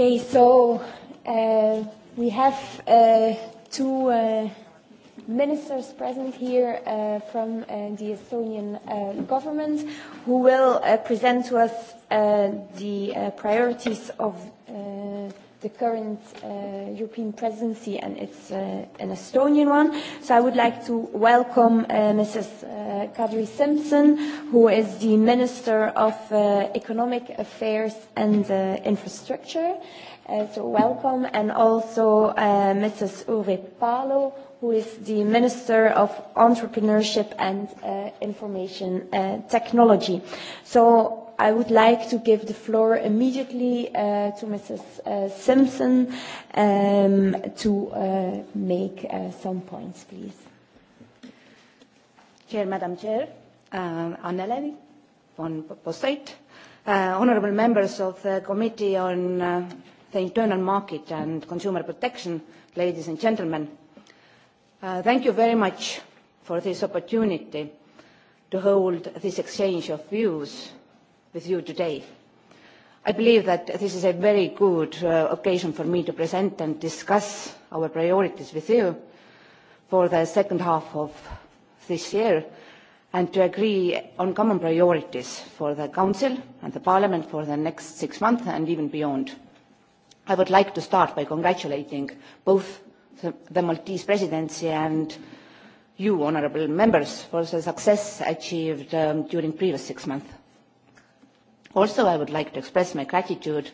Okay, so uh, we have uh, two uh, ministers present here uh, from uh, the Estonian uh, government who will uh, present to us uh, the uh, priorities of the current uh, European presidency and it's uh, an Estonian one. So I would like to welcome uh, Mrs. Uh, Kadri Simpson, who is the Minister of uh, Economic Affairs and uh, Infrastructure. so welcome, and also Mrs. Uwe Palo, who is the Minister of Entrepreneurship and Information Technology. So i would like to give the floor immediately uh, to Mrs. Uh, Simpson um, to uh, make uh, some points, please. Chair, Madam Chair, uh, Anna Levy uh, honourable members of the Committee on uh, the Internal Market and Consumer Protection, ladies and gentlemen. Uh, thank you very much for this opportunity to hold this exchange of views with you today. I believe that this is a very good uh, occasion for me to present and discuss our priorities with you for the second half of this year and to agree on common priorities for the Council and the Parliament for the next six months and even beyond. I would like to start by congratulating both the, the Maltese Presidency and you, honourable members, for the success achieved um, during previous six months. Also, I would like to express my gratitude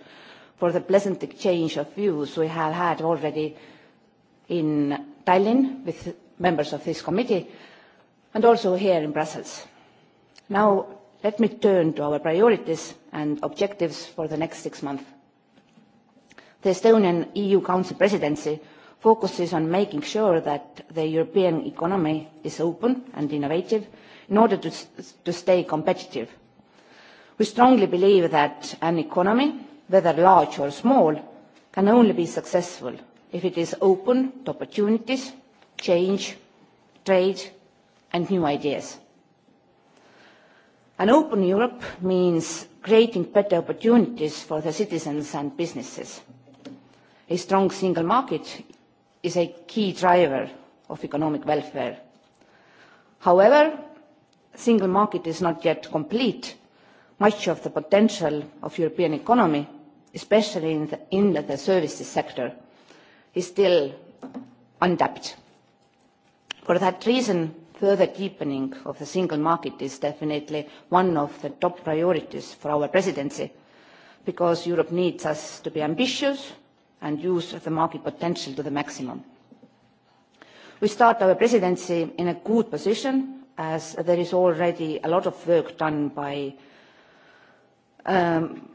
for the pleasant exchange of views we have had already in Tallinn with members of this committee and also here in Brussels. Now, let me turn to our priorities and objectives for the next six months. The Estonian EU Council presidency focuses on making sure that the European economy is open and innovative in order to, to stay competitive – We strongly believe that an economy, whether large or small, can only be successful if it is open to opportunities, change, trade and new ideas. An open Europe means creating better opportunities for the citizens and businesses. A strong single market is a key driver of economic welfare. However, single market is not yet complete much of the potential of European economy, especially in the, in the services sector, is still untapped. For that reason, further deepening of the single market is definitely one of the top priorities for our presidency, because Europe needs us to be ambitious and use the market potential to the maximum. We start our presidency in a good position, as there is already a lot of work done by Um,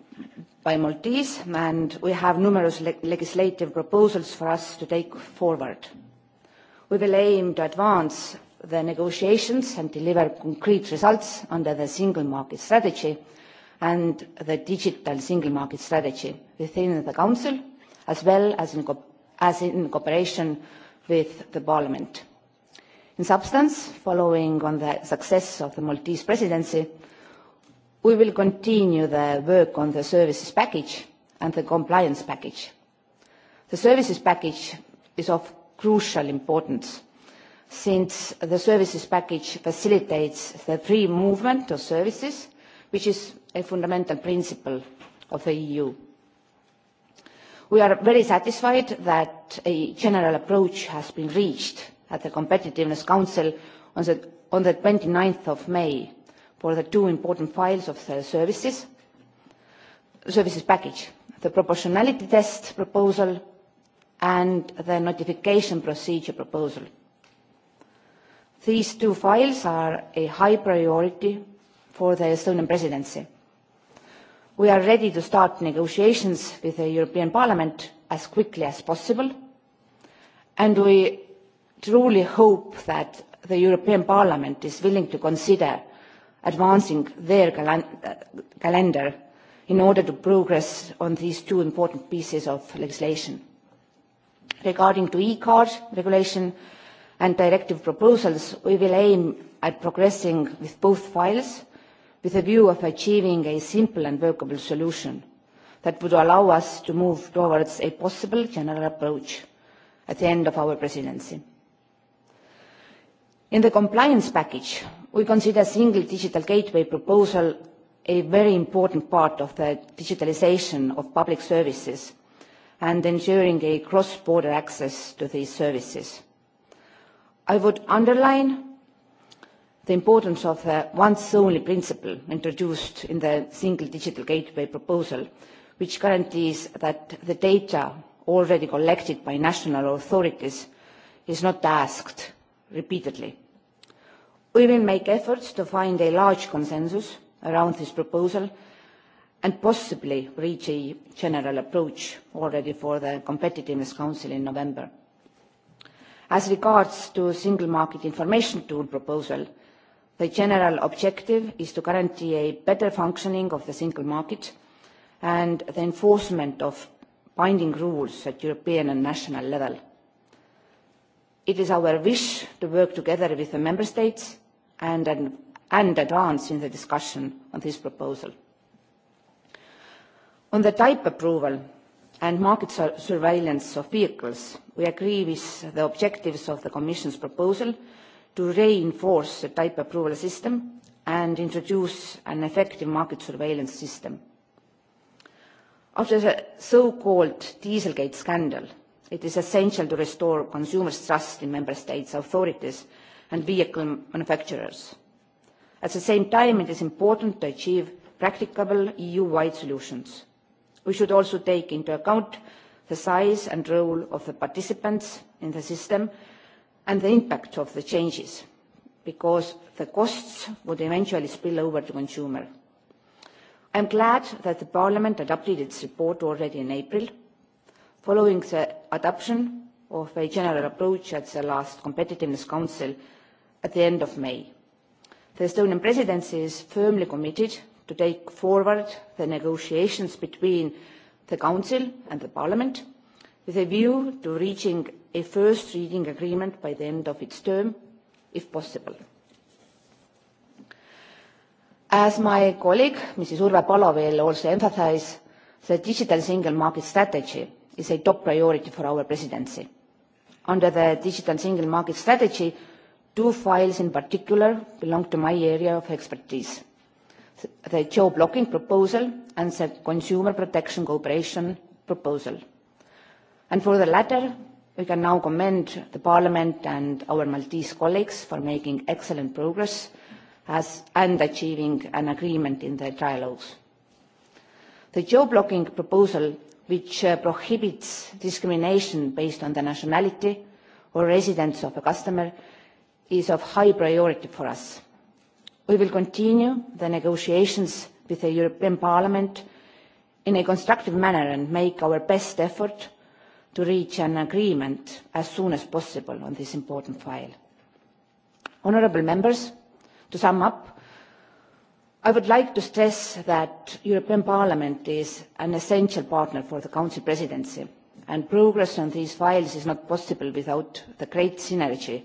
by Maltese, and we have numerous le legislative proposals for us to take forward. We will aim to advance the negotiations and deliver concrete results under the single market strategy and the digital single market strategy within the Council, as well as in, co as in cooperation with the Parliament. In substance, following on the success of the Maltese presidency, we will continue the work on the services package and the compliance package. The services package is of crucial importance since the services package facilitates the free movement of services, which is a fundamental principle of the EU. We are very satisfied that a general approach has been reached at the Competitiveness Council on the, on 29th of May for the two important files of the services services package the proportionality test proposal and the notification procedure proposal. These two files are a high priority for the Estonian presidency. We are ready to start negotiations with the European Parliament as quickly as possible and we truly hope that the European Parliament is willing to consider advancing their calendar in order to progress on these two important pieces of legislation. Regarding to e-card regulation and directive proposals, we will aim at progressing with both files with a view of achieving a simple and workable solution that would allow us to move towards a possible general approach at the end of our presidency. In the compliance package, we consider single digital gateway proposal a very important part of the digitalisation of public services and ensuring a cross border access to these services. I would underline the importance of the once only principle introduced in the single digital gateway proposal, which guarantees that the data already collected by national authorities is not asked repeatedly We will make efforts to find a large consensus around this proposal and possibly reach a general approach already for the Competitiveness Council in November. As regards to the Single Market Information Tool proposal, the general objective is to guarantee a better functioning of the single market and the enforcement of binding rules at European and national level. It is our wish to work together with the Member States and, advance in the discussion on this proposal. On the type approval and market surveillance of vehicles, we agree with the objectives of the Commission's proposal to reinforce the type approval system and introduce an effective market surveillance system. After the so-called Dieselgate scandal, it is essential to restore consumers' trust in Member States' authorities and vehicle manufacturers. At the same time, it is important to achieve practicable EU-wide solutions. We should also take into account the size and role of the participants in the system and the impact of the changes, because the costs would eventually spill over to consumer. I am glad that the Parliament adopted its report already in April, following the adoption of a general approach at the last Competitiveness Council at the end of May. The Estonian presidency is firmly committed to take forward the negotiations between the Council and the Parliament with a view to reaching a first reading agreement by the end of its term, if possible. As my colleague, Mrs. Urve Palo, will also emphasise, the digital single market strategy is a top priority for our presidency. Under the digital single market strategy, Two files in particular belong to my area of expertise. The geo-blocking proposal and the consumer protection cooperation proposal. And for the latter, we can now commend the Parliament and our Maltese colleagues for making excellent progress as, and achieving an agreement in the trilogues. The job blocking proposal, which uh, prohibits discrimination based on the nationality or residence of a customer, is of high priority for us. We will continue the negotiations with the European Parliament in a constructive manner and make our best effort to reach an agreement as soon as possible on this important file. Honourable Members, to sum up, I would like to stress that the European Parliament is an essential partner for the Council Presidency and progress on these files is not possible without the great synergy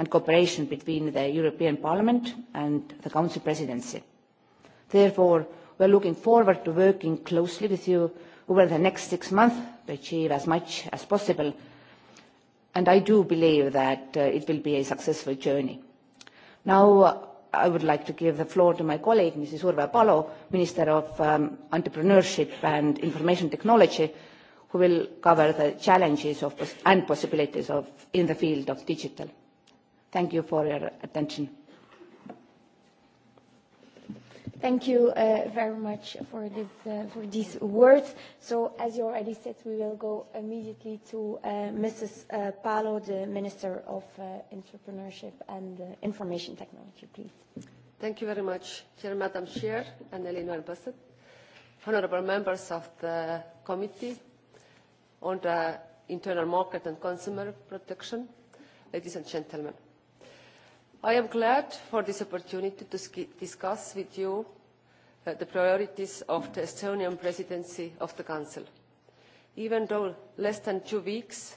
and cooperation between the European Parliament and the Council Presidency. Therefore, we are looking forward to working closely with you over the next six months to achieve as much as possible, and I do believe that uh, it will be a successful journey. Now, uh, I would like to give the floor to my colleague, Mrs. Urva Palo, Minister of um, Entrepreneurship and Information Technology, who will cover the challenges and possibilities in the field of digital Thank you for your attention. Thank you uh, very much for, this, uh, for these words. So, as you already said, we will go immediately to uh, Mrs. Uh, Palo, the Minister of uh, Entrepreneurship and uh, Information Technology, please. Thank you very much, Chair, Madam Chair, and Eleanor Bassett, honourable members of the Committee on the Internal Market and Consumer Protection, ladies and gentlemen i am glad for this opportunity to discuss with you uh, the priorities of the estonian presidency of the council. even though less than two weeks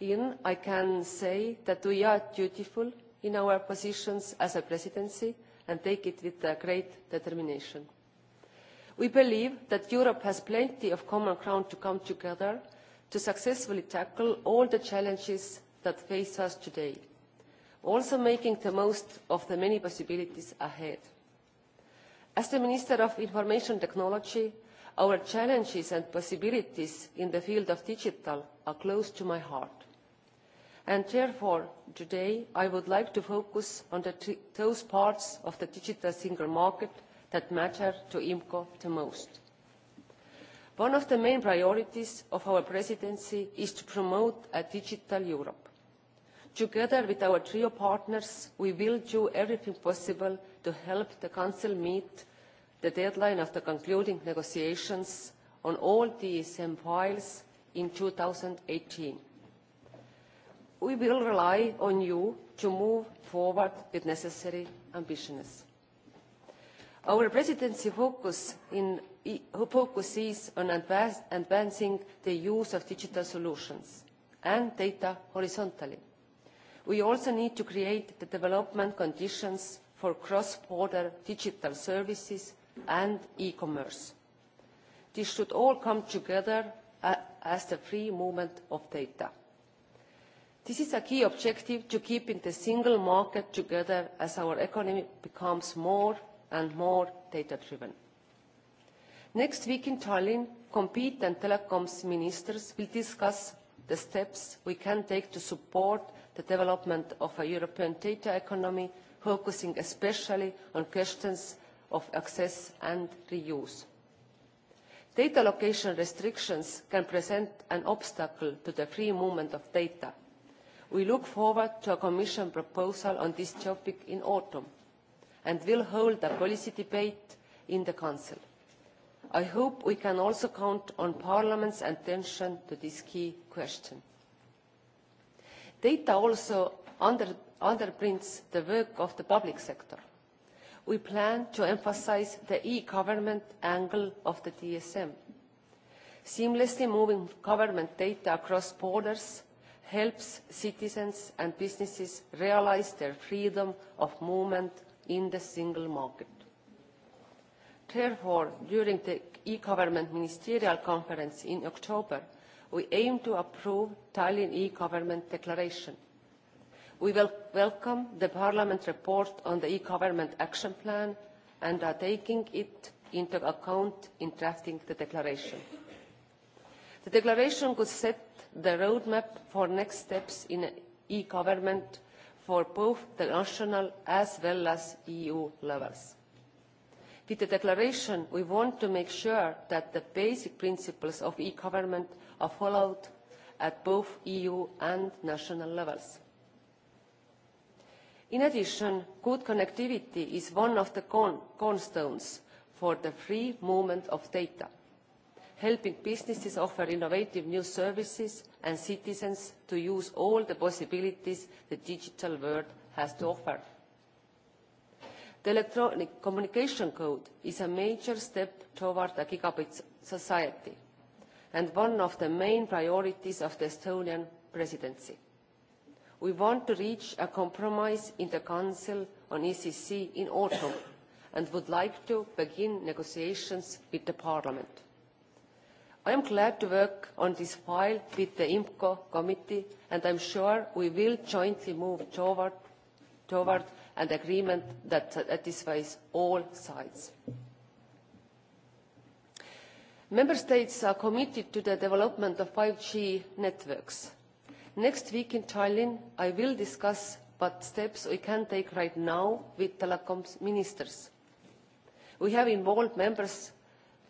in i can say that we are dutiful in our positions as a presidency and take it with great determination. we believe that europe has plenty of common ground to come together to successfully tackle all the challenges that face us today also making the most of the many possibilities ahead. As the Minister of Information Technology, our challenges and possibilities in the field of digital are close to my heart. And therefore, today I would like to focus on the those parts of the digital single market that matter to IMCO the most. One of the main priorities of our presidency is to promote a digital Europe Together with our trio partners, we will do everything possible to help the Council meet the deadline of the concluding negotiations on all DSM files in 2018. We will rely on you to move forward with necessary ambitions. Our presidency focus, in, focus is on advancing the use of digital solutions and data horizontally we also need to create the development conditions for cross border digital services and e commerce. these should all come together uh, as the free movement of data. this is a key objective to keeping the single market together as our economy becomes more and more data driven. next week in tallinn compete and telecoms ministers will discuss the steps we can take to support the development of a European data economy, focusing especially on questions of access and reuse. Data location restrictions can present an obstacle to the free movement of data. We look forward to a Commission proposal on this topic in autumn and will hold a policy debate in the Council. I hope we can also count on Parliament's attention to this key question data also under, underprints the work of the public sector. we plan to emphasize the e government angle of the dsm. seamlessly moving government data across borders helps citizens and businesses realize their freedom of movement in the single market. therefore during the e government ministerial conference in october we aim to approve the Tallinn e-government declaration. We will welcome the Parliament report on the e-government action plan and are taking it into account in drafting the declaration. The declaration could set the roadmap for next steps in e-government for both the national as well as EU levels with the declaration we want to make sure that the basic principles of e government are followed at both eu and national levels. in addition good connectivity is one of the cornerstones for the free movement of data helping businesses offer innovative new services and citizens to use all the possibilities the digital world has to offer the electronic communication code is a major step toward a gigabit society and one of the main priorities of the estonian presidency. we want to reach a compromise in the council on ecc in autumn and would like to begin negotiations with the parliament. i am glad to work on this file with the imco committee and i am sure we will jointly move toward, toward an agreement that satisfies all sides. member states are committed to the development of 5g networks. next week in tallinn i will discuss what steps we can take right now with telecoms ministers. we have involved members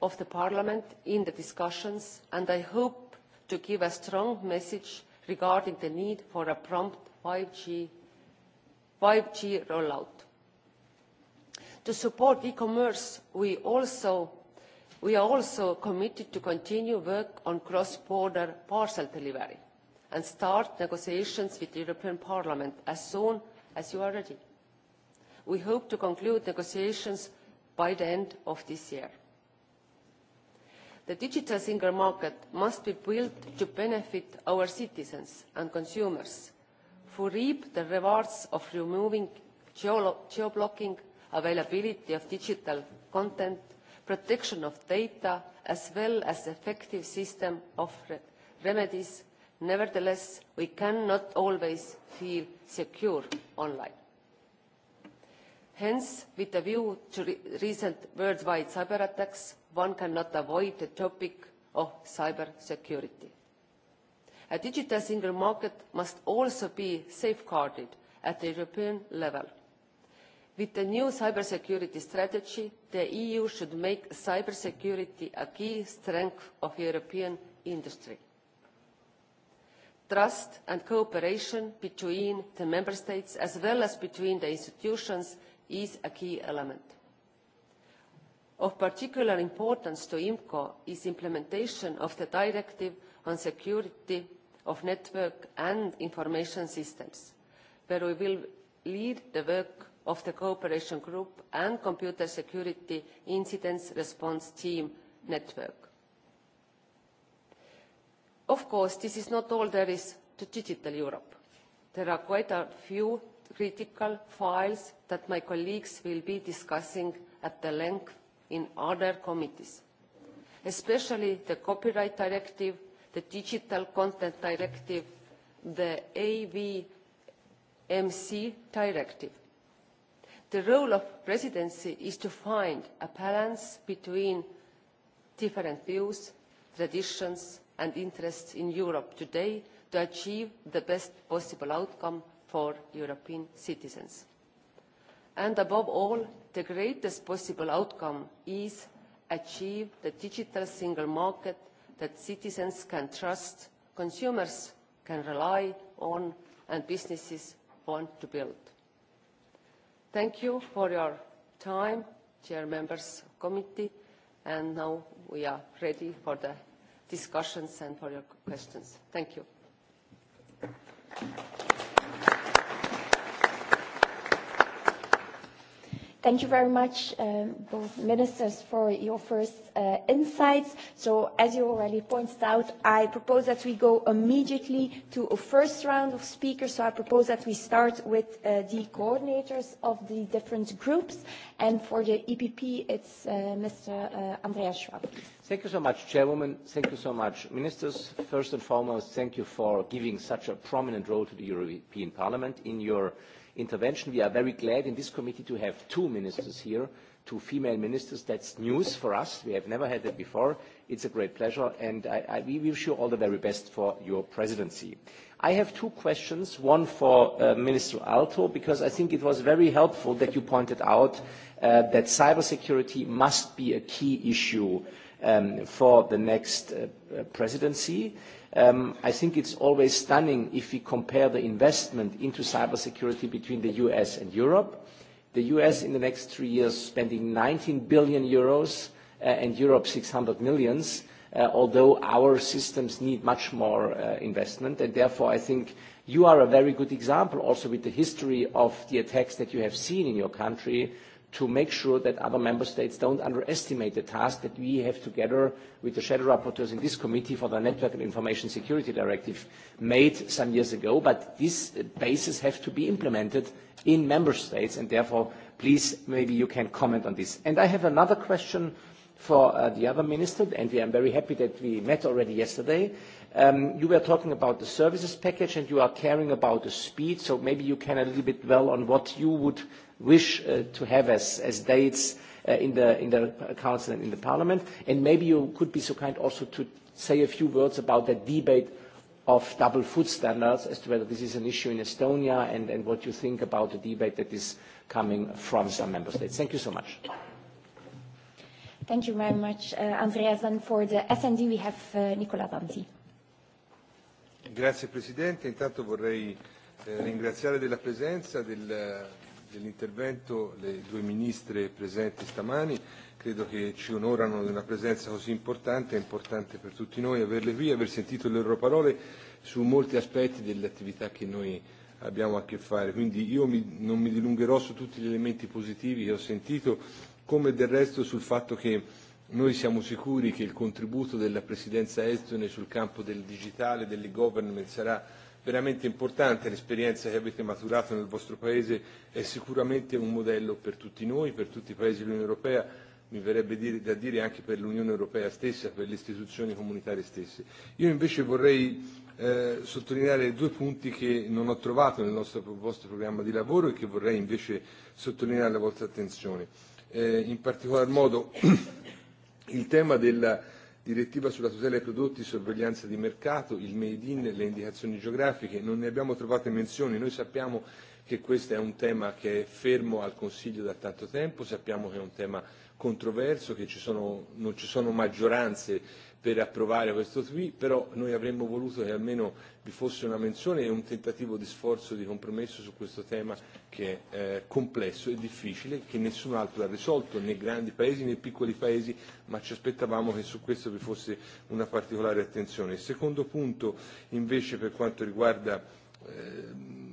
of the parliament in the discussions and i hope to give a strong message regarding the need for a prompt 5g 5G rollout. To support e-commerce, we, we are also committed to continue work on cross-border parcel delivery and start negotiations with the European Parliament as soon as you are ready. We hope to conclude negotiations by the end of this year. The digital single market must be built to benefit our citizens and consumers to reap the rewards of removing geo blocking availability of digital content protection of data as well as effective system of remedies. nevertheless we cannot always feel secure online. hence with a view to recent worldwide cyber attacks one cannot avoid the topic of cyber security a digital single market must also be safeguarded at the european level. with the new cybersecurity strategy the eu should make cybersecurity a key strength of european industry. trust and cooperation between the member states as well as between the institutions is a key element. of particular importance to imco is implementation of the directive on security of network and information systems where we will lead the work of the cooperation group and computer security incidents response team network. Of course, this is not all there is to digital Europe. There are quite a few critical files that my colleagues will be discussing at the length in other committees, especially the copyright directive the Digital Content Directive, the AVMC Directive. The role of presidency is to find a balance between different views, traditions and interests in Europe today to achieve the best possible outcome for European citizens. And above all, the greatest possible outcome is achieve the digital single market that citizens can trust consumers can rely on and businesses want to build. Thank you for your time, Chair Members of Committee, and now we are ready for the discussions and for your questions. Thank you. Thank you very much, uh, both ministers, for your first uh, insights. So, as you already pointed out, I propose that we go immediately to a first round of speakers. So, I propose that we start with uh, the coordinators of the different groups. And for the EPP, it's uh, Mr. Uh, Andreas Schwab. Thank you so much, Chairwoman. Thank you so much, Ministers. First and foremost, thank you for giving such a prominent role to the European Parliament in your intervention. We are very glad in this committee to have two ministers here, two female ministers. That's news for us. We have never had that before. It's a great pleasure, and I, I, we wish you all the very best for your presidency. I have two questions, one for uh, Minister Alto, because I think it was very helpful that you pointed out uh, that cybersecurity must be a key issue um, for the next uh, presidency. Um, I think it's always stunning if we compare the investment into cybersecurity between the US and Europe. The US in the next three years spending 19 billion euros uh, and Europe 600 millions, uh, although our systems need much more uh, investment. And therefore, I think you are a very good example also with the history of the attacks that you have seen in your country to make sure that other member states don't underestimate the task that we have together with the shadow rapporteurs in this committee for the Network and Information Security Directive made some years ago. But these bases have to be implemented in member states, and therefore, please, maybe you can comment on this. And I have another question for uh, the other minister, and we are very happy that we met already yesterday. Um, you were talking about the services package, and you are caring about the speed, so maybe you can a little bit dwell on what you would wish uh, to have as, as dates uh, in, the, in the Council and in the Parliament. And maybe you could be so kind also to say a few words about the debate of double food standards as to whether this is an issue in Estonia and, and what you think about the debate that is coming from some member states. Thank you so much. Thank you very much, uh, Andreas. And for the SND, we have uh, Nicola Danti. Grazie Presidente, intanto vorrei eh, ringraziare della presenza del dell'intervento le due ministre presenti stamani. Credo che ci onorano di una presenza così importante, è importante per tutti noi averle qui, aver sentito le loro parole su molti aspetti delle attività che noi abbiamo a che fare. Quindi io mi, non mi dilungherò su tutti gli elementi positivi che ho sentito, come del resto sul fatto che noi siamo sicuri che il contributo della Presidenza estone sul campo del digitale, dell'e-government sarà veramente importante, l'esperienza che avete maturato nel vostro Paese è sicuramente un modello per tutti noi, per tutti i Paesi dell'Unione Europea, mi verrebbe dire, da dire anche per l'Unione Europea stessa, per le istituzioni comunitarie stesse. Io invece vorrei eh, sottolineare due punti che non ho trovato nel nostro, vostro programma di lavoro e che vorrei invece sottolineare alla vostra attenzione. Eh, in particolar modo il tema della direttiva sulla tutela dei prodotti, e sorveglianza di mercato, il made in, le indicazioni geografiche, non ne abbiamo trovate menzioni, noi sappiamo che questo è un tema che è fermo al Consiglio da tanto tempo, sappiamo che è un tema controverso, che ci sono, non ci sono maggioranze per approvare questo qui, però noi avremmo voluto che almeno vi fosse una menzione e un tentativo di sforzo di compromesso su questo tema che è eh, complesso e difficile, che nessun altro ha risolto, né grandi paesi né piccoli paesi, ma ci aspettavamo che su questo vi fosse una particolare attenzione. Il secondo punto invece per quanto riguarda eh,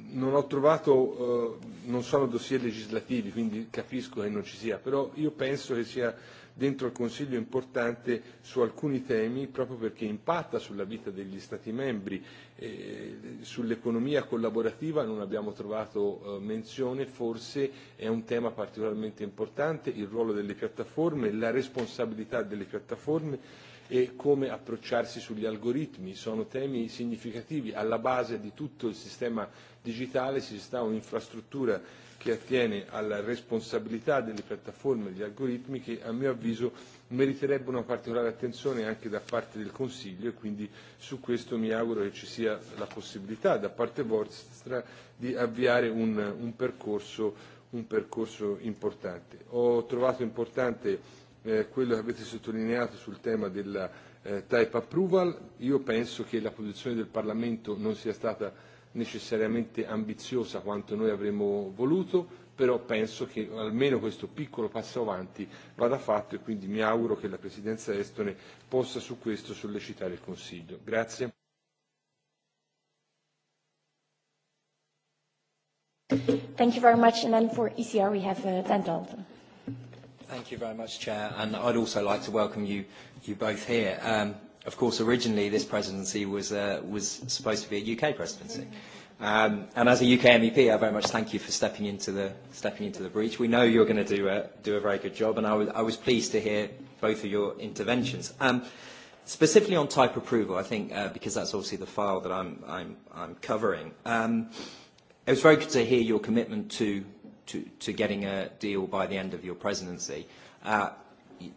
non ho trovato, eh, non sono dossier legislativi, quindi capisco che non ci sia, però io penso che sia dentro al Consiglio importante su alcuni temi proprio perché impatta sulla vita degli Stati membri. Eh, Sull'economia collaborativa non abbiamo trovato eh, menzione, forse è un tema particolarmente importante, il ruolo delle piattaforme, la responsabilità delle piattaforme e come approcciarsi sugli algoritmi. Sono temi significativi. Alla base di tutto il sistema digitale si sta un'infrastruttura che attiene alla responsabilità delle piattaforme e degli algoritmi che a mio avviso meriterebbe una particolare attenzione anche da parte del Consiglio e quindi su questo mi auguro che ci sia la possibilità da parte vostra di avviare un, un, percorso, un percorso importante. Ho trovato importante eh, quello che avete sottolineato sul tema della eh, type approval. Io penso che la posizione del Parlamento non sia stata necessariamente ambiziosa quanto noi avremmo voluto, però penso che almeno questo piccolo passo avanti vada fatto e quindi mi auguro che la Presidenza estone possa su questo sollecitare il Consiglio. Grazie. Thank you very much. And for ECR, we have uh, Thank you very much, Chair. And I'd also like to welcome you both here. Um, Of course, originally this presidency was, uh, was supposed to be a UK presidency. Um, and as a UK MEP, I very much thank you for stepping into the, stepping into the breach. We know you're going to do a, do a very good job, and I was, I was pleased to hear both of your interventions. Um, specifically on type approval, I think, uh, because that's obviously the file that I'm, I'm, I'm covering, um, it was very good to hear your commitment to, to, to getting a deal by the end of your presidency. Uh,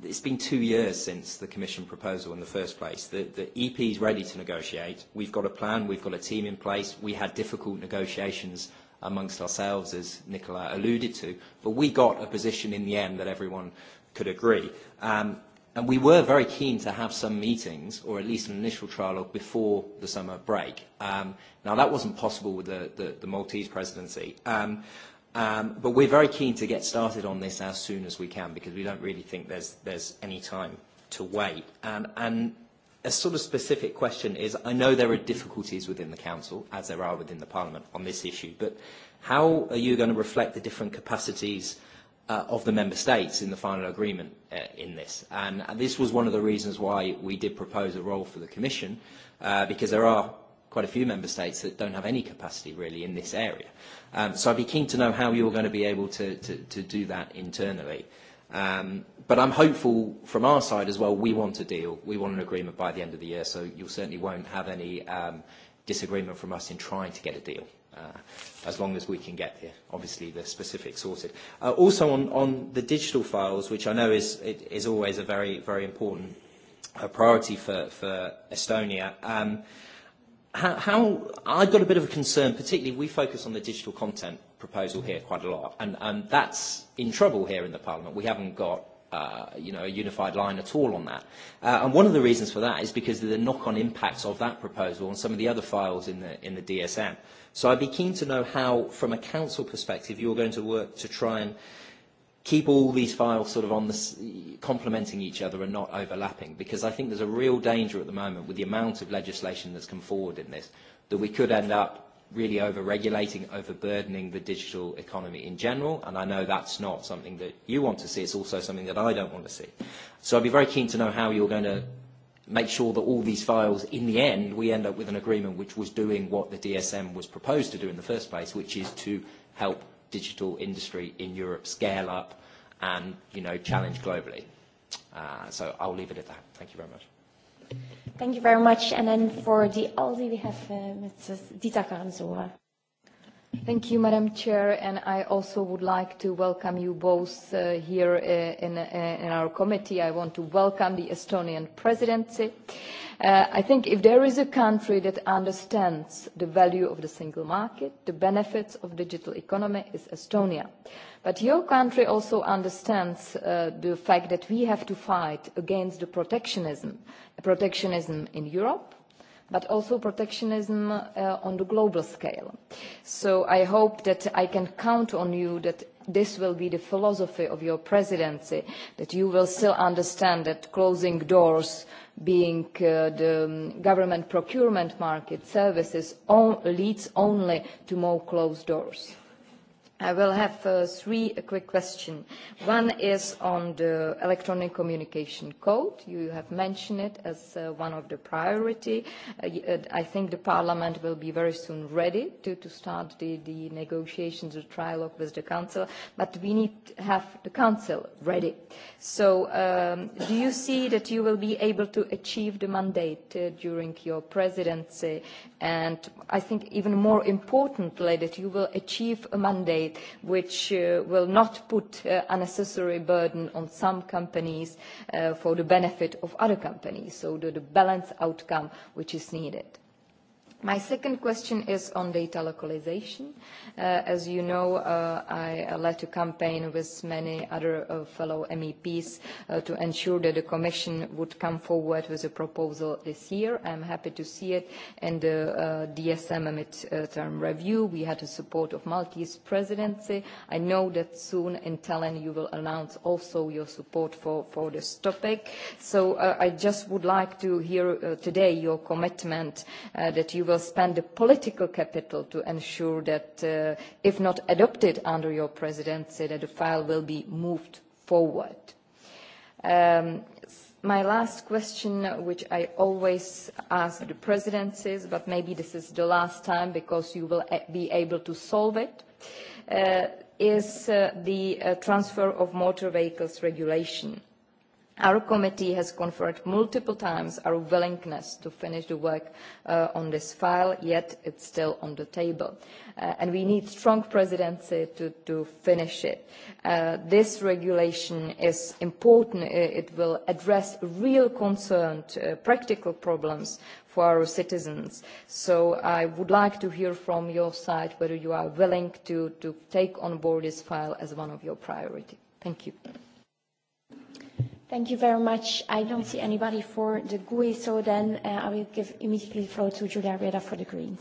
it's been two years since the Commission proposal in the first place. The, the EP is ready to negotiate. We've got a plan. We've got a team in place. We had difficult negotiations amongst ourselves, as Nicola alluded to, but we got a position in the end that everyone could agree. Um, and we were very keen to have some meetings, or at least an initial trialogue, before the summer break. Um, now, that wasn't possible with the, the, the Maltese presidency. Um, Um, but we're very keen to get started on this as soon as we can because we don't really think there's, there's any time to wait. And, um, and a sort of specific question is, I know there are difficulties within the Council, as there are within the Parliament, on this issue, but how are you going to reflect the different capacities uh, of the Member States in the final agreement uh, in this? And, and this was one of the reasons why we did propose a role for the Commission, uh, because there are quite a few Member States that don't have any capacity really in this area. Um, so I'd be keen to know how you're going to be able to, to, to do that internally. Um, but I'm hopeful from our side as well, we want a deal. We want an agreement by the end of the year, so you certainly won't have any um, disagreement from us in trying to get a deal. Uh, as long as we can get the, obviously the specifics sorted. Uh, also on, on the digital files, which I know is, it, is always a very, very important uh, priority for, for Estonia. Um, how, how I've got a bit of a concern, particularly we focus on the digital content proposal here quite a lot, and, and that's in trouble here in the Parliament. We haven't got uh, you know, a unified line at all on that. Uh, and one of the reasons for that is because of the knock-on impacts of that proposal on some of the other files in the, in the DSM. So I'd be keen to know how, from a council perspective, you're going to work to try and keep all these files sort of on the, complementing each other and not overlapping, because I think there's a real danger at the moment with the amount of legislation that's come forward in this, that we could end up really over-regulating, overburdening the digital economy in general, and I know that's not something that you want to see, it's also something that I don't want to see. So I'd be very keen to know how you're going to make sure that all these files, in the end, we end up with an agreement which was doing what the DSM was proposed to do in the first place, which is to help digital industry in Europe scale up and you know, challenge globally. Uh, so I'll leave it at that. Thank you very much. Thank you very much. And then for the ALDI, we have uh, Mrs. Dita Thank you, Madam Chair, and I also would like to welcome you both uh, here uh, uh, in, our committee. I want to welcome the Estonian presidency. I think if there is a country that understands the value of the single market, the benefits of digital economy is Estonia. But your country also understands the fact that we have to fight against the protectionism, protectionism in Europe, but also protectionism uh, on the global scale. So I hope that I can count on you that this will be the philosophy of your presidency, that you will still understand that closing doors being uh, the um, government procurement market services leads only to more closed doors. I will have uh, three quick questions. One is on the electronic communication code. You have mentioned it as uh, one of the priority. Uh, I think the parliament will be very soon ready to, to start the, negotiations, the trilogue with the council, but we need to have the council ready. So um, do you see that you will be able to achieve the mandate during your presidency? And I think even more importantly, that you will achieve a mandate which uh, will not put uh, unnecessary burden on some companies uh, for the benefit of other companies so the balanced outcome which is needed My second question is on data localization. Uh, as you know, uh, I led a campaign with many other uh, fellow MEPs to ensure that the Commission would come forward with a proposal this year. I'm happy to see it in the DSM mid-term review. We had the support of Maltese presidency. I know that soon in Tallinn you will announce also your support for, for this topic. So I just would like to hear today your commitment that you will spend the political capital to ensure that, uh, if not adopted under your presidency, that the file will be moved forward. Um, my last question, which I always ask the presidencies, but maybe this is the last time because you will uh, be able to solve it, uh, is the transfer of motor vehicles regulation Our committee has confirmed multiple times our willingness to finish the work uh, on this file, yet it's still on the table. Uh, and we need strong presidency to, to finish it. Uh, this regulation is important. It will address real concerns, practical problems for our citizens. So I would like to hear from your side whether you are willing to, to take on board this file as one of your priorities. Thank you. Thank you very much. I don't see anybody for the GUI, e, so then uh, I will give immediately the floor to Julia Reda for the Greens.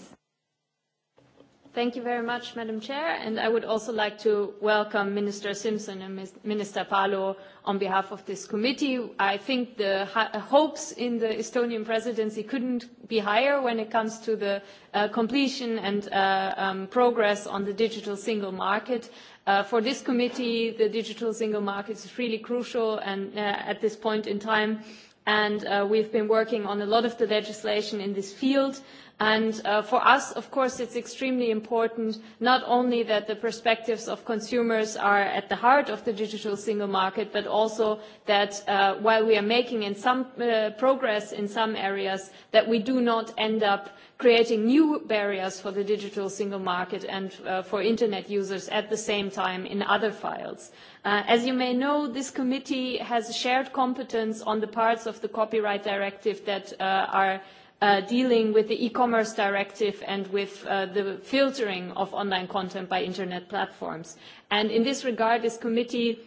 Thank you very much, Madam Chair, and I would also like to welcome Minister Simpson and Minister Palo on behalf of this committee. I think the hopes in the Estonian presidency couldn't be higher when it comes to the uh, completion and uh, um, progress on the digital single market Uh, for this committee, the digital single market is really crucial and uh, at this point in time, and uh, we've been working on a lot of the legislation in this field. And uh, for us, of course, it's extremely important not only that the perspectives of consumers are at the heart of the digital single market, but also that uh, while we are making some uh, progress in some areas, that we do not end up creating new barriers for the digital single market and for Internet users at the same time in other files. as you may know, this committee has shared competence on the parts of the copyright directive that are Uh, dealing with the e-commerce directive and with uh, the filtering of online content by internet platforms. And in this regard, this committee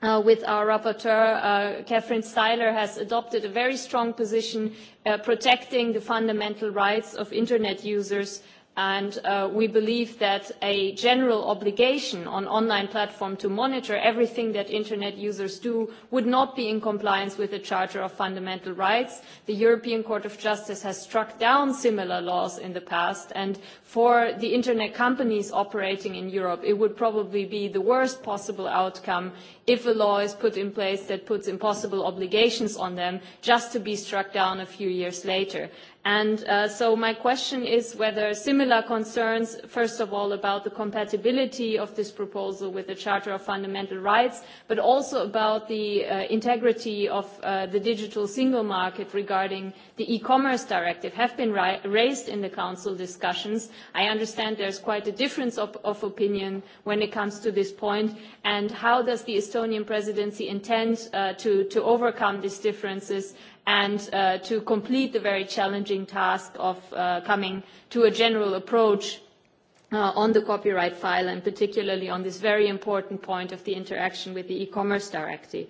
uh, with our rapporteur, Catherine Styler, has adopted a very strong position protecting the fundamental rights of internet users and uh, we believe that a general obligation on online platform to monitor everything that internet users do would not be in compliance with the charter of fundamental rights the european court of justice has struck down similar laws in the past and for the internet companies operating in europe it would probably be the worst possible outcome if a law is put in place that puts impossible obligations on them just to be struck down a few years later And uh, so my question is whether similar concerns, first of all, about the compatibility of this proposal with the Charter of Fundamental Rights, but also about the uh, integrity of uh, the digital single market regarding the e-commerce directive have been raised in the Council discussions. I understand there is quite a difference of, opinion when it comes to this point. And how does the Estonian presidency intend to, to overcome these differences and uh, to complete the very challenging task of uh, coming to a general approach uh, on the copyright file and particularly on this very important point of the interaction with the e-commerce directive.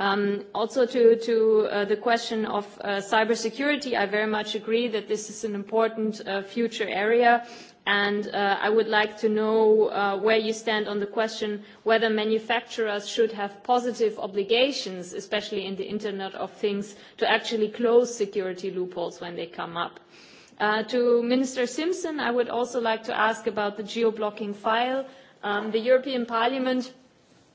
Um, also to, to uh, the question of uh, cybersecurity, I very much agree that this is an important uh, future area and uh, I would like to know uh, where you stand on the question whether manufacturers should have positive obligations, especially in the Internet of Things, to actually close security loopholes when they come up. Uh, to Minister Simpson, I would also like to ask about the geo-blocking file. Um, the European Parliament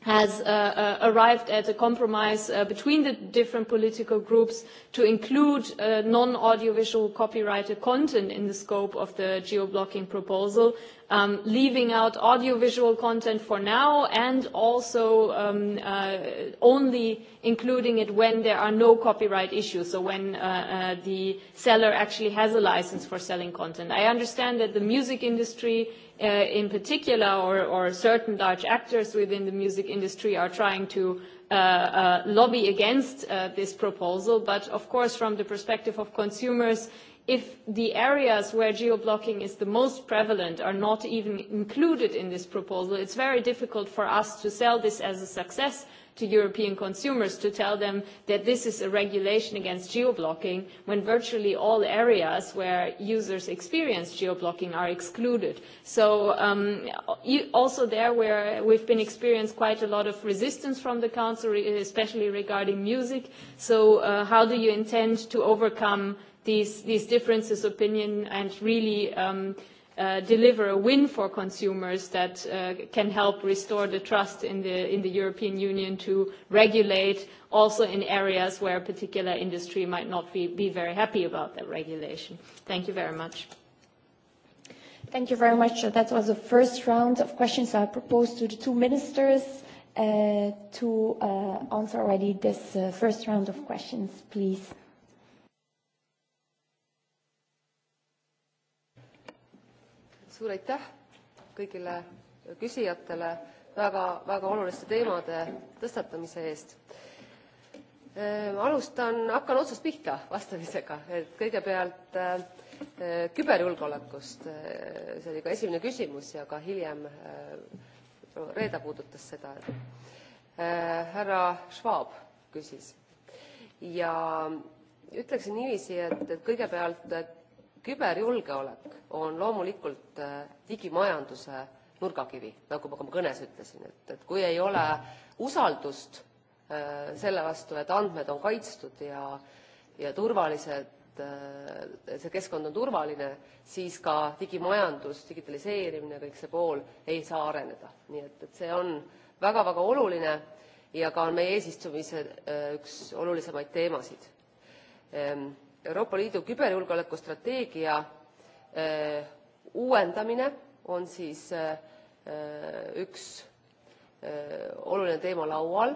has uh, uh, arrived at a compromise uh, between the different political groups to include uh, non audiovisual copyrighted content in the scope of the geo blocking proposal um, leaving out audiovisual content for now and also um, uh, only including it when there are no copyright issues so when the seller actually has a license for selling content. i understand that the music industry Uh, in particular or, or certain large actors within the music industry are trying to uh, uh, lobby against uh, this proposal. But of course, from the perspective of consumers, if the areas where geo-blocking is the most prevalent are not even included in this proposal, it's very difficult for us to sell this as a success to European consumers to tell them that this is a regulation against geoblocking when virtually all areas where users experience geoblocking are excluded. So um, also there where we've been experienced quite a lot of resistance from the Council, especially regarding music. So uh, how do you intend to overcome these, these differences, opinion, and really um, Uh, deliver a win for consumers that uh, can help restore the trust in the, in the European Union to regulate also in areas where a particular industry might not be, very happy about that regulation. Thank you very much. Thank you very much. That was the first round of questions I proposed to the two ministers uh, to answer already this first round of questions, please. suur aitäh kõigile küsijatele väga väga oluliste teemade tõstatamise eest. Ehm, alustan hakkan otsast pihta vastamisega et kõigepealt ehm, küberjulgeolekust ehm, see oli ka esimene küsimus ja ka hiljem reeda puudutas seda härra schwab küsis ja ütleksin niiviisi et et kõigepealt et küberjulgeolek on loomulikult äh, digimajanduse nurgakivi nagu ma ka oma kõnes ütlesin et, kui ei ole usaldust äh, selle vastu et andmed on kaitstud ja, ja turvalised äh, see keskkond on turvaline siis ka digimajandus digitaliseerimine kõik see pool ei saa areneda nii et, et see on väga väga oluline ja ka on meie eesistumise üks olulisemaid teemasid ehm, euroopa liidu küberjulgeoleku strateegia eh, uuendamine on siis eh, eh, üks oluline teema laual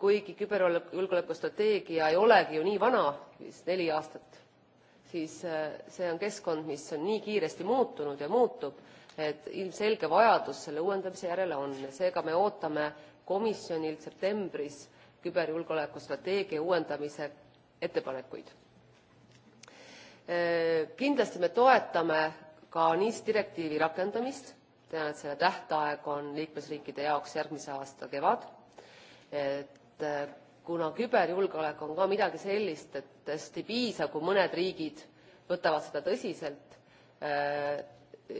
kuigi küberjulgeoleku strateegia ei olegi ju nii vana vist neli aastat siis see on keskkond mis on nii kiiresti muutunud ja muutub et ilmselge vajadus selle uuendamise järele on seega me ootame komisjonilt septembris küberjulgeoleku strateegia uuendamise ettepanekuid. Äh, kindlasti me toetame ka NIS direktiivi rakendamist tean et selle tähtaeg on liikmesriikide jaoks järgmise aasta kevad et äh, kuna küberjulgeolek on ka midagi sellist et tõesti piisab kui mõned riigid võtavad seda tõsiselt äh,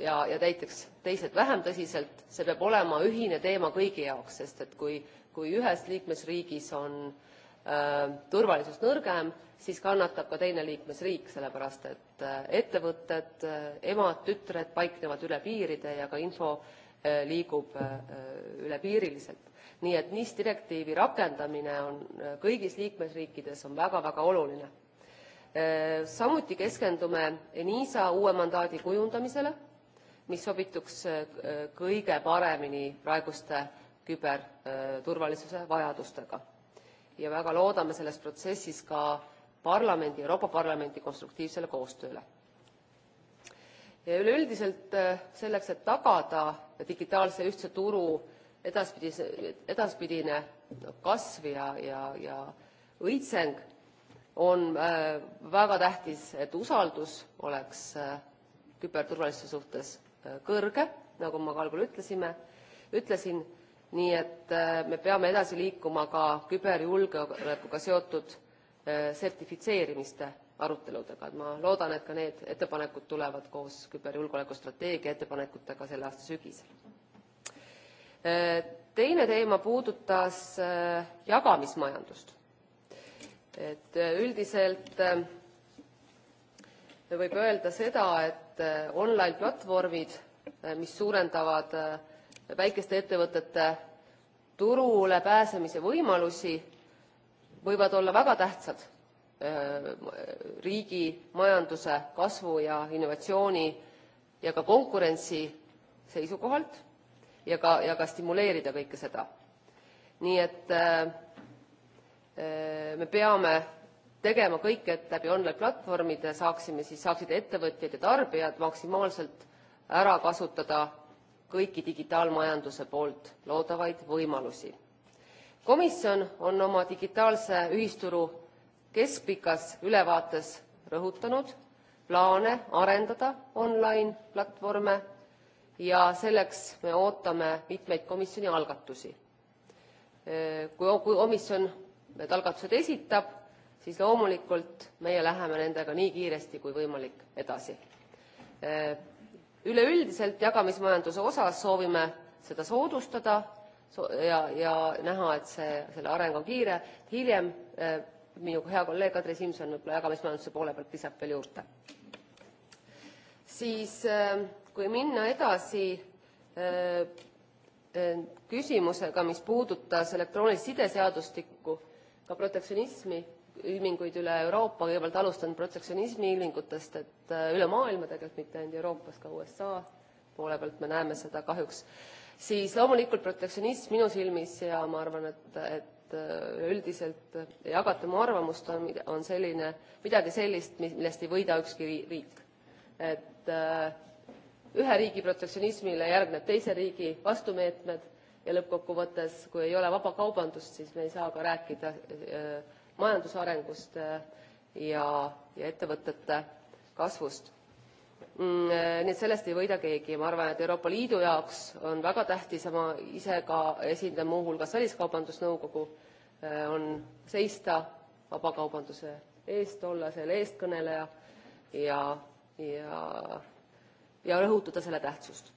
ja ja näiteks teised vähem tõsiselt see peab olema ühine teema kõigi jaoks sest et kui kui ühes liikmesriigis on Äh, turvalisus nõrgem siis kannatab ka teine liikmesriik sellepärast et äh, ettevõtted äh, emad tütred paiknevad üle piiride ja ka info liigub ülepiiriliselt nii et nis direktiivi rakendamine on kõigis liikmesriikides on väga väga oluline. samuti keskendume enisa uue mandaadi kujundamisele mis sobituks kõige paremini praeguste küberturvalisuse vajadustega ja väga loodame selles protsessis ka parlamendi euroopa parlamendi konstruktiivsele koostööle. üleüldiselt äh, selleks et tagada digitaalse ühtse turu edaspidine kasv ja, ja, ja on äh, väga tähtis et usaldus oleks äh, küberturvalisuse suhtes kõrge nagu ma ka ütlesime, ütlesin nii et äh, me peame edasi liikuma ka küberjulgeolekuga seotud äh, sertifitseerimiste aruteludega et ma loodan et ka need ettepanekud tulevad koos küberjulgeoleku strateegia ettepanekutega selle aasta sügisel. Äh, teine teema puudutas jagamismajandust et üldiselt võib öelda seda et online platvormid mis suurendavad väikeste ettevõtete turule pääsemise võimalusi võivad olla väga tähtsad äh, riigi majanduse kasvu ja innovatsiooni ja ka konkurentsi seisukohalt ja ka, ja ka stimuleerida kõike seda. nii et äh, äh, me peame tegema kõik, et läbi online platvormide saaksime siis, saaksid ettevõtjad ja tarbijad maksimaalselt ära kasutada kõiki digitaalmajanduse poolt loodavaid võimalusi. komisjon on oma digitaalse ühisturu keskpikas ülevaates rõhutanud plaane arendada online platvorme ja selleks me ootame mitmeid komisjoni algatusi. kui komisjon need algatused esitab siis loomulikult meie läheme nendega nii kiiresti kui võimalik edasi üleüldiselt jagamismajanduse osas soovime seda soodustada ja, ja näha, et see, selle areng on kiire. hiljem eh, minu hea kolleeg Kadri Simson võib-olla jagamismajanduse poole pealt lisab veel juurde. siis eh, kui minna edasi eh, küsimusega, mis puudutas elektroonilist sideseadustikku, ka protektsionismi, ilminguid üle Euroopa, kõigepealt alustan protektsionismi ilmingutest, et äh, üle maailma tegelikult, mitte ainult Euroopas, ka USA poole pealt me näeme seda kahjuks, siis loomulikult protektsionism minu silmis ja ma arvan, et, et äh, üldiselt jagata mu arvamust, on, on selline, midagi sellist, millest ei võida ükski riik. et äh, ühe riigi protektsionismile järgneb teise riigi vastumeetmed ja lõppkokkuvõttes, kui ei ole vaba kaubandust, siis me ei saa ka rääkida majandusarengust äh, ja ja ettevõtete kasvust mm, äh, nii et sellest ei võida keegi ma arvan et euroopa liidu jaoks on väga tähtis ja ma ise ka esindan muuhulgas väliskaubandusnõukogu äh, on seista vabakaubanduse eest olla selle eestkõneleja ja ja ja rõhutada selle tähtsust.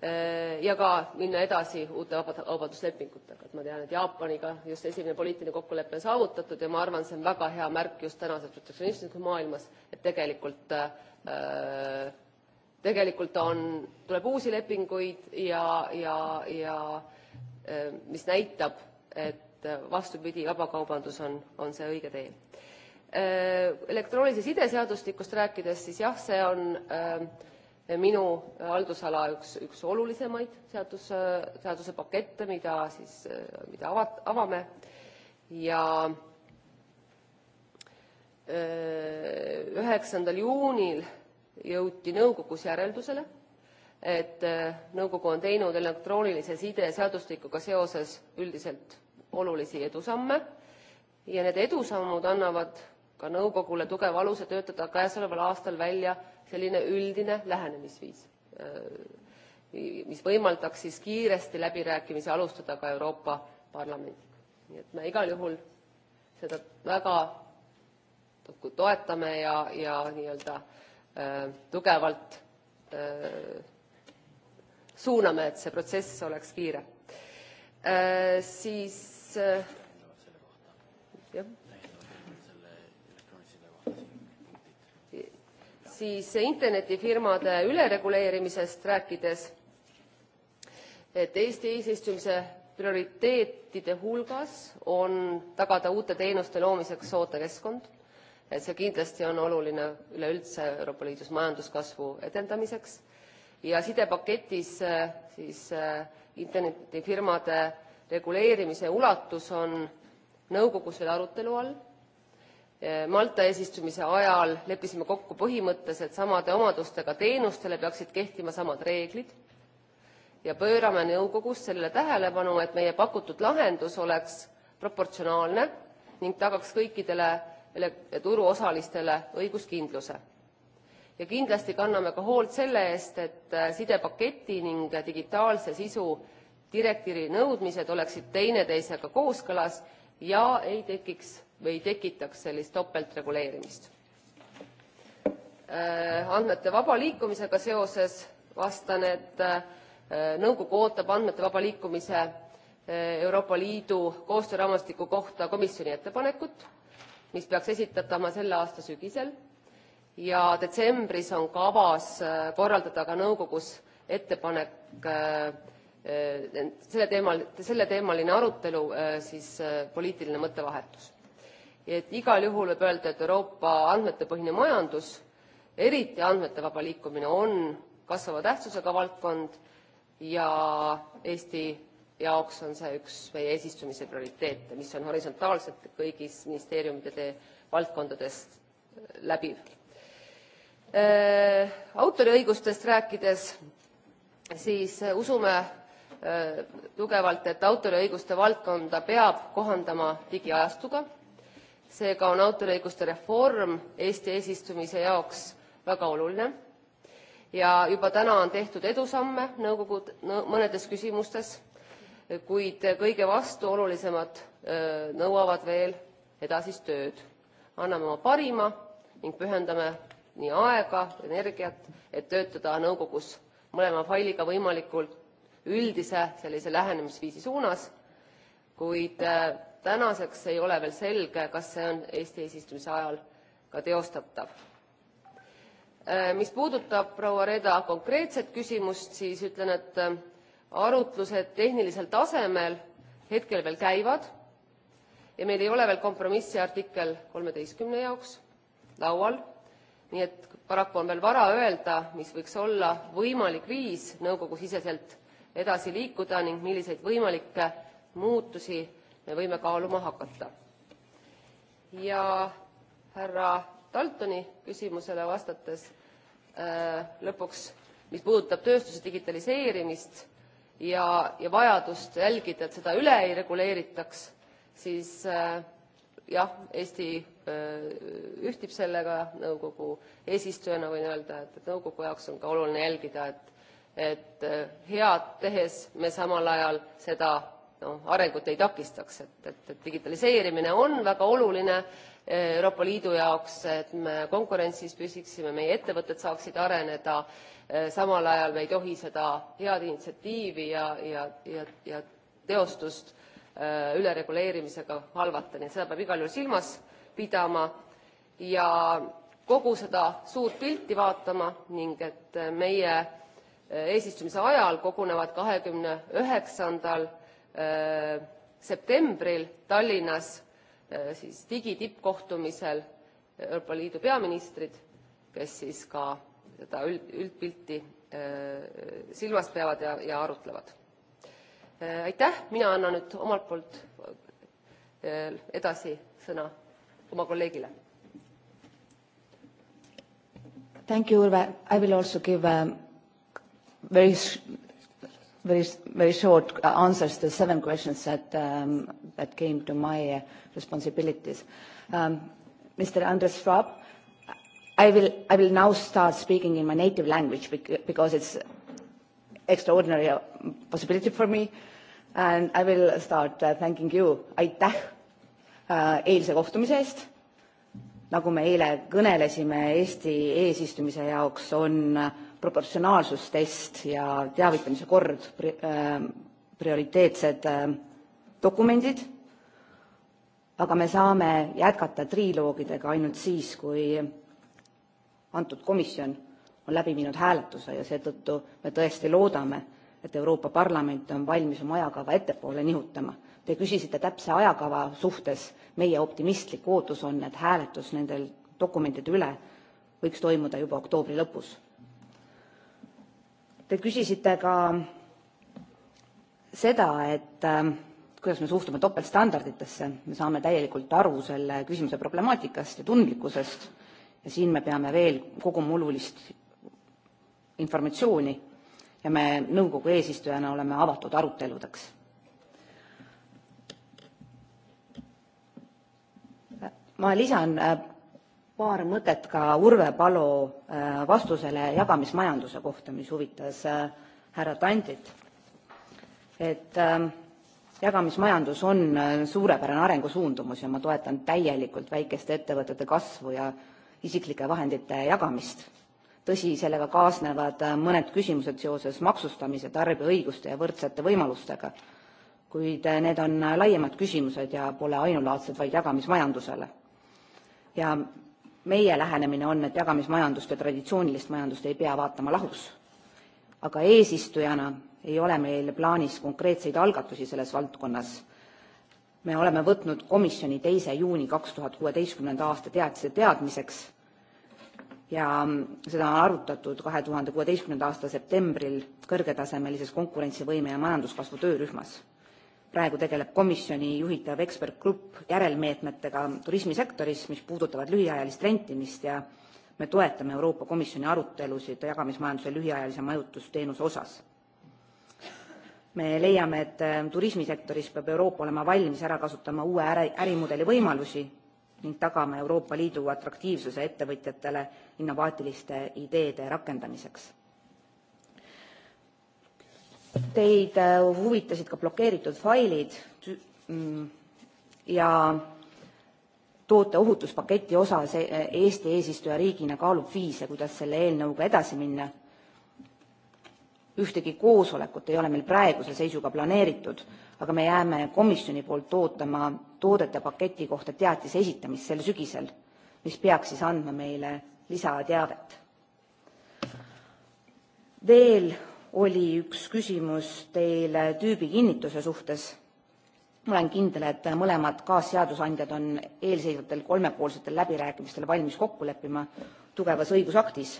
Äh, ja ka minna edasi uute vabaduslepingutega. et ma tean et jaapaniga just esimene poliitiline kokkulepe on saavutatud ja ma arvan see on väga hea märk just tänases protektsionistlikus maailmas et tegelikult äh, tegelikult on tuleb uusi lepinguid ja ja ja äh, mis näitab et vastupidi vabakaubandus on on see õige tee. elektroonilise side seadustikust rääkides siis jah see on minu äh, haldusala üks, üks olulisemaid äh, seaduse, pakette, mida siis, äh, mida avame ja 9. juunil jõuti nõukogus järeldusele, et nõukogu on teinud elektroonilise side seadustikuga seoses üldiselt olulisi edusamme ja need edusammud annavad ka nõukogule tugev aluse töötada käesoleval aastal välja selline üldine lähenemisviis äh, mis võimaldaks siis kiiresti läbirääkimisi alustada ka Euroopa Parlamendiga. Nii et me igal juhul seda väga toetame ja, ja nii-öelda äh, tugevalt äh, suuname, et see protsess oleks kiire Siis jah. siis internetifirmade ülereguleerimisest rääkides et Eesti eesistumise prioriteetide hulgas on tagada uute teenuste loomiseks soodne et see kindlasti on oluline üleüldse euroopa liidus majanduskasvu edendamiseks ja sidepaketis eh, siis eh, firmade reguleerimise ulatus on nõukogus veel arutelu all Eh, malta eesistumise ajal leppisime kokku põhimõttes et samade omadustega teenustele peaksid kehtima samad reeglid ja pöörame nõukogus sellele tähelepanu et meie pakutud lahendus oleks proportsionaalne ning tagaks kõikidele turuosalistele õiguskindluse. ja kindlasti kanname ka hoolt selle eest et eh, sidepaketi ning digitaalse sisu direktiivi nõudmised oleksid teineteisega kooskõlas ja ei tekiks või tekitaks sellist topeltreguleerimist. Äh, andmete vaba liikumisega seoses vastan et äh, nõukogu ootab andmete vaba liikumise äh, euroopa liidu koostööraamistiku kohta komisjoni ettepanekut mis peaks esitatama selle aasta sügisel ja detsembris on kavas korraldada ka nõukogus ettepanek selle teemaline arutelu siis poliitiline mõttevahetus et igal juhul võib öelda et euroopa andmetepõhine majandus eriti andmete vaba liikumine on kasvava tähtsusega valdkond ja eesti jaoks on see üks meie esistumise prioriteete mis on horisontaalselt kõigis ministeeriumide valdkondades äh, läbiv. Äh, autoriõigustest rääkides siis usume äh, tugevalt et autoriõiguste valdkonda peab kohandama digiajastuga seega on autoriõiguste reform Eesti eesistumise jaoks väga oluline ja juba täna on tehtud edusamme nõukogu mõnedes küsimustes, kuid kõige vastu olulisemat nõuavad veel edasist tööd. Anname oma parima ning pühendame nii aega, energiat, et töötada nõukogus mõlema failiga võimalikult üldise sellise lähenemisviisi suunas, kuid tänaseks ei ole veel selge kas see on eesti eesistumise ajal ka teostatav. Äh, mis puudutab proua reda konkreetset küsimust siis ütlen et äh, arutlused tehnilisel tasemel hetkel veel käivad ja meil ei ole veel kompromissi artikkel 13 jaoks laual nii et paraku on veel vara öelda mis võiks olla võimalik viis nõukogu siseselt edasi liikuda ning milliseid võimalikke muutusi me võime kaaluma hakata. ja härra Taltoni, küsimusele vastates äh, lõpuks, mis puudutab tööstuse digitaliseerimist ja, vajadust jälgida, et seda üle ei reguleeritaks, siis äh, ja, Eesti äh, ühtib sellega nõukogu eesistujana, või öelda, et, et nõukogu jaoks on ka oluline jälgida, et, et head tehes me samal ajal seda no, arengut ei takistaks, et, et, digitaliseerimine on väga oluline eh, Euroopa Liidu jaoks, et me konkurentsis püsiksime, meie ettevõtted saaksid areneda, eh, samal ajal me ei tohi seda head initsiatiivi ja, ja, ja, ja teostust eh, ülereguleerimisega halvata, nii seda peab igal juhul silmas pidama ja kogu seda suurt pilti vaatama ning et meie eesistumise ajal kogunevad 29. üheksandal Äh, septembril Tallinnas äh, siis digitippkohtumisel Euroopa Liidu peaministrid, kes siis ka seda üldpilti äh, silmas peavad ja, arutlevad. Aitäh, mina annan nüüd omalt poolt edasi sõna oma kolleegile. Thank you, I will also give um, very very, very short answers to seven questions that, um, that came to my uh, responsibilities. Um, Mr. Andres Schwab, I will, I will now start speaking in my native language because it's extraordinary uh, possibility for me and I will start uh, thanking you. Aitäh uh, eilse kohtumise eest. Nagu me eile kõnelesime, Eesti eesistumise jaoks on uh, proportsionaalsustest ja teavitamise kord ähm, prioriteetsed ähm, dokumendid, aga me saame jätkata triloogidega ainult siis, kui antud komisjon on läbi viinud hääletuse ja seetõttu me tõesti loodame, et Euroopa Parlament on valmis oma ajakava ettepoole nihutama. Te küsisite täpse ajakava suhtes, meie optimistlik ootus on, et hääletus nendel dokumentide üle võiks toimuda juba oktoobri lõpus. Te küsisite ka seda, et äh, kuidas me suhtume topeltstandarditesse. Me saame täielikult aru selle küsimuse problemaatikast ja tundlikkusest ja siin me peame veel kogu mululist informatsiooni ja me nõukogu eesistujana oleme avatud aruteludeks. Ma lisan äh, paar mõtet ka Urve Palo äh, vastusele jagamismajanduse kohta, mis huvitas äh, härra Tandit. et ähm, jagamismajandus on äh, suurepärane arengusuundumus ja ma toetan täielikult väikeste ettevõtete kasvu ja isiklike vahendite jagamist. tõsi, sellega kaasnevad mõned küsimused seoses maksustamise, tarbija õiguste ja võrdsete võimalustega, kuid need on laiemad küsimused ja pole ainulaadsed vaid jagamismajandusele. ja meie lähenemine on, et jagamismajandust ja traditsioonilist majandust ei pea vaatama lahus. aga eesistujana ei ole meil plaanis konkreetseid algatusi selles valdkonnas. me oleme võtnud komisjoni teise juuni 2016. aasta teadise teadmiseks ja seda on arutatud 2016. aasta septembril kõrgetasemelises konkurentsivõime ja majanduskasvu töörühmas praegu tegeleb komisjoni juhitav ekspertgrupp järelmeetmetega turismisektoris mis puudutavad lühiajalist rentimist ja me toetame euroopa komisjoni arutelusid jagamismajanduse lühiajalise majutusteenuse osas. me leiame et äh, turismisektoris peab euroopa olema valmis ära kasutama uue ärimudeli võimalusi ning tagama euroopa liidu atraktiivsuse ettevõtjatele innovaatiliste ideede rakendamiseks. Teid äh, huvitasid ka blokeeritud failid mm, ja toote ohutuspaketi osas äh, Eesti riigina kaalub viise, kuidas selle eelnõuga edasi minna. Ühtegi koosolekut ei ole meil praeguse seisuga planeeritud, aga me jääme komisjoni poolt tootama toodete paketi kohta teatise esitamist sel sügisel, mis peaks siis andma meile lisateavet. Veel oli üks küsimus teile tüübikinnituse suhtes. ma olen kindel, et mõlemad kaasseadusandjad on eelseisvatel kolmepoolsetel läbirääkimistel valmis kokku leppima tugevas õigusaktis,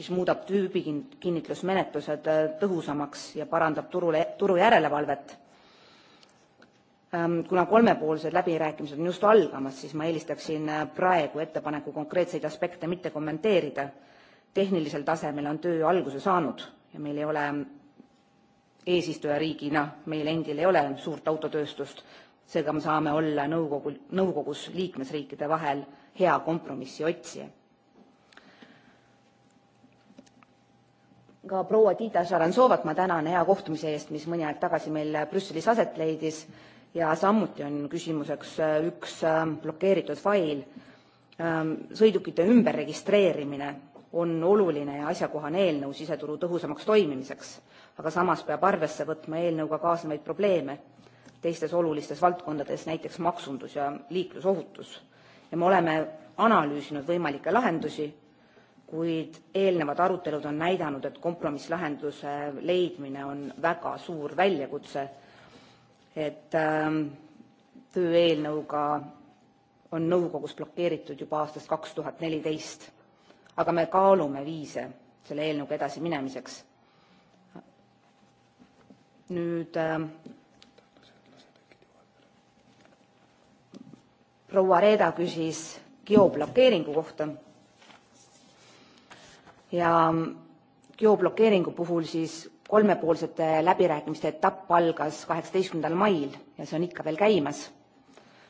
mis muudab tüübikinnitlusmenetlused tõhusamaks ja parandab turule, turu järelevalvet ehm, kuna kolmepoolsed läbirääkimised on just algamas, siis ma eelistaksin praegu ettepaneku konkreetseid aspekte mitte kommenteerida. tehnilisel tasemel on töö alguse saanud ja meil ei ole riigina. meil endil ei ole suurt autotööstust, seega me saame olla nõukogu, nõukogus liikmesriikide vahel hea kompromissi otsija. ka proua Tiita Šarantsovat ma tänan hea kohtumise eest, mis mõni aeg tagasi meil Brüsselis aset leidis ja samuti on küsimuseks üks äh, blokeeritud fail, ähm, sõidukite ümberregistreerimine on oluline ja asjakohane eelnõu siseturu tõhusamaks toimimiseks, aga samas peab arvesse võtma eelnõuga kaasnevaid probleeme teistes olulistes valdkondades, näiteks maksundus ja liiklusohutus. ja me oleme analüüsinud võimalikke lahendusi, kuid eelnevad arutelud on näidanud, et kompromisslahenduse leidmine on väga suur väljakutse, et ähm, töö eelnõuga on nõukogus blokeeritud juba aastast 2014 aga me kaalume viise selle edasi minemiseks. nüüd äh, proua küsis geoblokeeringu kohta ja geoblokeeringu puhul siis kolmepoolsete läbirääkimiste etapp algas 18. mail ja see on ikka veel käimas.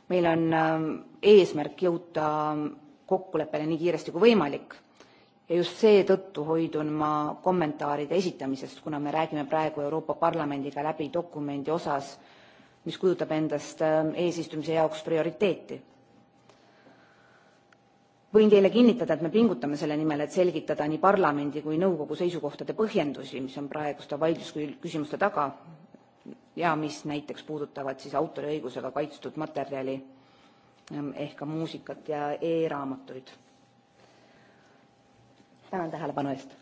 meil on äh, eesmärk jõuda kokkuleppele nii kiiresti kui võimalik ja just tõttu hoidun ma kommentaaride esitamisest kuna me räägime praegu euroopa parlamendiga läbi dokumendi osas mis kujutab endast ähm, eesistumise jaoks prioriteeti. võin teile kinnitada et me pingutame selle nimel et selgitada nii parlamendi kui nõukogu seisukohtade põhjendusi mis on praeguste küsimuste taga ja mis näiteks puudutavad siis autoriõigusega kaitstud materjali ähm, ehk ka muusikat ja e raamatuid. Tänään tähän panoista.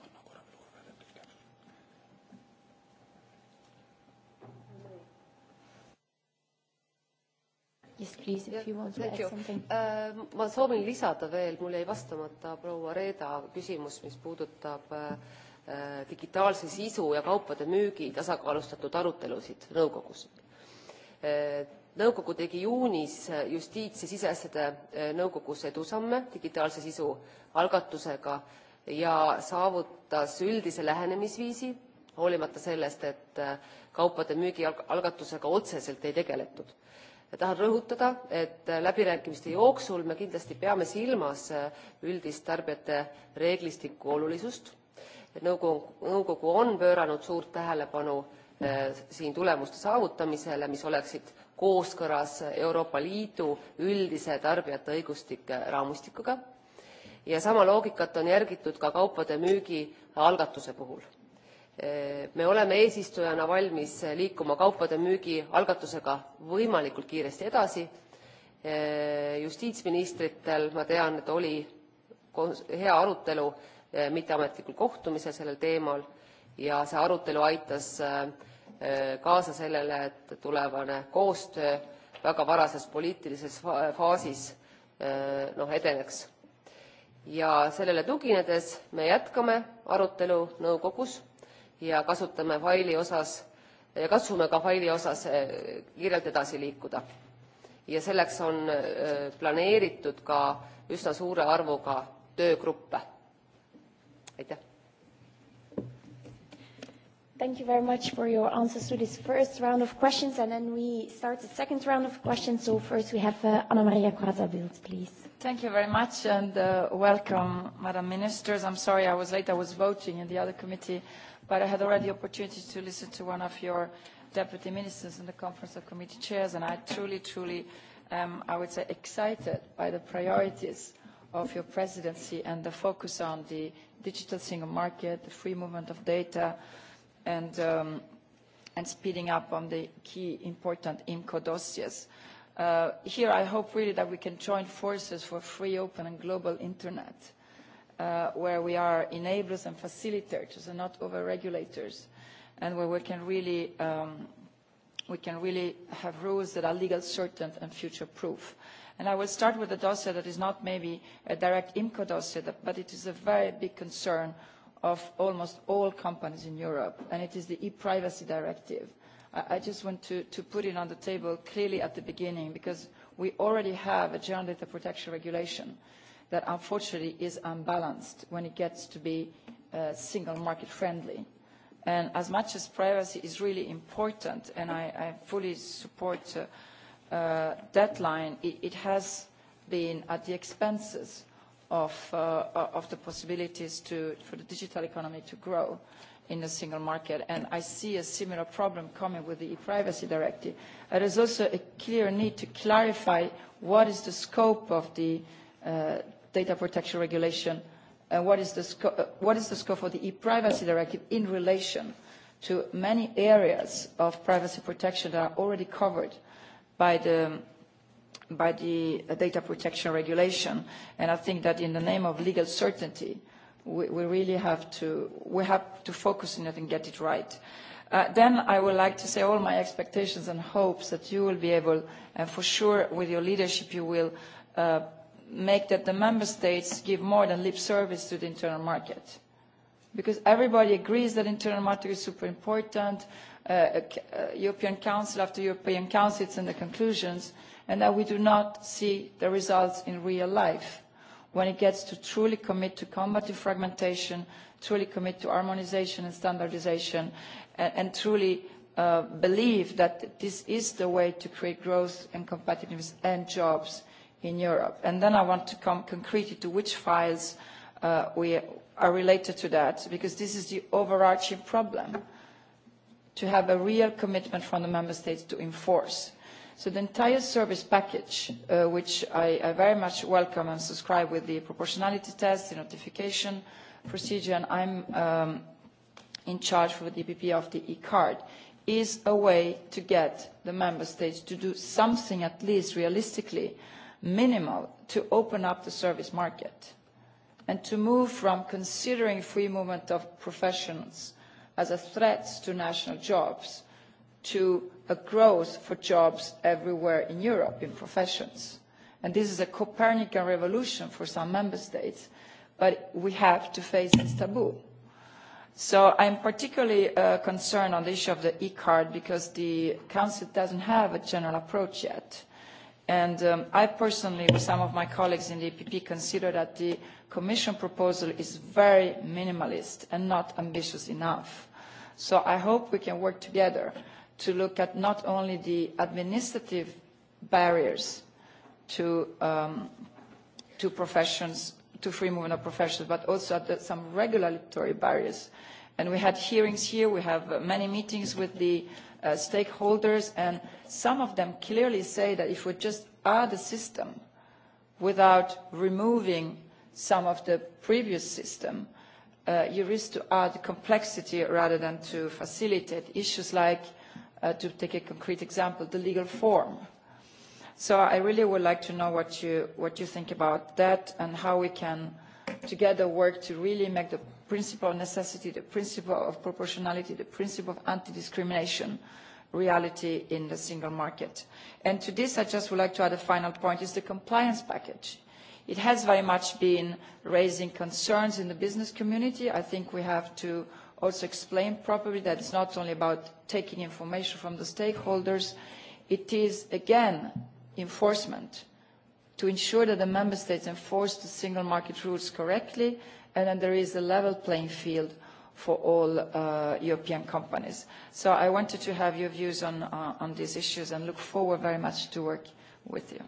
Yes, please, if you want to ähm, Ma soovin lisada veel, mul ei vastamata proua Reeda küsimus, mis puudutab äh, äh, digitaalse sisu ja kaupade müügi tasakaalustatud arutelusid nõukogus. Äh, nõukogu tegi juunis justiits- sisesede nõukogus edusamme digitaalse sisu algatusega ja saavutas üldise lähenemisviisi hoolimata sellest et äh, kaupade müügi algatusega otseselt ei tegeletud. tahan rõhutada et äh, läbirääkimiste jooksul me kindlasti peame silmas äh, üldist tarbijate reeglistiku olulisust. nõukogu on pööranud suurt tähelepanu siin tulemuste saavutamisele mis oleksid kooskõlas euroopa liidu üldise tarbijate õigustike raamistikuga ja sama loogikat on järgitud ka kaupade müügi algatuse puhul. me oleme eesistujana valmis liikuma kaupade müügi algatusega võimalikult kiiresti edasi justiitsministritel ma tean et oli hea arutelu mitteametlikul kohtumisel sellel teemal ja see arutelu aitas kaasa sellele et tulevane koostöö väga varases poliitilises faasis noh edeneks ja sellele tuginedes me jätkame arutelu nõukogus ja kasutame faili osas ja katsume ka faili osas äh, kiirelt edasi liikuda ja selleks on äh, planeeritud ka üsna suure arvuga töögruppe aitäh Thank you very much for your answers to this first round of questions, and then we start the second round of questions. So first we have uh, Anna Maria Corazza-Bildt, please. Thank you very much, and uh, welcome, Madam Ministers. I'm sorry I was late. I was voting in the other committee, but I had already the opportunity to listen to one of your deputy ministers in the Conference of Committee Chairs, and I truly, truly, um, I would say, excited by the priorities of your presidency and the focus on the digital single market, the free movement of data, and, um, and speeding up on the key important IMCO dossiers. Uh, here I hope really that we can join forces for free, open and global internet, uh, where we are enablers and facilitators and not over-regulators, and where we can really um, we can really have rules that are legal certain and future proof. And I will start with a dossier that is not maybe a direct IMCO dossier, but it is a very big concern of almost all companies in Europe, and it is the e-privacy directive. I, just want to, put it on the table clearly at the beginning because we already have a general data protection regulation that unfortunately is unbalanced when it gets to be uh, single market friendly. And as much as privacy is really important, and I, I fully support uh, uh that it, it has been at the expenses Uh, of, the possibilities for the digital economy to grow in the single market. And I see a similar problem coming with the e-privacy directive. There is also a clear need to clarify what is the scope of the uh, data protection regulation and what is the, uh, what is the scope of the e-privacy directive in relation to many areas of privacy protection that are already covered by the by the data protection regulation and i think that in the name of legal certainty we, we really have to we have to focus on it and get it right uh, then i would like to say all my expectations and hopes that you will be able and for sure with your leadership you will uh, make that the member states give more than lip service to the internal market because everybody agrees that internal market is super important uh, uh european council after european council it's in the conclusions and that we do not see the results in real life when it gets to truly commit to combating fragmentation, truly commit to harmonisation and standardisation, and, truly uh, believe that this is the way to create growth and competitiveness and jobs in Europe. And then I want to come concretely to which files uh, we are related to that, because this is the overarching problem, to have a real commitment from the member states to enforce so the entire service package uh, which I, very much welcome and subscribe with the proportionality test the notification procedure and i am um, in charge for the epp of the e card is a way to get the member states to do something at least realistically minimal to open up the service market and to move from considering free movement of professions as a threat to national jobs to a growth for jobs everywhere in Europe in professions. And this is a Copernican revolution for some member states, but we have to face this taboo. So I'm particularly uh, concerned on the issue of the e-card because the Council doesn't have a general approach yet. And um, I personally, with some of my colleagues in the EPP, consider that the Commission proposal is very minimalist and not ambitious enough. So I hope we can work together to look at not only the administrative barriers to, um, to professions, to free movement of professions, but also at some regulatory barriers. And we had hearings here, we have uh, many meetings with the uh, stakeholders, and some of them clearly say that if we just add a system without removing some of the previous system, uh, you risk to add complexity rather than to facilitate issues like Uh, to take a concrete example, the legal form. So I really would like to know what you, what you think about that and how we can together work to really make the principle of necessity, the principle of proportionality, the principle of anti-discrimination reality in the single market. And to this, I just would like to add a final point, is the compliance package. It has very much been raising concerns in the business community. I think we have to also explain properly that it's not only about taking information from the stakeholders it is again enforcement to ensure that the member states enforce the single market rules correctly and that there is a level playing field for all uh, European companies. So I wanted to have your views on, uh, on these issues and look forward very much to work with you.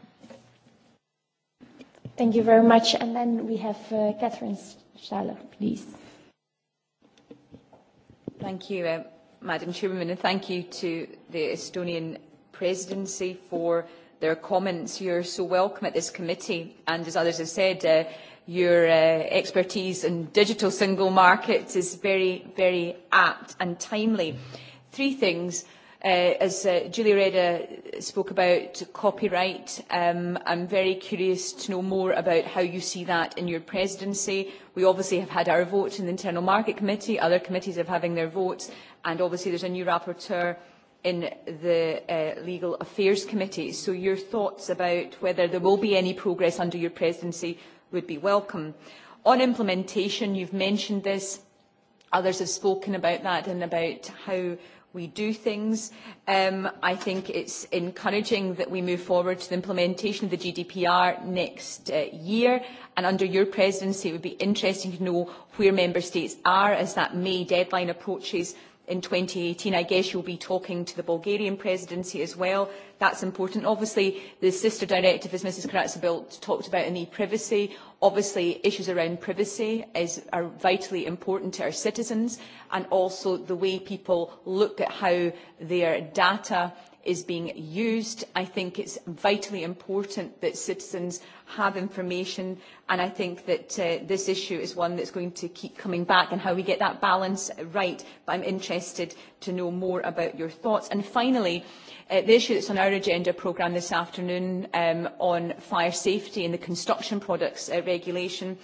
Thank you very much. And then we have uh, Catherine please. Thank you. Um, Madam President, thank you to the Estonian Presidency for their comments. You are so welcome at this committee, and as others have said, uh, your uh, expertise in digital single market is very, very apt and timely. Three things. Uh, as Julia Reda spoke about copyright, I um, I'm very curious to know more about how you see that in your presidency. We obviously have had our vote in the Internal Market Committee. Other committees are having their votes and obviously there's a new rapporteur in the uh, Legal Affairs Committee. So your thoughts about whether there will be any progress under your presidency would be welcome. On implementation, you've mentioned this. Others have spoken about that and about how we do things. Um, I think it's encouraging that we move forward to the implementation of the GDPR next uh, year. And under your presidency, it would be interesting to know where member states are as that May deadline approaches in 2018. I guess you'll be talking to the Bulgarian presidency as well. That's important. Obviously, the sister directive, as Mrs. Karatsabil talked about in the privacy, obviously issues around privacy is, are vitally important to our citizens and also the way people look at how their data is being used. I think it's vitally important that citizens have information and I think that uh, this issue is one that's going to keep coming back and how we get that balance right. But I'm interested to know more about your thoughts. And finally, uh, the issue that's on our agenda programme this afternoon um, on fire safety and the construction products uh, regulation.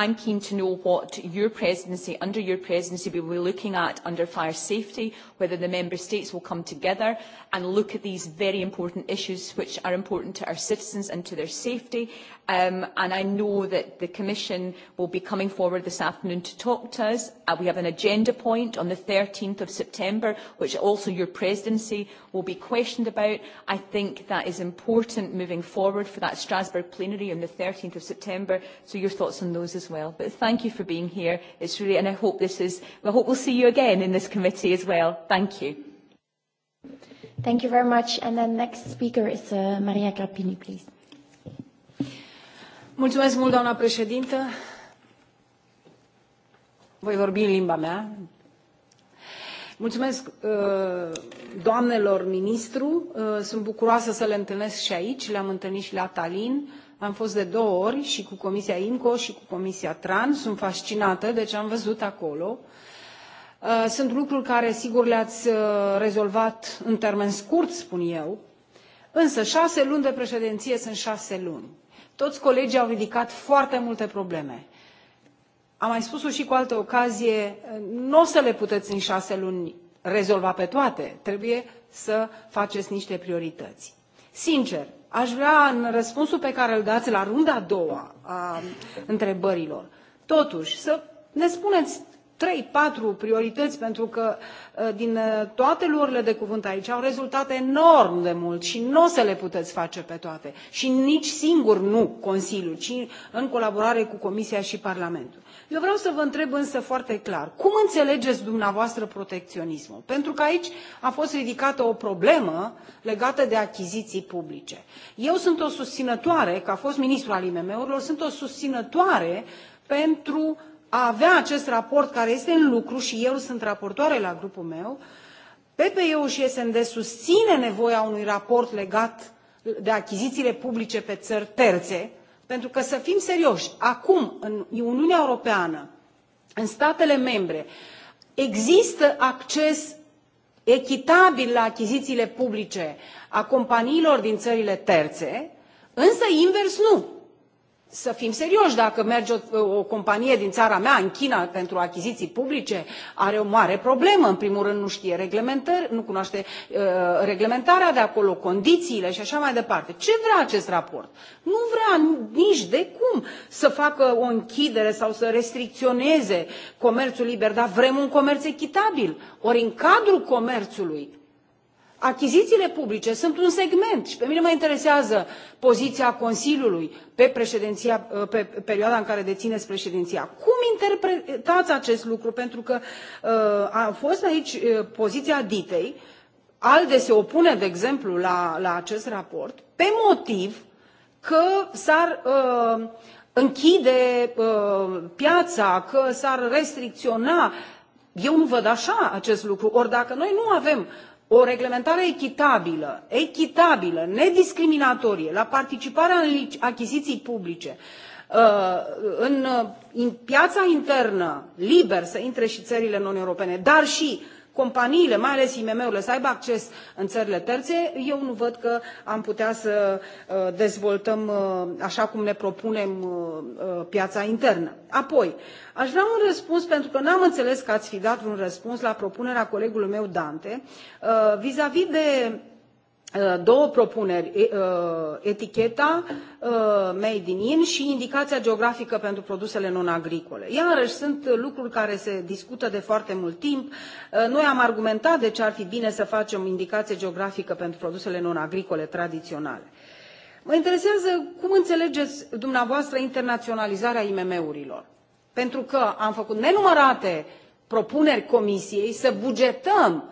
I'm keen to know what your presidency, under your presidency, will be looking at under fire safety, whether the member states will come together and look at these very important issues which are important to our citizens and to their safety. Um, and I know that the Commission will be coming forward this afternoon to talk to us. Uh, we have an agenda point on the 13th of September, which also your presidency will be questioned about. I think that is important moving forward for that Strasbourg plenary on the 13th of September. So your thoughts on those as well. But thank you for being here. It's really, and I hope this is, I hope we'll see you again in this committee as well. Thank you. Thank you very much. And the next speaker is uh, Maria Grappini, please. Mulțumesc mult, doamna președintă. Voi vorbi în limba mea. Mulțumesc uh, doamnelor ministru. Uh, sunt bucuroasă să le întâlnesc și aici. Le-am întâlnit și la Tallinn Am fost de două ori și cu Comisia IMCO și cu Comisia TRAN. Sunt fascinată de ce am văzut acolo. Uh, sunt lucruri care, sigur, le-ați uh, rezolvat în termen scurt, spun eu, însă șase luni de președinție sunt șase luni. Toți colegii au ridicat foarte multe probleme. Am mai spus-o și cu altă ocazie, nu o să le puteți în șase luni rezolva pe toate. Trebuie să faceți niște priorități. Sincer, Aș vrea în răspunsul pe care îl dați la runda a doua a întrebărilor, totuși să ne spuneți trei, patru priorități, pentru că din toate luările de cuvânt aici au rezultat enorm de mult și nu o să le puteți face pe toate. Și nici singur nu Consiliu, ci în colaborare cu Comisia și Parlamentul. Eu vreau să vă întreb însă foarte clar, cum înțelegeți dumneavoastră protecționismul? Pentru că aici a fost ridicată o problemă legată de achiziții publice. Eu sunt o susținătoare, ca fost ministru al IMM-urilor, sunt o susținătoare pentru a avea acest raport care este în lucru și eu sunt raportoare la grupul meu, PPE-ul și SND susține nevoia unui raport legat de achizițiile publice pe țări terțe, pentru că să fim serioși, acum în Uniunea Europeană, în statele membre, există acces echitabil la achizițiile publice a companiilor din țările terțe, însă invers nu să fim serioși dacă merge o, companie din țara mea în china pentru achiziții publice are o mare problemă în primul rând nu știe reglementări nu cunoaște uh, reglementarea de acolo condițiile și așa mai departe. ce vrea acest raport? nu vrea nici de cum să facă o închidere sau să restricționeze comerțul liber dar vrem un comerț echitabil ori în cadrul comerțului achizițiile publice sunt un segment și pe mine mă interesează poziția consiliului pe, perioada în care dețineți președinția. cum interpretați acest lucru pentru că uh, a fost aici uh, poziția ditei alde se opune de exemplu la, acest raport pe motiv că s ar uh, închide piața că s ar restricționa eu nu văd așa acest lucru ori dacă noi nu avem o reglementare echitabilă, echitabilă, nediscriminatorie la participarea în achiziții publice, uh, uh, în piața internă, liber să intre și țările non-europene, dar și companiile, mai ales IMM-urile, să aibă acces în țările terțe, eu nu văd că am putea să uh, dezvoltăm, uh, așa cum ne propunem, uh, piața internă. Apoi, aș vrea un răspuns, pentru că nu am înțeles că ați fi dat un răspuns la propunerea colegului meu Dante, vis a de Uh, două propuneri e, uh, eticheta uh, made in in și indicația geografică pentru produsele non agricole. Iarăși sunt lucruri care se discută de foarte mult timp. Noi am argumentat de ce ar fi bine să facem indicație geografică pentru produsele non agricole tradiționale. Mă interesează cum înțelegeți dumneavoastră internaționalizarea IMM-urilor. Pentru că am făcut nenumărate propuneri comisiei să bugetăm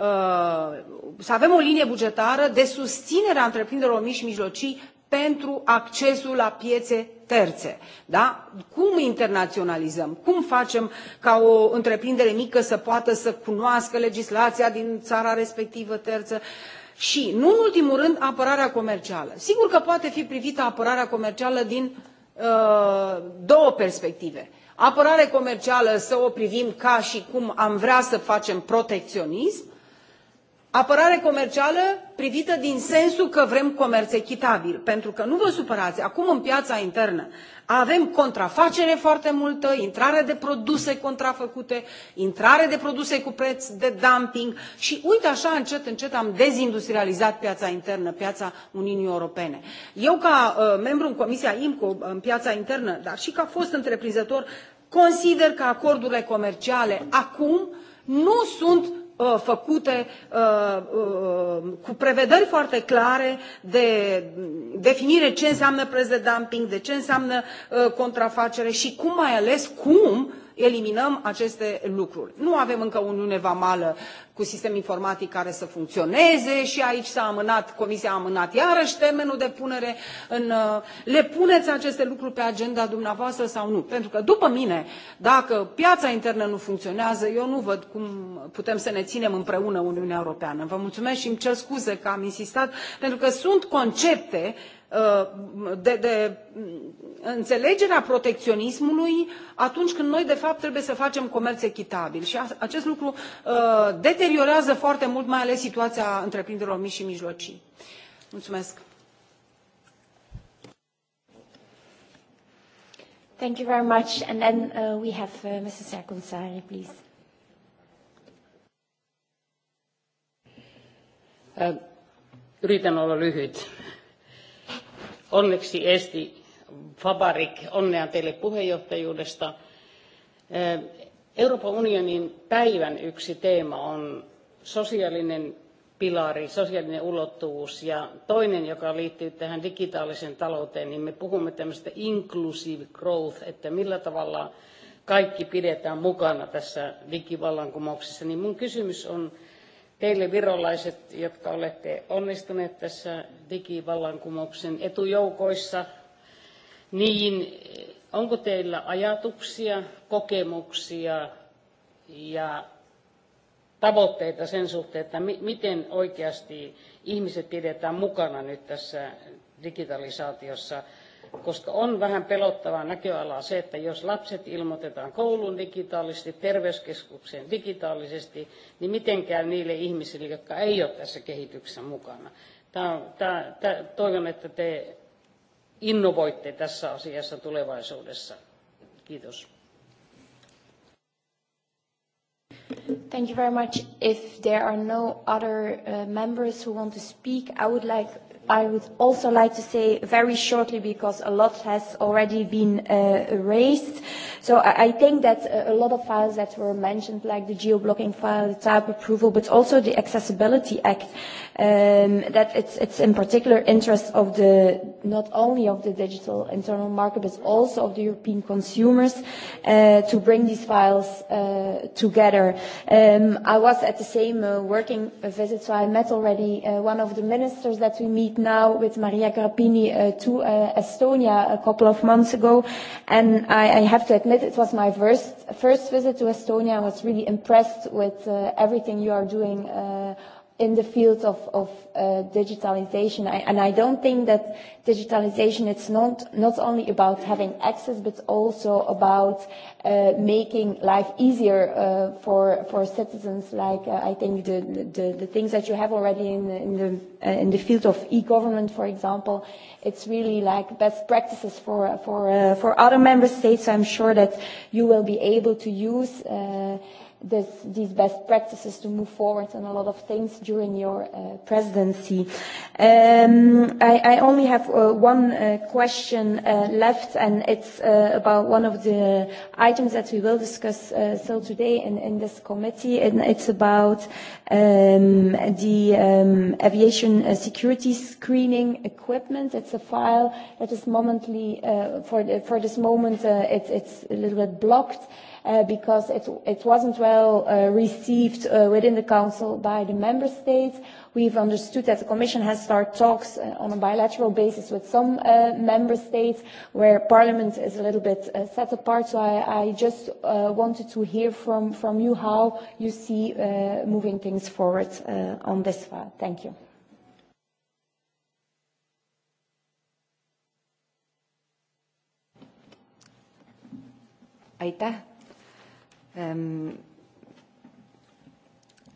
Uh, să avem o linie bugetară de susținere a întreprinderilor mici și mijlocii pentru accesul la piețe terțe. Da? Cum internaționalizăm? Cum facem ca o întreprindere mică să poată să cunoască legislația din țara respectivă terță? Și, nu în ultimul rând, apărarea comercială. Sigur că poate fi privită apărarea comercială din uh, două perspective. Apărare comercială să o privim ca și cum am vrea să facem protecționism apărare comercială privită din sensul că vrem comerț echitabil pentru că nu vă supărați acum în piața internă avem contrafacere foarte multă intrare de produse contrafăcute intrare de produse cu preț de dumping și uite așa încet încet am dezindustrializat piața internă piața uniunii europene. eu ca uh, membru în comisia imco uh, în piața internă dar și ca fost întreprinzător consider că acordurile comerciale acum nu sunt Uh, făcute uh, uh, cu prevederi foarte clare de definire ce înseamnă preț de dumping de ce înseamnă contrafacere și cum mai ales cum eliminăm aceste lucruri. Nu avem încă uniune vamală cu sistem informatic care să funcționeze și aici s-a amânat, Comisia a amânat iarăși termenul de punere în... Uh, le puneți aceste lucruri pe agenda dumneavoastră sau nu? Pentru că după mine, dacă piața internă nu funcționează, eu nu văd cum putem să ne ținem împreună Uniunea Europeană. Vă mulțumesc și îmi cer scuze că am insistat, pentru că sunt concepte de, mm, înțelegerea protecționismului atunci când noi de fapt trebuie să facem comerț echitabil și acest lucru uh, deteriorează foarte mult mai ales situația întreprinderilor mici și mijlocii. Mulțumesc. Thank you very much. And then uh, we have uh, Mrs. please onneksi esti Fabarik, onnea teille puheenjohtajuudesta. Eh, Euroopan unionin päivän yksi teema on sosiaalinen pilari, sosiaalinen ulottuvuus ja toinen, joka liittyy tähän digitaalisen talouteen, niin me puhumme tämmöistä inclusive growth, että millä tavalla kaikki pidetään mukana tässä digivallankumouksessa, niin mun kysymys on teille virolaiset, jotka olette onnistuneet tässä digivallankumouksen etujoukoissa, niin eh, onko teillä ajatuksia, kokemuksia ja tavoitteita sen suhteen, että miten oikeasti ihmiset pidetään mukana nyt tässä digitalisaatiossa koska on vähän pelottavaa näköalaa se, että jos lapset ilmoitetaan koulun digitaalisesti, terveyskeskukseen digitaalisesti, niin mitenkään niille ihmisille, jotka ei ole tässä kehityksessä mukana. Tämä, toivon, että te innovoitte tässä asiassa tulevaisuudessa. Kiitos. Thank you very much. If there are no other uh, members who want to speak, I would like i would also like to say very shortly because a lot has already been uh, erased. raised. So I, I think that a lot of files that were mentioned, like the geo-blocking file, the type approval, but also the Accessibility Act, um, that it's, it's in particular interest of the, not only of the digital internal market, but also of the European consumers uh, to bring these files uh, together. Um, I was at the same uh, working visit, so I met already uh, one of the ministers that we meet now with Maria Grappini uh, to uh, Estonia a couple of months ago. And I, I have to admit, it was my first, first visit to Estonia. I was really impressed with uh, everything you are doing uh, in the field of, of uh, digitalization. I, and I don't think that digitalization, it's not, not only about having access, but also about uh, making life easier uh, for, for citizens. Like uh, I think the, the, the things that you have already in, in, the, uh, in the field of e-government, for example, it's really like best practices for, for, uh, for other member states. I'm sure that you will be able to use uh, this, these best practices to move forward on a lot of things during your uh, presidency. Um, I, I only have uh, one uh, question left, and it's uh, about one of the items that we will discuss uh, still today in, in this committee, and it's about um, the um, aviation security screening equipment. It's a file that is momently, uh, for, for this moment, uh, it, it's a little bit blocked Uh, because it, wasn't well uh, received uh, within the Council by the Member States. We've understood that the Commission has started talks on a bilateral basis with some Member States where Parliament is a little bit set apart. So I, just wanted to hear from, you how you see moving things forward on this file. Thank you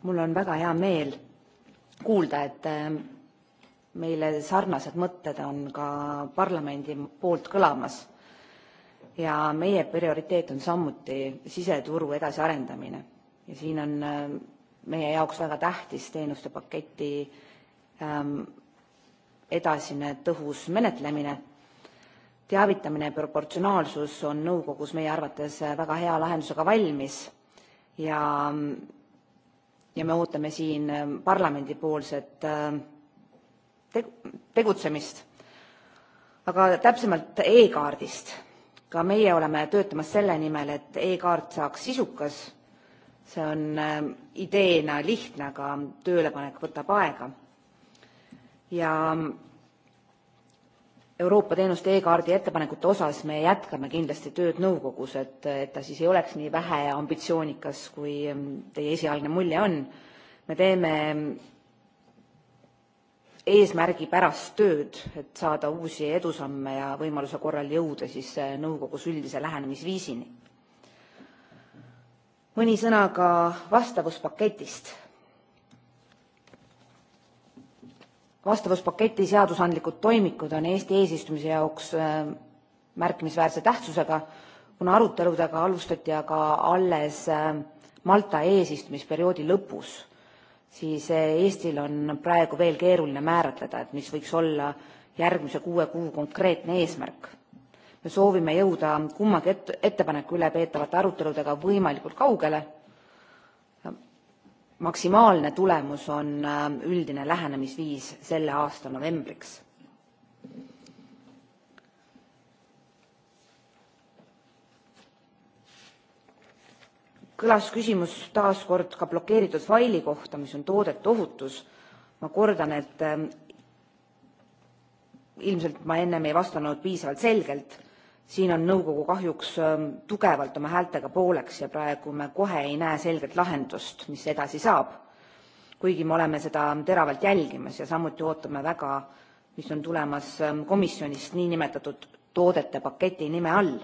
mul on väga hea meel kuulda, et meile sarnased mõtted on ka parlamendi poolt kõlamas ja meie prioriteet on samuti siseturu arendamine. ja siin on meie jaoks väga tähtis teenuste paketi edasine tõhus menetlemine teavitamine proportsionaalsus on nõukogus meie arvates väga hea lahendusega valmis ja me ootame siin parlamendi poolset äh, tegutsemist aga täpsemalt e kaardist ka meie oleme töötamas selle nimel et e kaart saaks sisukas see on äh, ideena lihtne aga töölepanek võtab aega ja Euroopa teenuste e-kaardi ettepanekute osas me jätkame kindlasti tööd nõukogus, et, et ta siis ei oleks nii vähe ambitsioonikas, kui mm, teie esialgne mulje on. me teeme mm, eesmärgi pärast tööd, et saada uusi edusamme ja võimaluse korral jõuda siis äh, nõukogus üldise lähenemisviisini. mõni sõna ka vastavuspaketist vastavas paketi seadusandlikud toimikud on Eesti eesistumise jaoks äh, märkimisväärse tähtsusega, kuna aruteludega alustati aga alles äh, Malta eesistumisperioodi lõpus, siis äh, Eestil on praegu veel keeruline määratleda, et mis võiks olla järgmise kuue kuu konkreetne eesmärk. me soovime jõuda kummagi ettepaneku üle peetavate aruteludega võimalikult kaugele maksimaalne tulemus on äh, üldine lähenemisviis selle aasta novembriks. kõlas küsimus taas kord ka blokeeritud faili kohta, mis on toodete ohutus. ma kordan, et äh, ilmselt ma ennem ei vastanud piisavalt selgelt siin on nõukogu kahjuks ähm, tugevalt oma häältega pooleks ja praegu me kohe ei näe selget lahendust, mis edasi saab. kuigi me oleme seda teravalt jälgimas ja samuti ootame väga, mis on tulemas ähm, komisjonist niinimetatud toodete paketi nime all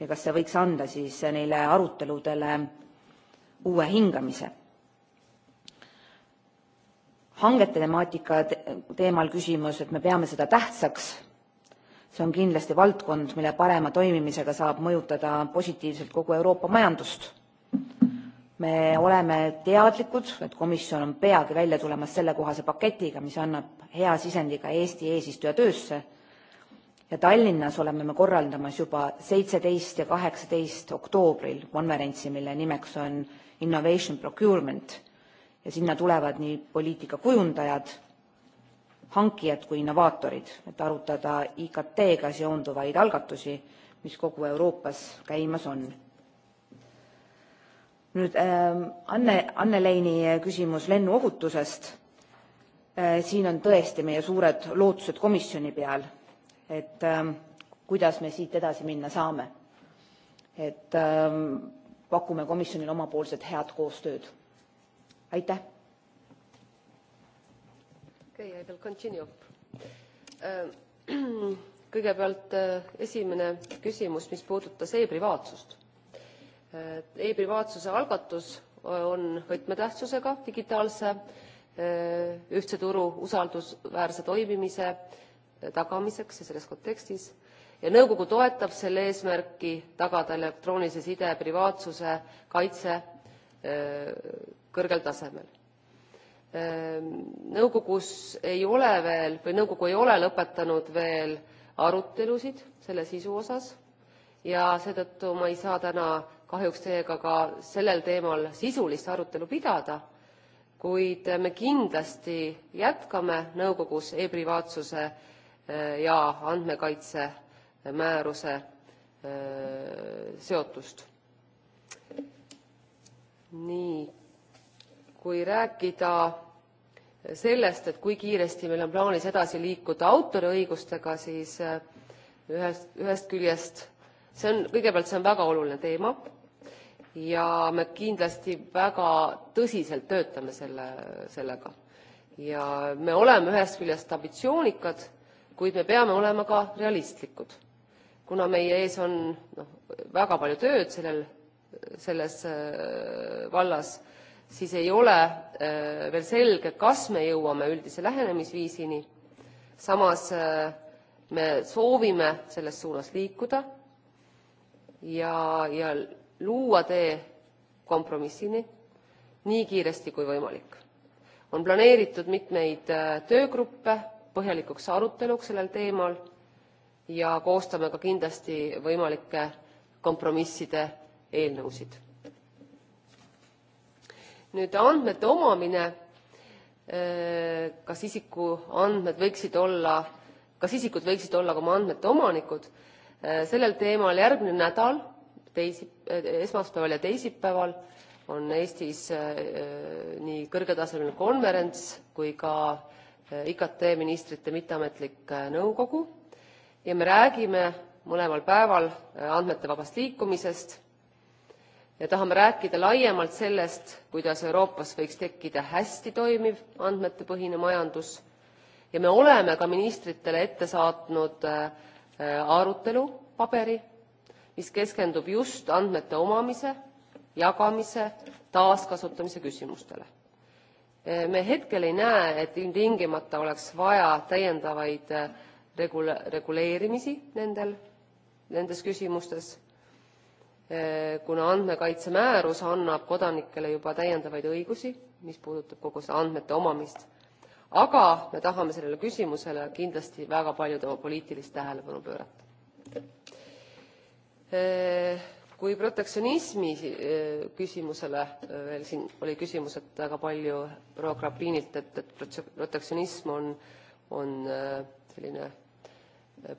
ja kas see võiks anda siis neile aruteludele uue hingamise. hangete temaatika teemal küsimus, et me peame seda tähtsaks see on kindlasti valdkond mille parema toimimisega saab mõjutada positiivselt kogu euroopa majandust me oleme teadlikud et komisjon on peagi välja tulemas selle sellekohase paketiga mis annab hea sisendi eesti eesistuja töösse ja tallinnas oleme me korraldamas juba 17 ja 18 oktoobril konverentsi mille nimeks on innovation procurement ja sinna tulevad nii poliitika kujundajad, hankijad kui innovaatorid et arutada iktga seonduvaid algatusi mis kogu euroopas käimas on. nüüd ähm, anne Leini küsimus ohutusest. Äh, siin on tõesti meie suured lootused komisjoni peal et ähm, kuidas me siit edasi minna saame et ähm, pakume komisjonile omapoolset head koostööd. aitäh! I will uh, kõigepealt äh, esimene küsimus, mis puudutas e-privaatsust äh, E-privaatsuse algatus on võtmetähtsusega digitaalse äh, ühtse turu usaldusväärse toimimise tagamiseks ja selles kontekstis ja nõukogu toetab selle eesmärki tagada elektroonilise side privaatsuse kaitse kõrgel tasemel. Ehm, nõukogus ei ole veel või nõukogu ei ole lõpetanud veel arutelusid selle sisu osas ja seetõttu ma ei saa täna kahjuks teiega ka sellel teemal sisulist arutelu pidada kuid me kindlasti jätkame nõukogus e privaatsuse eh, ja andmekaitse määruse eh, seotust. nii kui rääkida sellest, et kui kiiresti meil on plaanis edasi liikuda autoriõigustega, siis eh, ühest, küljest see on, kõigepealt see on väga oluline teema ja me kindlasti väga tõsiselt töötame selle, sellega. ja me oleme ühest küljest ambitsioonikad, kuid me peame olema ka realistlikud, kuna meie ees on noh, väga palju tööd sellel, selles eh, vallas siis ei ole äh, veel selge kas me jõuame üldise lähenemisviisini samas äh, me soovime selles suunas liikuda ja, luua tee kompromissini nii kiiresti kui võimalik. on planeeritud mitmeid äh, töögruppe põhjalikuks aruteluks sellel teemal ja koostame ka kindlasti võimalike kompromisside eelnõusid nüüd andmete omamine äh, kas isiku andmed võiksid olla kas isikud võiksid olla ka oma andmete omanikud äh, sellel teemal järgmine nädal teisi, äh, esmaspäeval ja teisipäeval on Eestis nii kõrgetasemeline konverents kui ka IKT ministrite mitametlik nõukogu ja me räägime mõlemal päeval andmete vabast liikumisest ja tahame rääkida laiemalt sellest kuidas euroopas võiks tekkida hästi toimiv andmete põhine majandus ja me oleme ka ministritele ette saatnud äh, paberi mis keskendub just andmete omamise jagamise taaskasutamise küsimustele. Äh, me hetkel ei näe et ilmtingimata oleks vaja täiendavaid äh, reguleerimisi nendes küsimustes Eh, kuna andme andmekaitse määrus annab kodanikele juba täiendavaid õigusi mis puudutab kogu seda andmete omamist aga me tahame sellele küsimusele kindlasti väga palju tema poliitilist tähelepanu pöörata eh, kui protektsionismi eh, küsimusele veel siin oli küsimus et väga palju proua et et protektsionism on on selline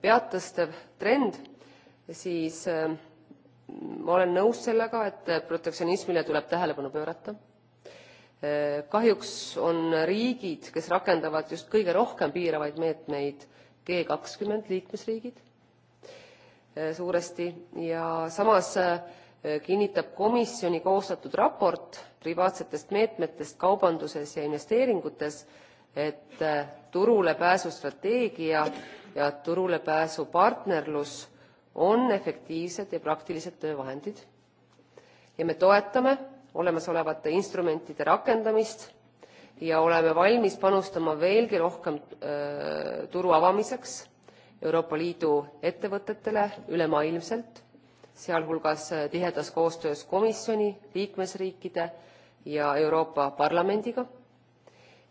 peadtõstev trend siis ma olen nõus sellega et protektsionismile tuleb tähelepanu pöörata kahjuks on riigid kes rakendavad just kõige rohkem piiravaid meetmeid g liikmesriigid eh, suuresti ja samas eh, kinnitab komisjoni koostatud raport privaatsetest meetmetest kaubanduses ja investeeringutes et eh, turulepääsu strateegia ja turulepääsu partnerlus on efektiivsed ja praktilised töövahendid ja me toetame olemasolevate instrumentide rakendamist ja oleme valmis panustama veelgi rohkem turu avamiseks euroopa liidu ettevõtetele ülemaailmselt sealhulgas tihedas koostöös komisjoni liikmesriikide ja euroopa parlamendiga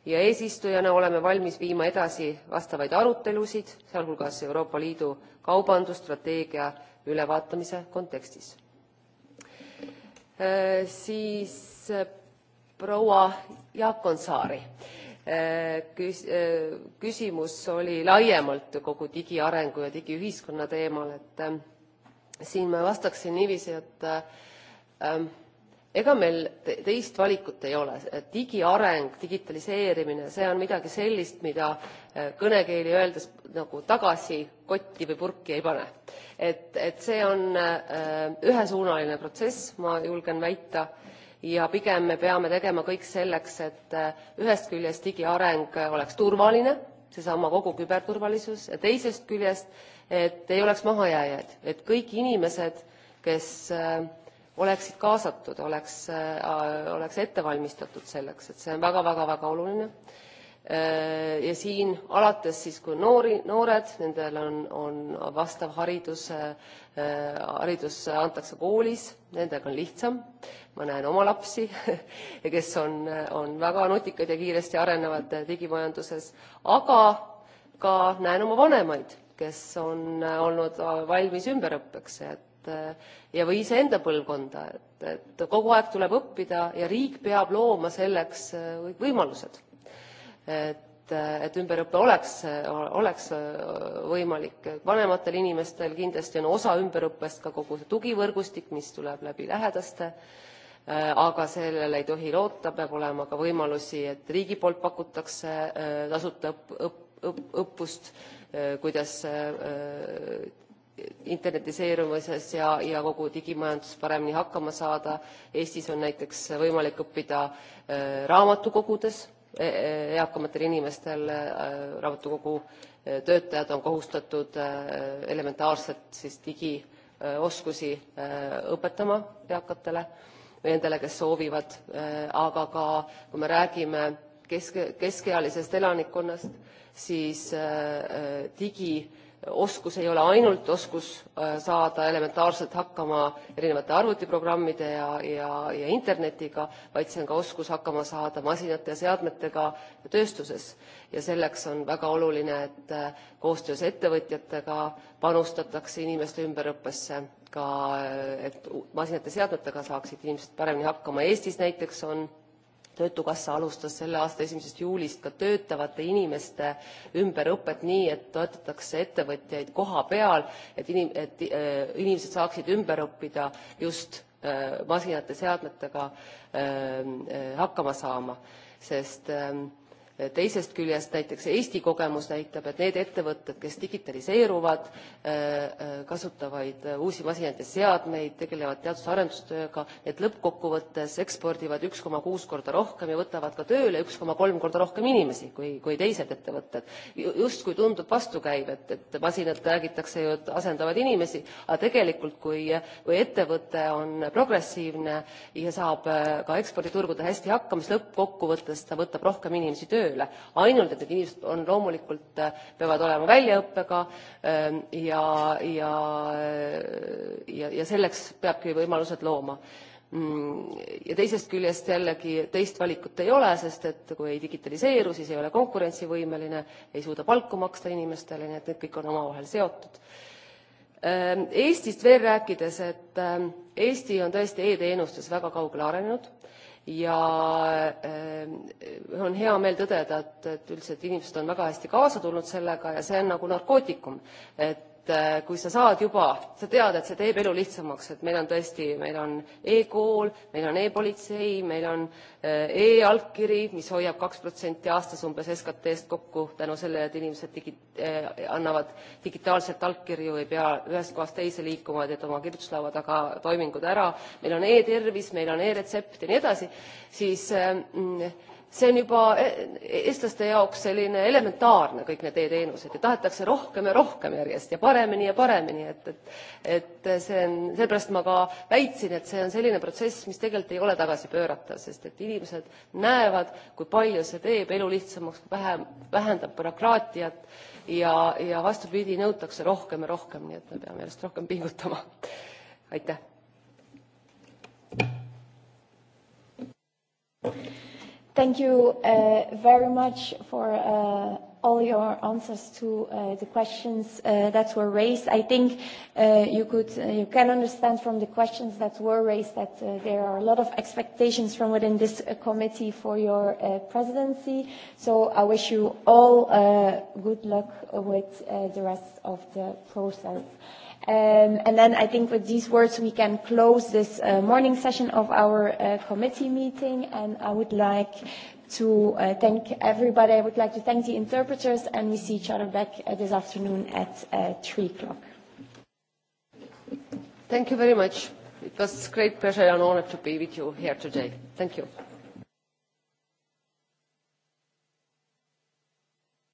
ja eesistujana oleme valmis viima edasi vastavaid arutelusid sealhulgas euroopa liidu kaubandusstrateegia ülevaatamise kontekstis äh, siis äh, proua jaakonsaari äh, küsimus oli laiemalt kogu digiarengu ja digiühiskonna teemal et siin ma vastaksin niiviisi et ega meil teist valikut ei ole digiareng digitaliseerimine see on midagi sellist mida eh, kõnekeeli öeldes nagu tagasi kotti või purki ei pane et see on eh, ühesuunaline protsess ma julgen väita ja pigem me peame tegema kõik selleks et eh, ühest küljest digiareng oleks turvaline seesama kogu küberturvalisus ja teisest küljest et ei oleks mahajääjaid et kõik inimesed kes oleksid kaasatud oleks äh, oleks ette valmistatud selleks et see on väga väga väga oluline äh, ja siin alates siis kui noori noored nendel on on vastav haridus äh, haridus antakse koolis nendega on lihtsam ma näen oma lapsi kes on on väga nutikad ja kiiresti arenevad digimajanduses aga ka näen oma vanemaid kes on olnud valmis ümberõppeks et et eh, ja või iseenda põlvkonda, et, et kogu aeg tuleb õppida ja riik peab looma selleks eh, võimalused, et, eh, et ümberõpe oleks, oleks võimalik. vanematel inimestel kindlasti on osa ümberõppest ka kogu see tugivõrgustik, mis tuleb läbi lähedaste aga sellele ei tohi loota, peab olema ka võimalusi, et riigi poolt pakutakse tasuta õpp, õppust, kuidas internetiseerumises ja, kogu digimajandus paremini hakkama saada. Eestis on näiteks võimalik õppida äh, raamatukogudes, e, e, eakamatel inimestel äh, raamatukogu äh, töötajad on kohustatud elementaarset siis digioskusi õpetama eakatele või nendele, kes soovivad, aga ka kui me räägime keske, keskealisest elanikkonnast, siis digi oskus ei ole ainult oskus äh, saada elementaarselt hakkama erinevate arvutiprogrammide ja, internetiga vaid see on ka oskus hakkama saada masinate ja seadmetega tööstuses ja selleks on väga oluline et äh, koostöös ettevõtjatega panustatakse inimeste ümberõppesse ka äh, et masinate ja seadmetega saaksid inimesed paremini hakkama eestis näiteks on töötukassa alustas selle aasta 1 juulist ka töötavate inimeste ümberõpet nii et toetatakse ettevõtjaid koha peal, et äh, inimesed saaksid ümber õppida just äh, masinate seadmetega äh, hakkama saama sest ähm, teisest küljest näiteks Eesti kogemus näitab, et need ettevõtted, kes digitaliseeruvad, äh, äh, kasutavaid äh, uusi masinaid ja seadmeid, tegelevad teadus-arendustööga, et lõppkokkuvõttes ekspordivad 1,6 korda rohkem ja võtavad ka tööle 1,3 korda rohkem inimesi kui, kui teised ettevõtted. kui tundub vastukäiv, et, et masinad räägitakse ju, asendavad inimesi, aga tegelikult kui, kui ettevõte on progressiivne ja saab ka eksporditurgudel hästi hakkama, siis lõppkokkuvõttes ta võtab rohkem inimesi tööle tööle ainult et need inimesed on loomulikult äh, peavad olema väljaõppega ähm, ja ja ja ja selleks peabki võimalused looma mm, ja teisest küljest jällegi teist valikut ei ole sest et kui ei digitaliseeru siis ei ole konkurentsivõimeline ei suuda palku maksta inimestele nii et need kõik on omavahel seotud. Ähm, eestist veel rääkides et ähm, eesti on tõesti e teenustes väga kaugele arenenud ja ehm, on hea meel tõdeda et, üldiselt inimesed on väga hästi kaasa tulnud sellega ja see on nagu narkootikum et Äh, kui sa saad juba sa tead et see teeb elu lihtsamaks et meil on tõesti meil on e kool meil on e politsei meil on äh, e alkiri mis hoiab kaks protsenti aastas umbes SKT-st kokku tänu sellele et inimesed digi, äh, annavad digitaalselt allkirju ei pea ühest kohast teise liikuma teed oma kirjutuslaua taga toimingud ära meil on e tervis meil on e retsept ja nii edasi siis mm, see on juba e, e, eestlaste jaoks selline elementaarne kõik need e-teenused ja tahetakse rohkem ja rohkem järjest ja paremini ja paremini et et et see on ma ka väitsin et see on selline protsess mis tegelikult ei ole tagasi tagasipööratav sest et inimesed näevad kui palju see teeb elu lihtsamaks vähem vähendab bürokraatiat ja ja vastupidi nõutakse rohkem ja rohkem nii et me peame järjest rohkem pingutama aitäh Thank you uh, very much for uh, all your answers to uh, the questions uh, that were raised. I think uh, you, could, uh, you can understand from the questions that were raised that uh, there are a lot of expectations from within this uh, committee for your uh, presidency. So I wish you all uh, good luck with uh, the rest of the process. Um, and then I think with these words we can close this uh, morning session of our uh, committee meeting and I would like to uh, thank everybody. I would like to thank the interpreters and we see each other back uh, this afternoon at uh, 3 o'clock. Thank you very much. It was a great pleasure and honor to be with you here today. Thank you.